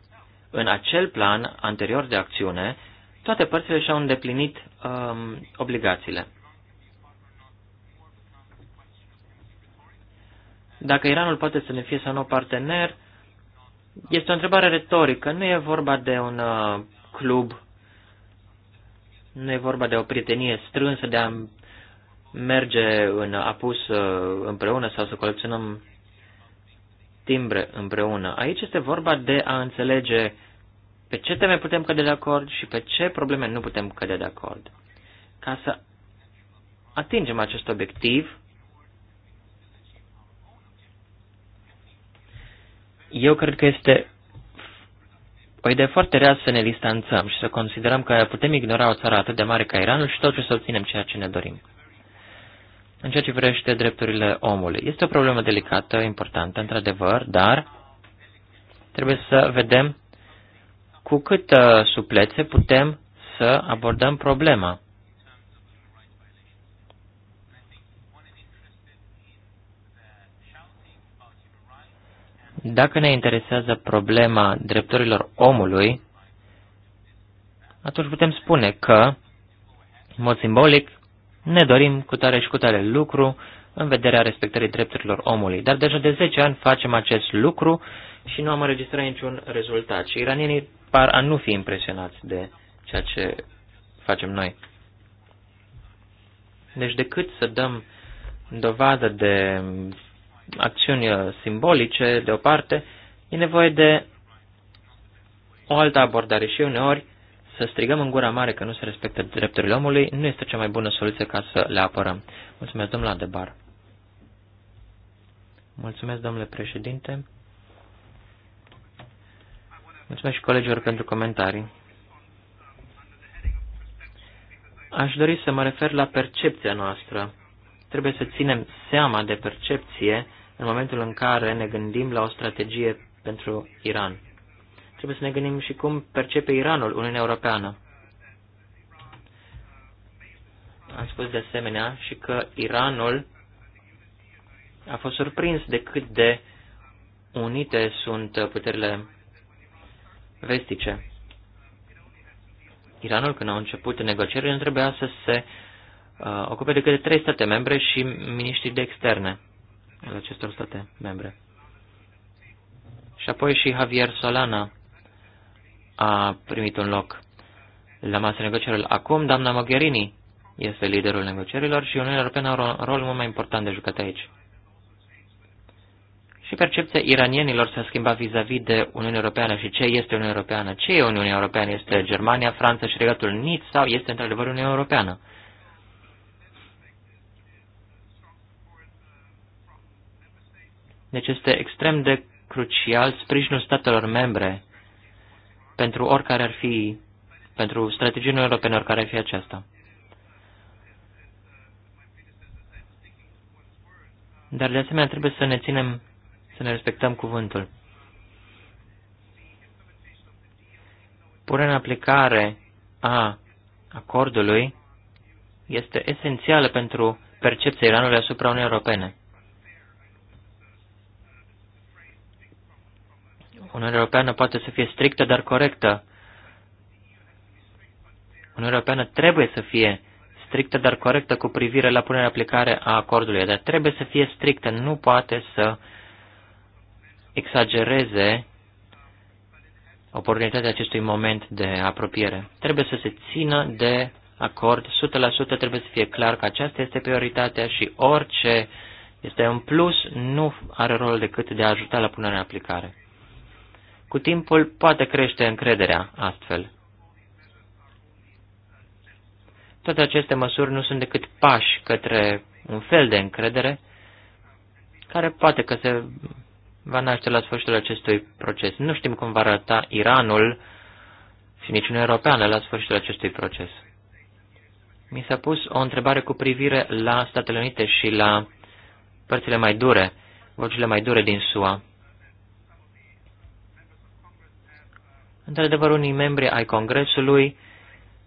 În acel plan anterior de acțiune, toate părțile și-au îndeplinit um, obligațiile. Dacă Iranul poate să ne fie sau nu partener, este o întrebare retorică. Nu e vorba de un uh, club nu e vorba de o prietenie strânsă, de a merge în apus uh, împreună sau să colecționăm timbre împreună. Aici este vorba de a înțelege pe ce teme putem cădea de acord și pe ce probleme nu putem cădea de acord. Ca să atingem acest obiectiv, eu cred că este Păi de foarte rea să ne distanțăm și să considerăm că putem ignora o țară atât de mare ca Iranul și totuși să obținem ceea ce ne dorim. În ceea ce privește drepturile omului, este o problemă delicată, importantă, într-adevăr, dar trebuie să vedem cu cât suplețe putem să abordăm problema. Dacă ne interesează problema drepturilor omului, atunci putem spune că, în mod simbolic, ne dorim cu tare și cu tare lucru în vederea respectării drepturilor omului. Dar deja de 10 ani facem acest lucru și nu am înregistrat niciun rezultat. Și iranienii par a nu fi impresionați de ceea ce facem noi. Deci decât să dăm dovadă de acțiuni uh, simbolice, de o parte, e nevoie de o altă abordare și uneori să strigăm în gura mare că nu se respectă drepturile omului nu este cea mai bună soluție ca să le apărăm. Mulțumesc, domnule Adebar. Mulțumesc, domnule președinte. Mulțumesc și colegilor pentru comentarii. Aș dori să mă refer la percepția noastră. Trebuie să ținem seama de percepție în momentul în care ne gândim la o strategie pentru Iran. Trebuie să ne gândim și cum percepe Iranul Uniunea Europeană. Am spus de asemenea și că Iranul a fost surprins de cât de unite sunt puterile vestice. Iranul, când au început negocierile, nu trebuia să se uh, ocupe decât de trei state membre și miniștri de externe al acestor state membre. Și apoi și Javier Solana a primit un loc la masă negocierilor. Acum, doamna Mogherini este liderul negocierilor și Uniunea Europeană are un rol mult mai important de jucat aici. Și percepția iranienilor s-a schimbat vis-a-vis -vis de Uniunea Europeană și ce este Uniunea Europeană. Ce e Uniunea Europeană? Este Germania, Franța și Regatul Unit sau este într-adevăr Uniunea Europeană? Deci este extrem de crucial sprijinul statelor membre pentru oricare ar fi, pentru strategia europene, oricare ar fi aceasta. Dar de asemenea trebuie să ne ținem, să ne respectăm cuvântul. Punerea în aplicare a acordului este esențială pentru percepția Iranului asupra Uniunii Europene. Uniunea Europeană poate să fie strictă, dar corectă. Uniunea Europeană trebuie să fie strictă, dar corectă cu privire la punerea aplicare a acordului, dar trebuie să fie strictă, nu poate să exagereze oportunitatea acestui moment de apropiere. Trebuie să se țină de acord 100%, trebuie să fie clar că aceasta este prioritatea și orice este în plus nu are rol decât de a ajuta la punerea în aplicare. Cu timpul poate crește încrederea astfel. Toate aceste măsuri nu sunt decât pași către un fel de încredere care poate că se va naște la sfârșitul acestui proces. Nu știm cum va arăta Iranul și nici Uniunea Europeană la sfârșitul acestui proces. Mi s-a pus o întrebare cu privire la Statele Unite și la părțile mai dure, vocile mai dure din SUA. Într-adevăr, unii membri ai Congresului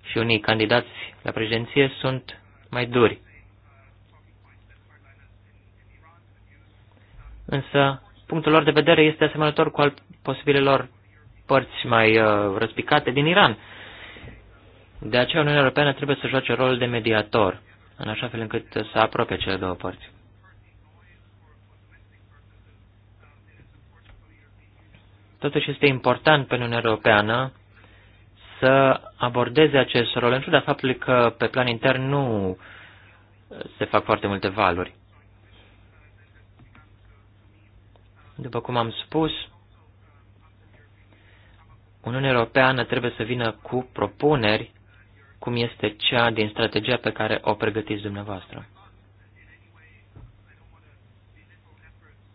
și unii candidați la președinție sunt mai duri. Însă, punctul lor de vedere este asemănător cu al posibilelor părți mai uh, răspicate din Iran. De aceea, Uniunea Europeană trebuie să joace rolul de mediator, în așa fel încât să apropie cele două părți. Totuși este important pentru Uniunea Europeană să abordeze acest rol, în ciuda faptului că pe plan intern nu se fac foarte multe valuri. După cum am spus, Uniunea Europeană trebuie să vină cu propuneri, cum este cea din strategia pe care o pregătiți dumneavoastră.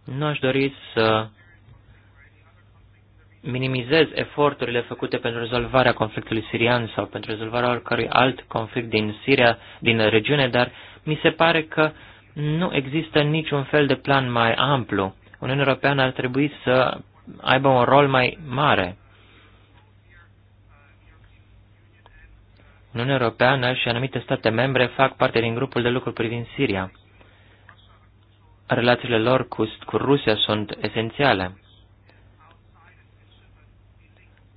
Nu aș dori să minimizez eforturile făcute pentru rezolvarea conflictului sirian sau pentru rezolvarea oricărui alt conflict din Siria, din regiune, dar mi se pare că nu există niciun fel de plan mai amplu. Uniunea Europeană ar trebui să aibă un rol mai mare. Uniunea Europeană și anumite state membre fac parte din grupul de lucru privind Siria. Relațiile lor cu, cu Rusia sunt esențiale.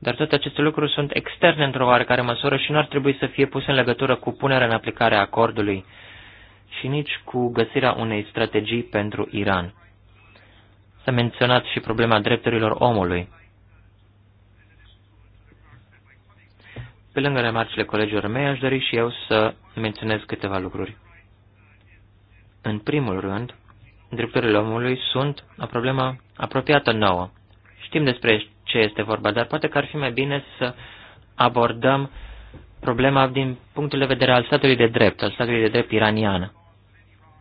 Dar toate aceste lucruri sunt externe într-o oarecare măsură și nu ar trebui să fie puse în legătură cu punerea în aplicare a acordului și nici cu găsirea unei strategii pentru Iran. S-a menționat și problema drepturilor omului. Pe lângă remarcile colegilor mei, aș dori și eu să menționez câteva lucruri. În primul rând, drepturile omului sunt o problemă apropiată nouă. Știm despre ce este vorba, dar poate că ar fi mai bine să abordăm problema din punctul de vedere al statului de drept, al statului de drept iranian.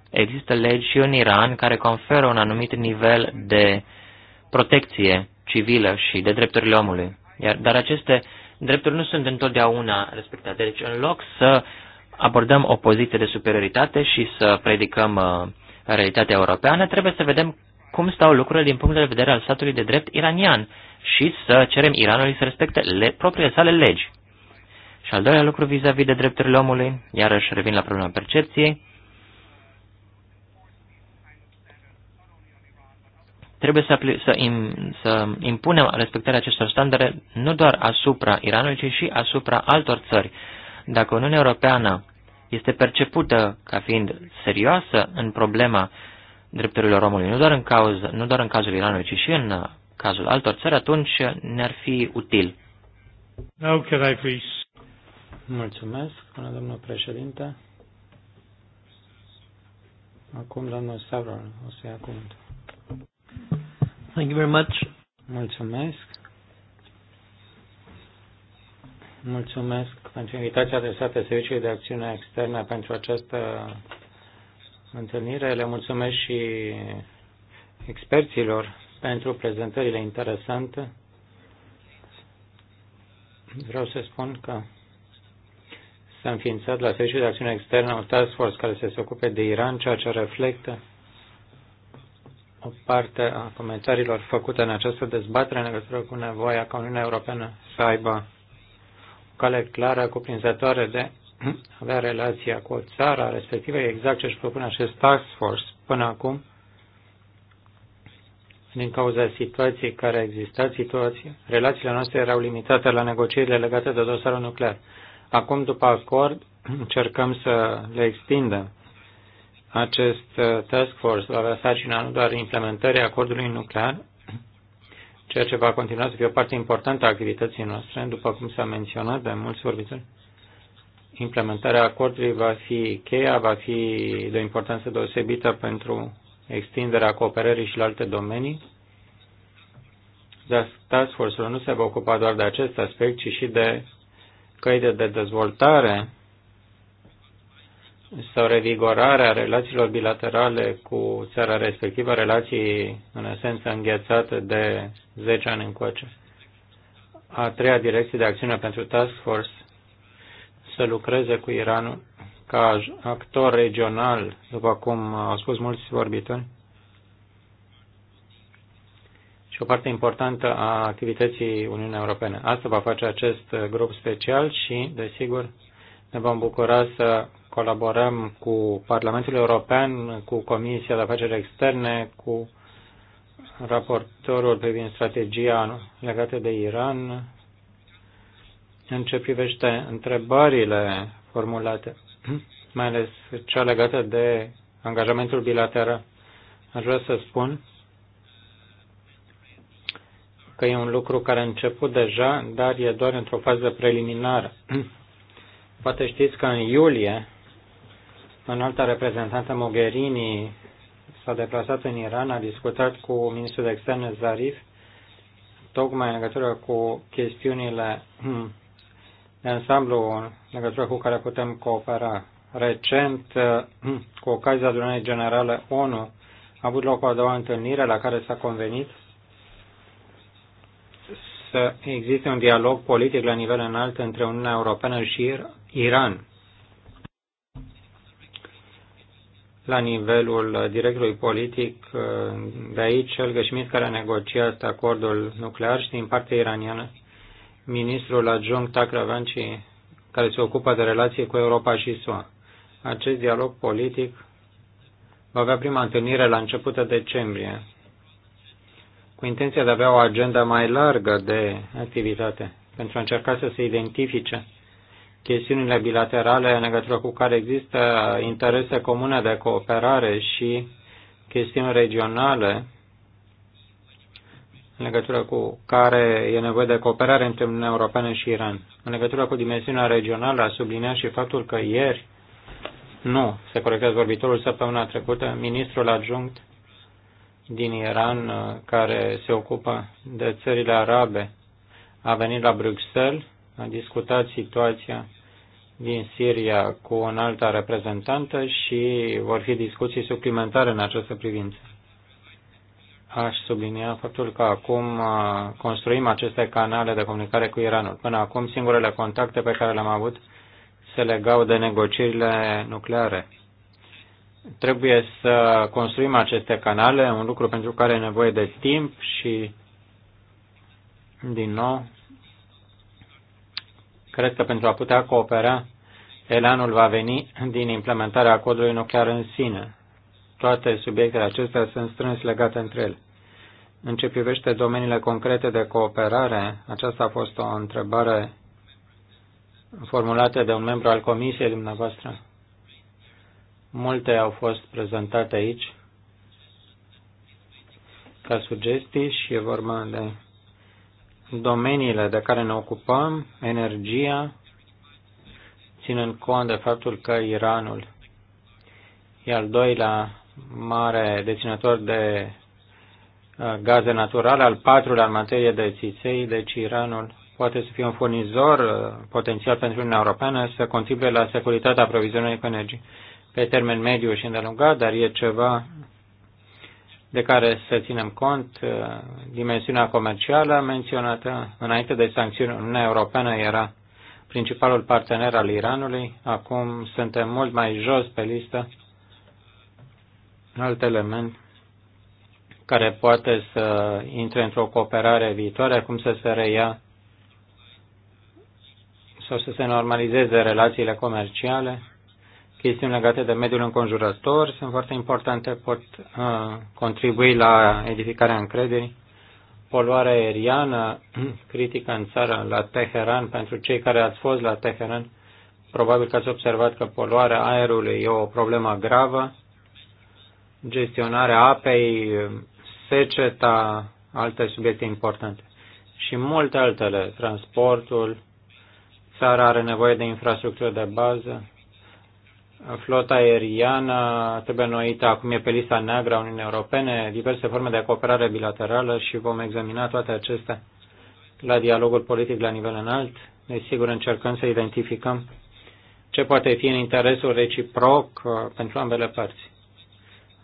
Există legi și în Iran care conferă un anumit nivel de protecție civilă și de drepturile omului. Iar, dar aceste drepturi nu sunt întotdeauna respectate. Deci, în loc să abordăm o poziție de superioritate și să predicăm uh, realitatea europeană, trebuie să vedem cum stau lucrurile din punct de vedere al statului de drept iranian și să cerem Iranului să respecte le, propriile sale legi. Și al doilea lucru vis-a-vis -vis de drepturile omului, iarăși revin la problema percepției, trebuie să, să, im, să impunem respectarea acestor standarde nu doar asupra Iranului, ci și asupra altor țări. Dacă Uniunea Europeană este percepută ca fiind serioasă în problema drepturilor omului, nu doar în, cauz, nu doar în cazul Iranului, ci și în uh, cazul altor țări, atunci ne-ar fi util. Okay, please? Mulțumesc, bună domnul președinte. Acum domnul Savron o să ia cuvântul. Thank you very much. Mulțumesc. Mulțumesc pentru invitația adresată Serviciului de Acțiune Externă pentru această întâlnire. Le mulțumesc și experților pentru prezentările interesante. Vreau să spun că s-a înființat la Serviciul de Acțiune Externă un task force care se ocupe de Iran, ceea ce reflectă o parte a comentariilor făcute în această dezbatere în legătură cu nevoia ca Uniunea Europeană să aibă o cale clară, cuprinzătoare de avea relația cu o țară respectivă, exact ce își propune acest task force până acum, din cauza situației care a existat, situație, relațiile noastre erau limitate la negocierile legate de dosarul nuclear. Acum, după acord, (clears throat) încercăm să le extindem. Acest uh, task force va avea sarcina nu doar implementării acordului nuclear, (clears throat) ceea ce va continua să fie o parte importantă a activității noastre, după cum s-a menționat de mulți vorbitori, implementarea acordului va fi cheia, va fi de o importanță deosebită pentru extinderea cooperării și la alte domenii. Dar Task Force-ul nu se va ocupa doar de acest aspect, ci și de căi de dezvoltare sau revigorarea relațiilor bilaterale cu țara respectivă, relații în esență înghețate de 10 ani încoace. A treia direcție de acțiune pentru Task Force să lucreze cu Iranul ca actor regional, după cum au spus mulți vorbitori. Și o parte importantă a activității Uniunii Europene. Asta va face acest grup special și, desigur, ne vom bucura să colaborăm cu Parlamentul European, cu Comisia de Afaceri Externe, cu raportorul privind strategia legată de Iran, în ce privește întrebările formulate, mai ales cea legată de angajamentul bilateral. Aș vrea să spun că e un lucru care a început deja, dar e doar într-o fază preliminară. Poate știți că în iulie, în alta reprezentantă Mogherini s-a deplasat în Iran, a discutat cu ministrul de externe Zarif, tocmai în legătură cu chestiunile ansamblu în legătură cu care putem coopera. Recent, (clears throat) cu ocazia adunării generale ONU, a avut loc o a doua întâlnire la care s-a convenit să existe un dialog politic la nivel înalt între Uniunea Europeană și Iran. La nivelul directului politic, de aici, el Schmidt, care a negociat acordul nuclear și din partea iraniană, ministrul adjunct Tacravanci, care se ocupă de relații cu Europa și SUA. Acest dialog politic va avea prima întâlnire la începutul decembrie, cu intenția de a avea o agenda mai largă de activitate, pentru a încerca să se identifice chestiunile bilaterale în legătură cu care există interese comune de cooperare și chestiuni regionale în legătură cu care e nevoie de cooperare între Uniunea Europeană și Iran. În legătură cu dimensiunea regională, a subliniat și faptul că ieri, nu, se corectează vorbitorul săptămâna trecută, ministrul adjunct din Iran, uh, care se ocupă de țările arabe, a venit la Bruxelles, a discutat situația din Siria cu o altă reprezentantă și vor fi discuții suplimentare în această privință aș sublinia faptul că acum uh, construim aceste canale de comunicare cu Iranul. Până acum, singurele contacte pe care le-am avut se legau de negocierile nucleare. Trebuie să construim aceste canale, un lucru pentru care e nevoie de timp și, din nou, cred că pentru a putea coopera, elanul va veni din implementarea codului nuclear în sine. Toate subiectele acestea sunt strâns legate între ele. În ce privește domeniile concrete de cooperare, aceasta a fost o întrebare formulată de un membru al comisiei dumneavoastră. Multe au fost prezentate aici ca sugestii și e vorba de domeniile de care ne ocupăm, energia, ținând cont de faptul că Iranul e al doilea mare deținător de gaze naturale, al patrulea în materie de țiței, deci Iranul poate să fie un furnizor potențial pentru Uniunea Europeană să contribuie la securitatea aprovizionării cu energie pe termen mediu și îndelungat, dar e ceva de care să ținem cont. Dimensiunea comercială menționată înainte de sancțiuni, Uniunea Europeană era principalul partener al Iranului, acum suntem mult mai jos pe listă. Alt element care poate să intre într-o cooperare viitoare, cum să se reia sau să se normalizeze relațiile comerciale. Chestiuni legate de mediul înconjurător sunt foarte importante, pot uh, contribui la edificarea încrederii. Poluarea aeriană (clears throat) critică în țară, la Teheran, pentru cei care ați fost la Teheran, probabil că ați observat că poluarea aerului e o problemă gravă gestionarea apei, seceta, alte subiecte importante și multe altele, transportul, țara are nevoie de infrastructură de bază, flota aeriană trebuie noită, acum e pe lista neagră a Uniunii Europene, diverse forme de cooperare bilaterală și vom examina toate acestea la dialogul politic la nivel înalt, desigur încercăm să identificăm ce poate fi în interesul reciproc uh, pentru ambele părți.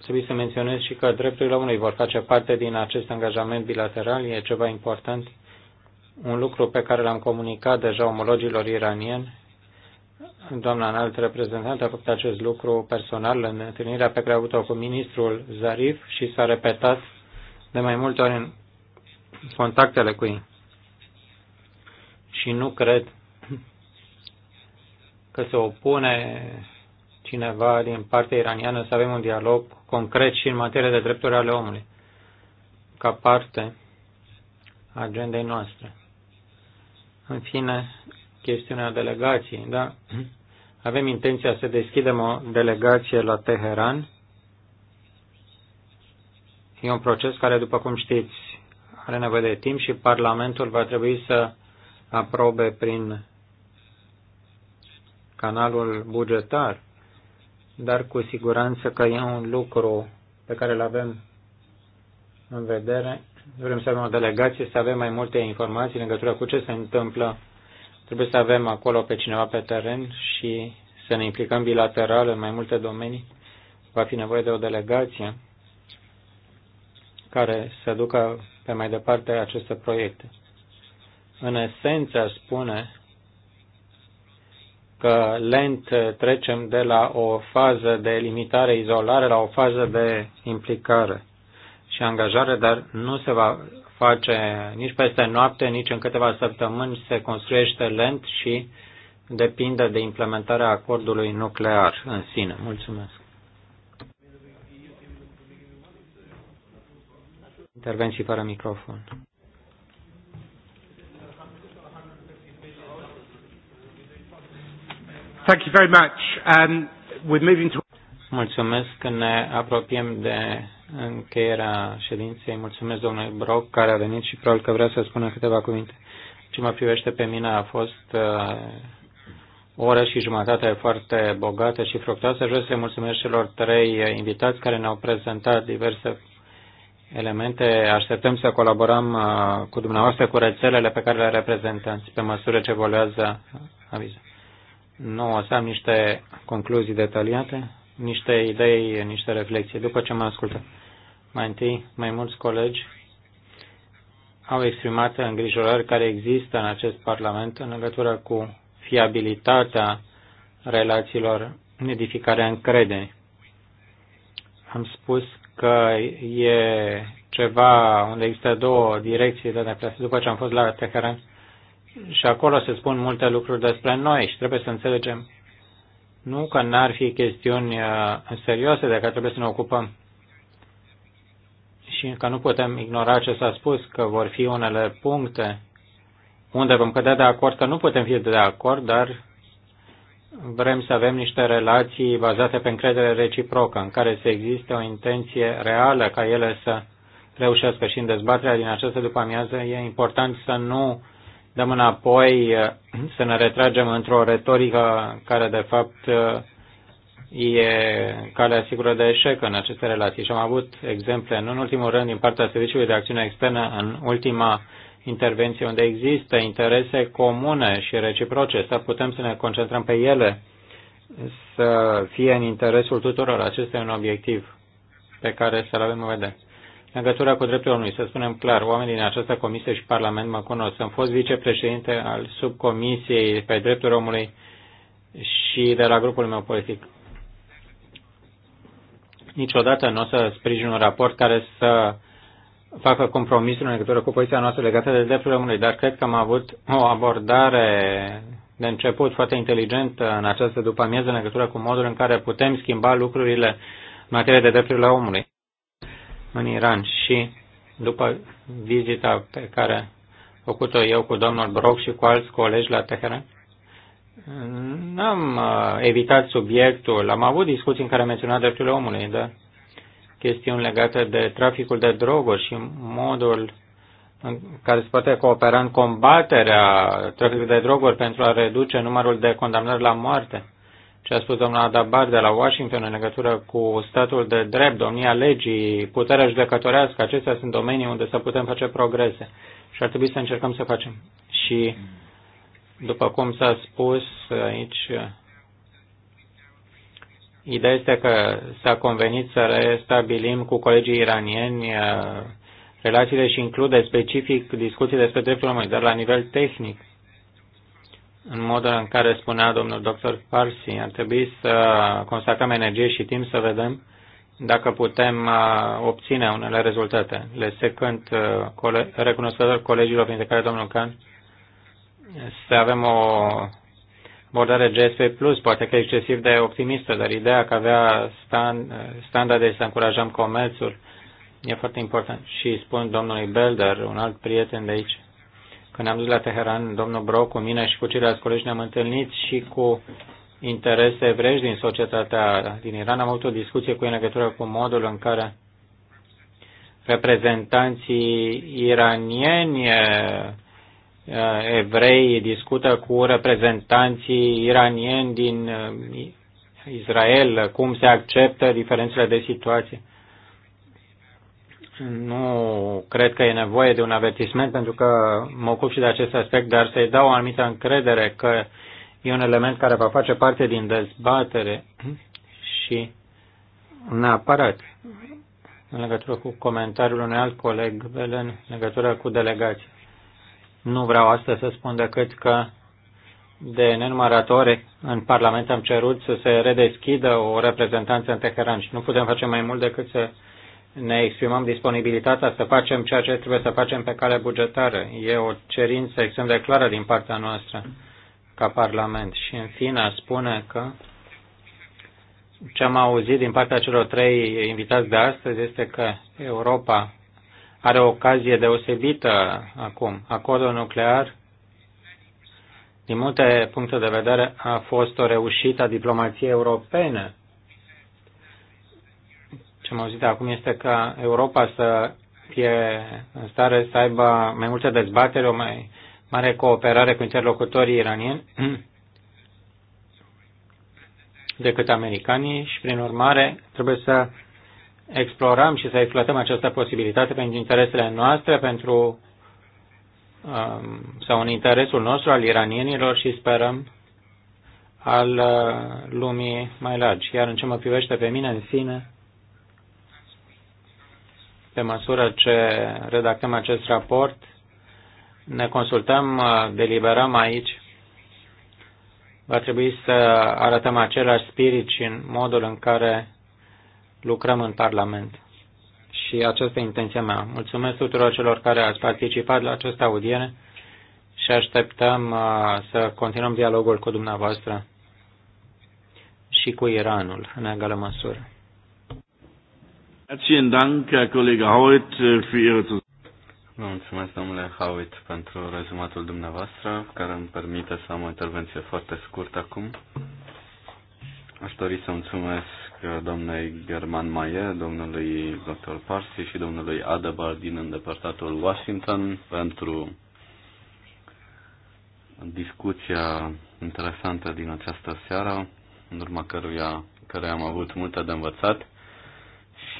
Trebuie să menționez și că drepturile omului vor face parte din acest angajament bilateral, e ceva important, un lucru pe care l-am comunicat deja omologilor iranieni. Doamna înalt reprezentant a făcut acest lucru personal în întâlnirea pe care a avut-o cu ministrul Zarif și s-a repetat de mai multe ori în contactele cu ei. Și nu cred că se opune cineva din partea iraniană să avem un dialog concret și în materie de drepturi ale omului, ca parte a agendei noastre. În fine, chestiunea delegației, da? (clears throat) Avem intenția să deschidem o delegație la Teheran. E un proces care, după cum știți, are nevoie de timp și Parlamentul va trebui să aprobe prin canalul bugetar dar cu siguranță că e un lucru pe care îl avem în vedere. Vrem să avem o delegație, să avem mai multe informații în legătură cu ce se întâmplă. Trebuie să avem acolo pe cineva pe teren și să ne implicăm bilateral în mai multe domenii. Va fi nevoie de o delegație care să ducă pe mai departe aceste proiecte. În esență, spune, că lent trecem de la o fază de limitare, izolare, la o fază de implicare și angajare, dar nu se va face nici peste noapte, nici în câteva săptămâni, se construiește lent și depinde de implementarea acordului nuclear în sine. Mulțumesc. Intervenții fără microfon. Thank you very much. Um, we're moving to... Mulțumesc că ne apropiem de încheierea ședinței. Mulțumesc domnului Broc care a venit și probabil că vrea să spună câteva cuvinte. Ce mă privește pe mine a fost uh, o oră și jumătate foarte bogată și fructoasă. Vreau să i mulțumesc celor trei invitați care ne-au prezentat diverse elemente. Așteptăm să colaborăm uh, cu dumneavoastră cu rețelele pe care le reprezentați pe măsură ce evoluează avizul. Nu o să am niște concluzii detaliate, niște idei, niște reflexii după ce mă ascultă. Mai întâi, mai mulți colegi au exprimat îngrijorări care există în acest Parlament în legătură cu fiabilitatea relațiilor, edificarea încrederii. Am spus că e ceva unde există două direcții de neplasă. După ce am fost la Teheran, și acolo se spun multe lucruri despre noi și trebuie să înțelegem nu că n-ar fi chestiuni uh, serioase de care trebuie să ne ocupăm și că nu putem ignora ce s-a spus, că vor fi unele puncte unde vom cădea de acord, că nu putem fi de acord, dar vrem să avem niște relații bazate pe încredere reciprocă, în care să existe o intenție reală ca ele să reușească și în dezbaterea din această după amiază, e important să nu dăm înapoi, să ne retragem într-o retorică care, de fapt, e calea sigură de eșec în aceste relații. Și am avut exemple, nu în ultimul rând, din partea Serviciului de Acțiune Externă, în ultima intervenție unde există interese comune și reciproce, să putem să ne concentrăm pe ele, să fie în interesul tuturor. Acesta e un obiectiv pe care să-l avem în vedere legătura cu dreptul omului, să spunem clar, oamenii din această comisie și Parlament mă cunosc. Am fost vicepreședinte al subcomisiei pe dreptul omului și de la grupul meu politic. Niciodată nu o să sprijin un raport care să facă compromisul în legătură cu poziția noastră legată de dreptul omului, dar cred că am avut o abordare de început foarte inteligentă în această după amiază în legătură cu modul în care putem schimba lucrurile în materie de drepturile omului în Iran și după vizita pe care a făcut-o eu cu domnul Brock și cu alți colegi la Teheran, n-am uh, evitat subiectul. Am avut discuții în care am menționat drepturile omului, dar chestiuni legate de traficul de droguri și modul în care se poate coopera în combaterea traficului de droguri pentru a reduce numărul de condamnări la moarte ce a spus doamna Adabar de la Washington în legătură cu statul de drept, domnia legii, puterea judecătorească, acestea sunt domenii unde să putem face progrese și ar trebui să încercăm să facem. Și, după cum s-a spus aici, ideea este că s-a convenit să restabilim cu colegii iranieni uh, relațiile și include specific discuții despre dreptul omului, dar la nivel tehnic în modul în care spunea domnul doctor Farsi. Ar trebui să consacrăm energie și timp să vedem dacă putem uh, obține unele rezultate. Le secând uh, cole recunoscător colegilor, printre care domnul Can, să avem o abordare GSP+, plus, poate că excesiv de optimistă, dar ideea că avea stand, standarde să încurajăm comerțul e foarte important. Și spun domnului Belder, un alt prieten de aici, când am dus la Teheran, domnul Broc cu mine și cu ceilalți colegi ne-am întâlnit și cu interese evrești din societatea din Iran. Am avut o discuție cu ei în legătură cu modul în care reprezentanții iranieni eh, eh, evrei discută cu reprezentanții iranieni din eh, Israel, cum se acceptă diferențele de situație nu cred că e nevoie de un avertisment pentru că mă ocup și de acest aspect, dar să-i dau o anumită încredere că e un element care va face parte din dezbatere și neapărat în legătură cu comentariul unui alt coleg, Belen, în legătură cu delegații. Nu vreau asta să spun decât că de nenumărate în Parlament am cerut să se redeschidă o reprezentanță în Teheran și nu putem face mai mult decât să ne exprimăm disponibilitatea să facem ceea ce trebuie să facem pe cale bugetară. E o cerință extrem de clară din partea noastră ca Parlament. Și în fine spune că ce am auzit din partea celor trei invitați de astăzi este că Europa are o ocazie deosebită acum. Acordul nuclear, din multe puncte de vedere, a fost o reușită a diplomației europene ce am auzit acum este ca Europa să fie în stare să aibă mai multe dezbatere, o mai mare cooperare cu interlocutorii iranieni decât americanii și, prin urmare, trebuie să explorăm și să exploatăm această posibilitate pentru interesele noastre, pentru um, sau în interesul nostru al iranienilor și sperăm al uh, lumii mai largi. Iar în ce mă privește pe mine în sine, pe măsură ce redactăm acest raport, ne consultăm, deliberăm aici. Va trebui să arătăm același spirit și în modul în care lucrăm în Parlament. Și aceasta e intenția mea. Mulțumesc tuturor celor care ați participat la această audiere și așteptăm uh, să continuăm dialogul cu dumneavoastră și cu Iranul în egală măsură. Herzlichen Dank, Herr Kollege Howitt, äh, für Ihre Vă mulțumesc, domnule Howitt, pentru rezumatul dumneavoastră, care îmi permite să am o intervenție foarte scurtă acum. Aș dori să mulțumesc domnului German Maie, domnului Dr. Parsi și domnului Adebar din îndepărtatul Washington pentru discuția interesantă din această seară, în urma căruia, care am avut multe de învățat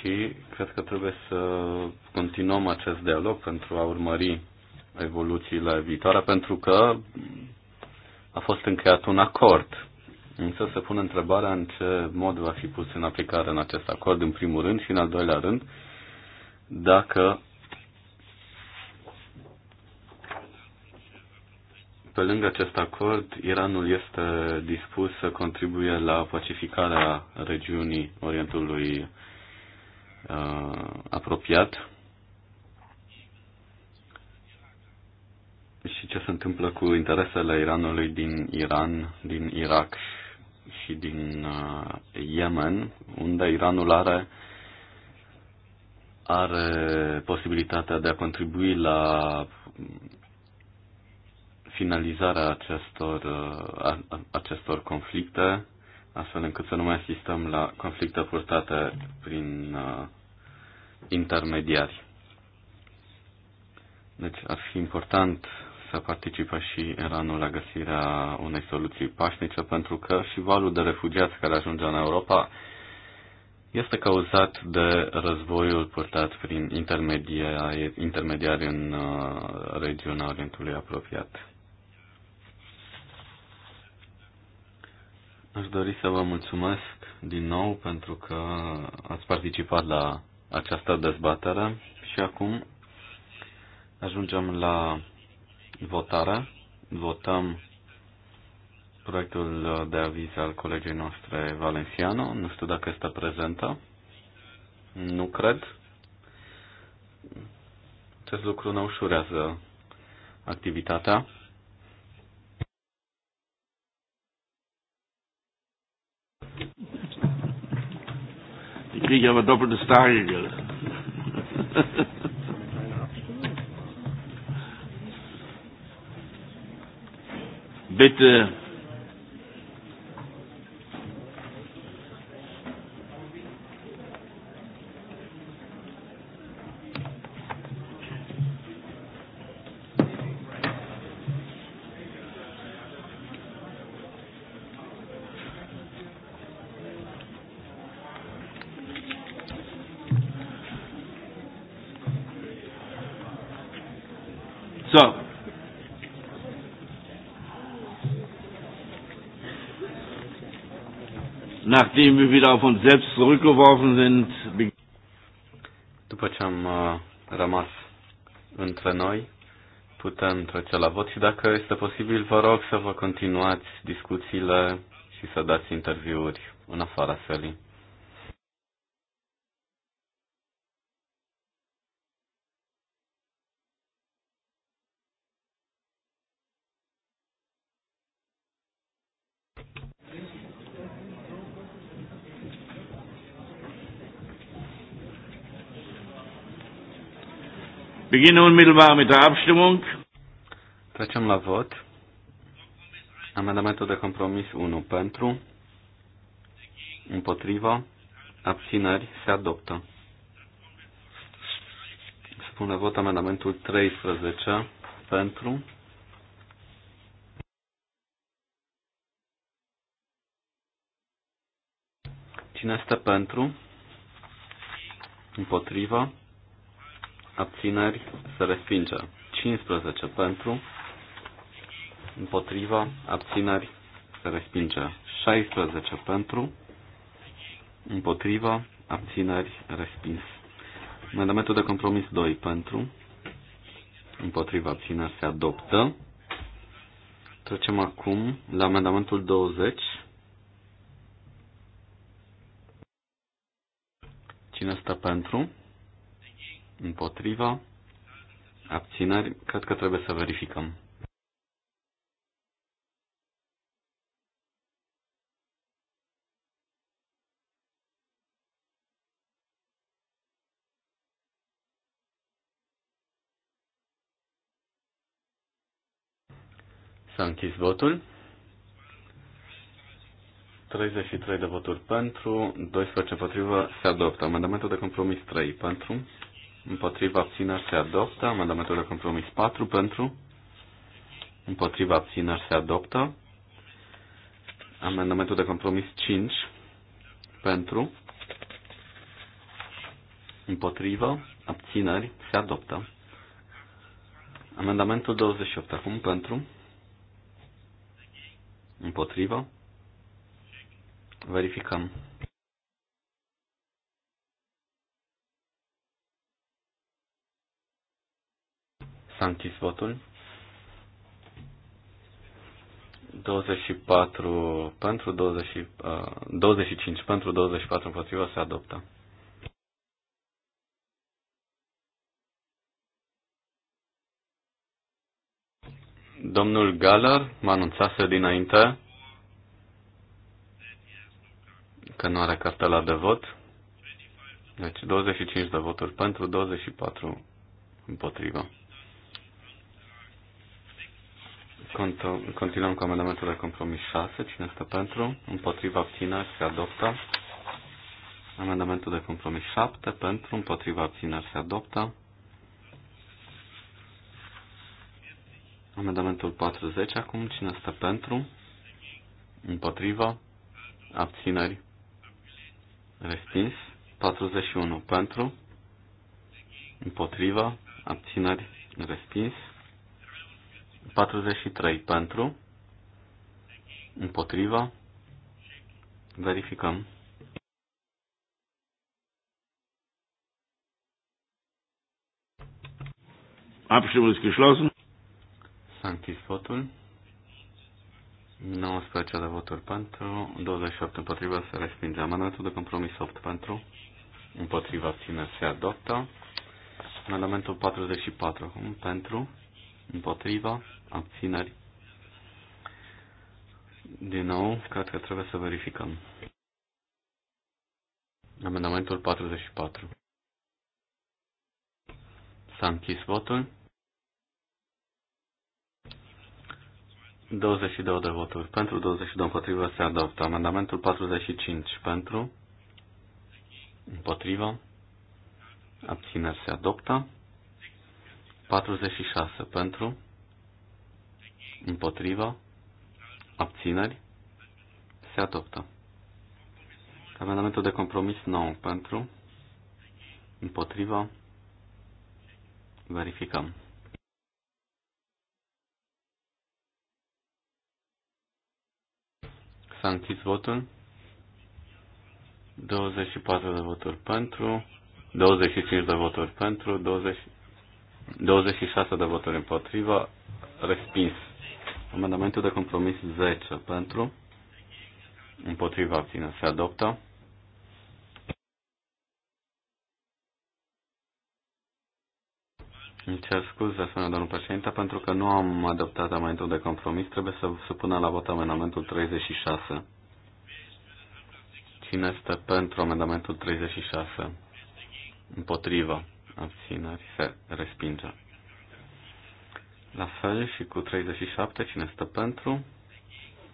și cred că trebuie să continuăm acest dialog pentru a urmări evoluțiile viitoare, pentru că a fost încheiat un acord. Însă se pune întrebarea în ce mod va fi pus în aplicare în acest acord, în primul rând, și în al doilea rând, dacă pe lângă acest acord, Iranul este dispus să contribuie la pacificarea regiunii Orientului uh, apropiat și ce se întâmplă cu interesele Iranului din Iran, din Irak și din uh, Yemen, unde Iranul are are posibilitatea de a contribui la finalizarea acestor, uh, acestor conflicte astfel încât să nu mai asistăm la conflicte purtate prin uh, intermediari. Deci ar fi important să participe și Iranul la găsirea unei soluții pașnice, pentru că și valul de refugiați care ajunge în Europa este cauzat de războiul purtat prin intermediari, intermediari în uh, regiunea Orientului apropiat. Aș dori să vă mulțumesc din nou pentru că ați participat la această dezbatere și acum ajungem la votare. Votăm proiectul de aviz al colegii noastre Valenciano. Nu știu dacă este prezentă. Nu cred. Acest lucru ne ușurează activitatea. kriege ich aber doppeltes Tagegeld. Bitte nachdem wir wieder auf uns selbst zurückgeworfen sind, după ce am uh, rămas între noi, putem trece la vot și dacă este posibil, vă rog să vă continuați discuțiile și să dați interviuri în afara sălii. beginne unmittelbar mit der Abstimmung. Trecem la vot. Amendamentul de compromis 1 pentru, împotriva, abțineri se adoptă. Spune vot amendamentul 13 pentru, cine este pentru, împotriva, abțineri, se respinge. 15 pentru, împotriva, abțineri, se respinge. 16 pentru, împotriva, abțineri, respins. Amendamentul de compromis 2 pentru, împotriva, abțineri, se adoptă. Trecem acum la amendamentul 20. Cine stă pentru? Împotriva? Abțineri? Cred că trebuie să verificăm. S-a închis votul. 33 de voturi pentru, 12 împotrivă, se adoptă. Amendamentul de compromis 3 pentru, împotriva abțineri se adoptă. Amendamentul de compromis 4 pentru, împotriva abțineri se adoptă. Amendamentul de compromis 5 pentru, împotriva abțineri se adoptă. Amendamentul 28 acum pentru, împotriva, verificăm. S-a închis votul. 24 pentru 20, 25 uh, pentru 24 împotriva se adoptă. Domnul a mă anunțase dinainte că nu are cartela de vot. Deci 25 de voturi pentru, 24 împotriva. Continuăm cu amendamentul de compromis 6. Cine este pentru? Împotriva abțineri se adoptă. Amendamentul de compromis 7. Pentru? Împotriva abțineri se adoptă. Amendamentul 40. Acum cine este pentru? Împotriva? Abțineri? Respins. 41. Pentru? Împotriva? Abțineri? Respins. 43 pentru, împotriva, verificăm. Abstimmung ist geschlossen. S-a închis votul. 19 de voturi pentru, 27 împotriva, se respinge amendamentul de compromis 8 pentru, împotriva abține se adoptă. Amendamentul 44 pentru, împotriva, abțineri. Din nou, cred că trebuie să verificăm. Amendamentul 44. S-a închis votul. 22 de voturi. Pentru 22 împotrivă se adoptă. Amendamentul 45 pentru. Împotrivă. Abțineri se adoptă. 46 pentru, împotriva, abțineri, se adoptă. Amendamentul de compromis 9 pentru, împotriva, verificăm. S-a închis votul. 24 de voturi pentru, 25 de voturi pentru, 20, 26 de voturi împotriva, respins. Amendamentul de compromis 10 pentru, împotriva abține, se adoptă. Îmi cer scuze, spune domnul președinte, pentru că nu am adoptat amendamentul de compromis, trebuie să supunem la vot amendamentul 36. Cine este pentru amendamentul 36? Împotrivă abțineri, se respinge. La fel și cu 37, cine stă pentru,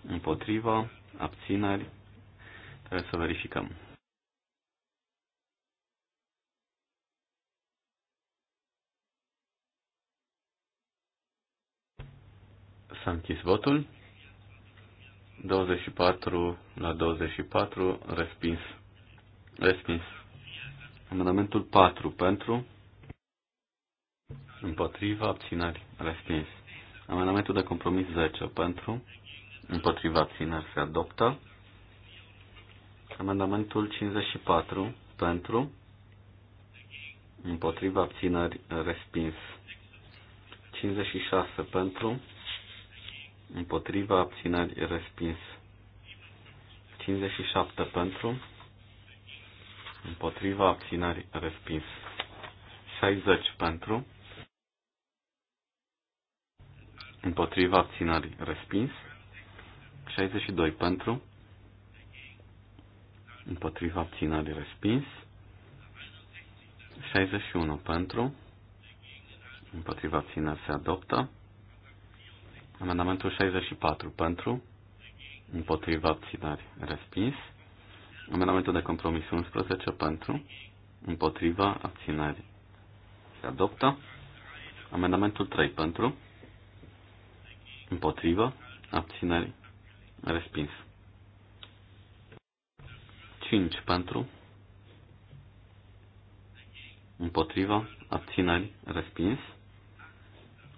împotriva, abțineri, trebuie să verificăm. S-a închis votul. 24 la 24, respins. Respins. Amendamentul 4 pentru, împotriva, abțineri, respins. Amendamentul de compromis 10 pentru, împotriva, abțineri, se adoptă. Amendamentul 54 pentru, împotriva, abțineri, respins. 56 pentru, împotriva, abțineri, respins. 57 pentru, împotriva abținerii respins. 60 pentru, împotriva abținerii respins. 62 pentru, împotriva abținerii respins. 61 pentru, împotriva abținerii se adoptă. Amendamentul 64 pentru, împotriva abținerii respins. Amendamentul de compromis 11 pentru, împotriva, abținerii. Se adoptă. Amendamentul 3 pentru, împotriva, abținerii. respins. 5 pentru, împotriva, abținerii. respins.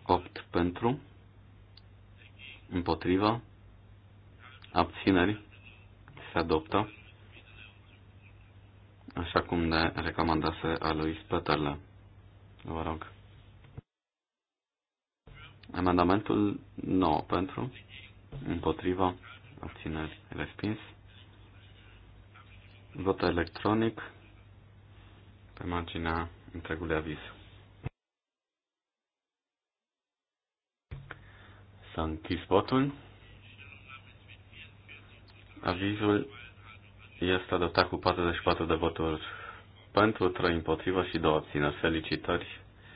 8 pentru, împotriva, abținerii. se adoptă așa cum ne recomandase lui Spătălă. Vă rog. Amendamentul 9 pentru, împotriva, abțineri, respins. Vot electronic pe marginea întregului aviz. S-a închis votul. Avizul este adoptat cu 44 de voturi pentru, 3 împotrivă și 2 abțineri. Felicitări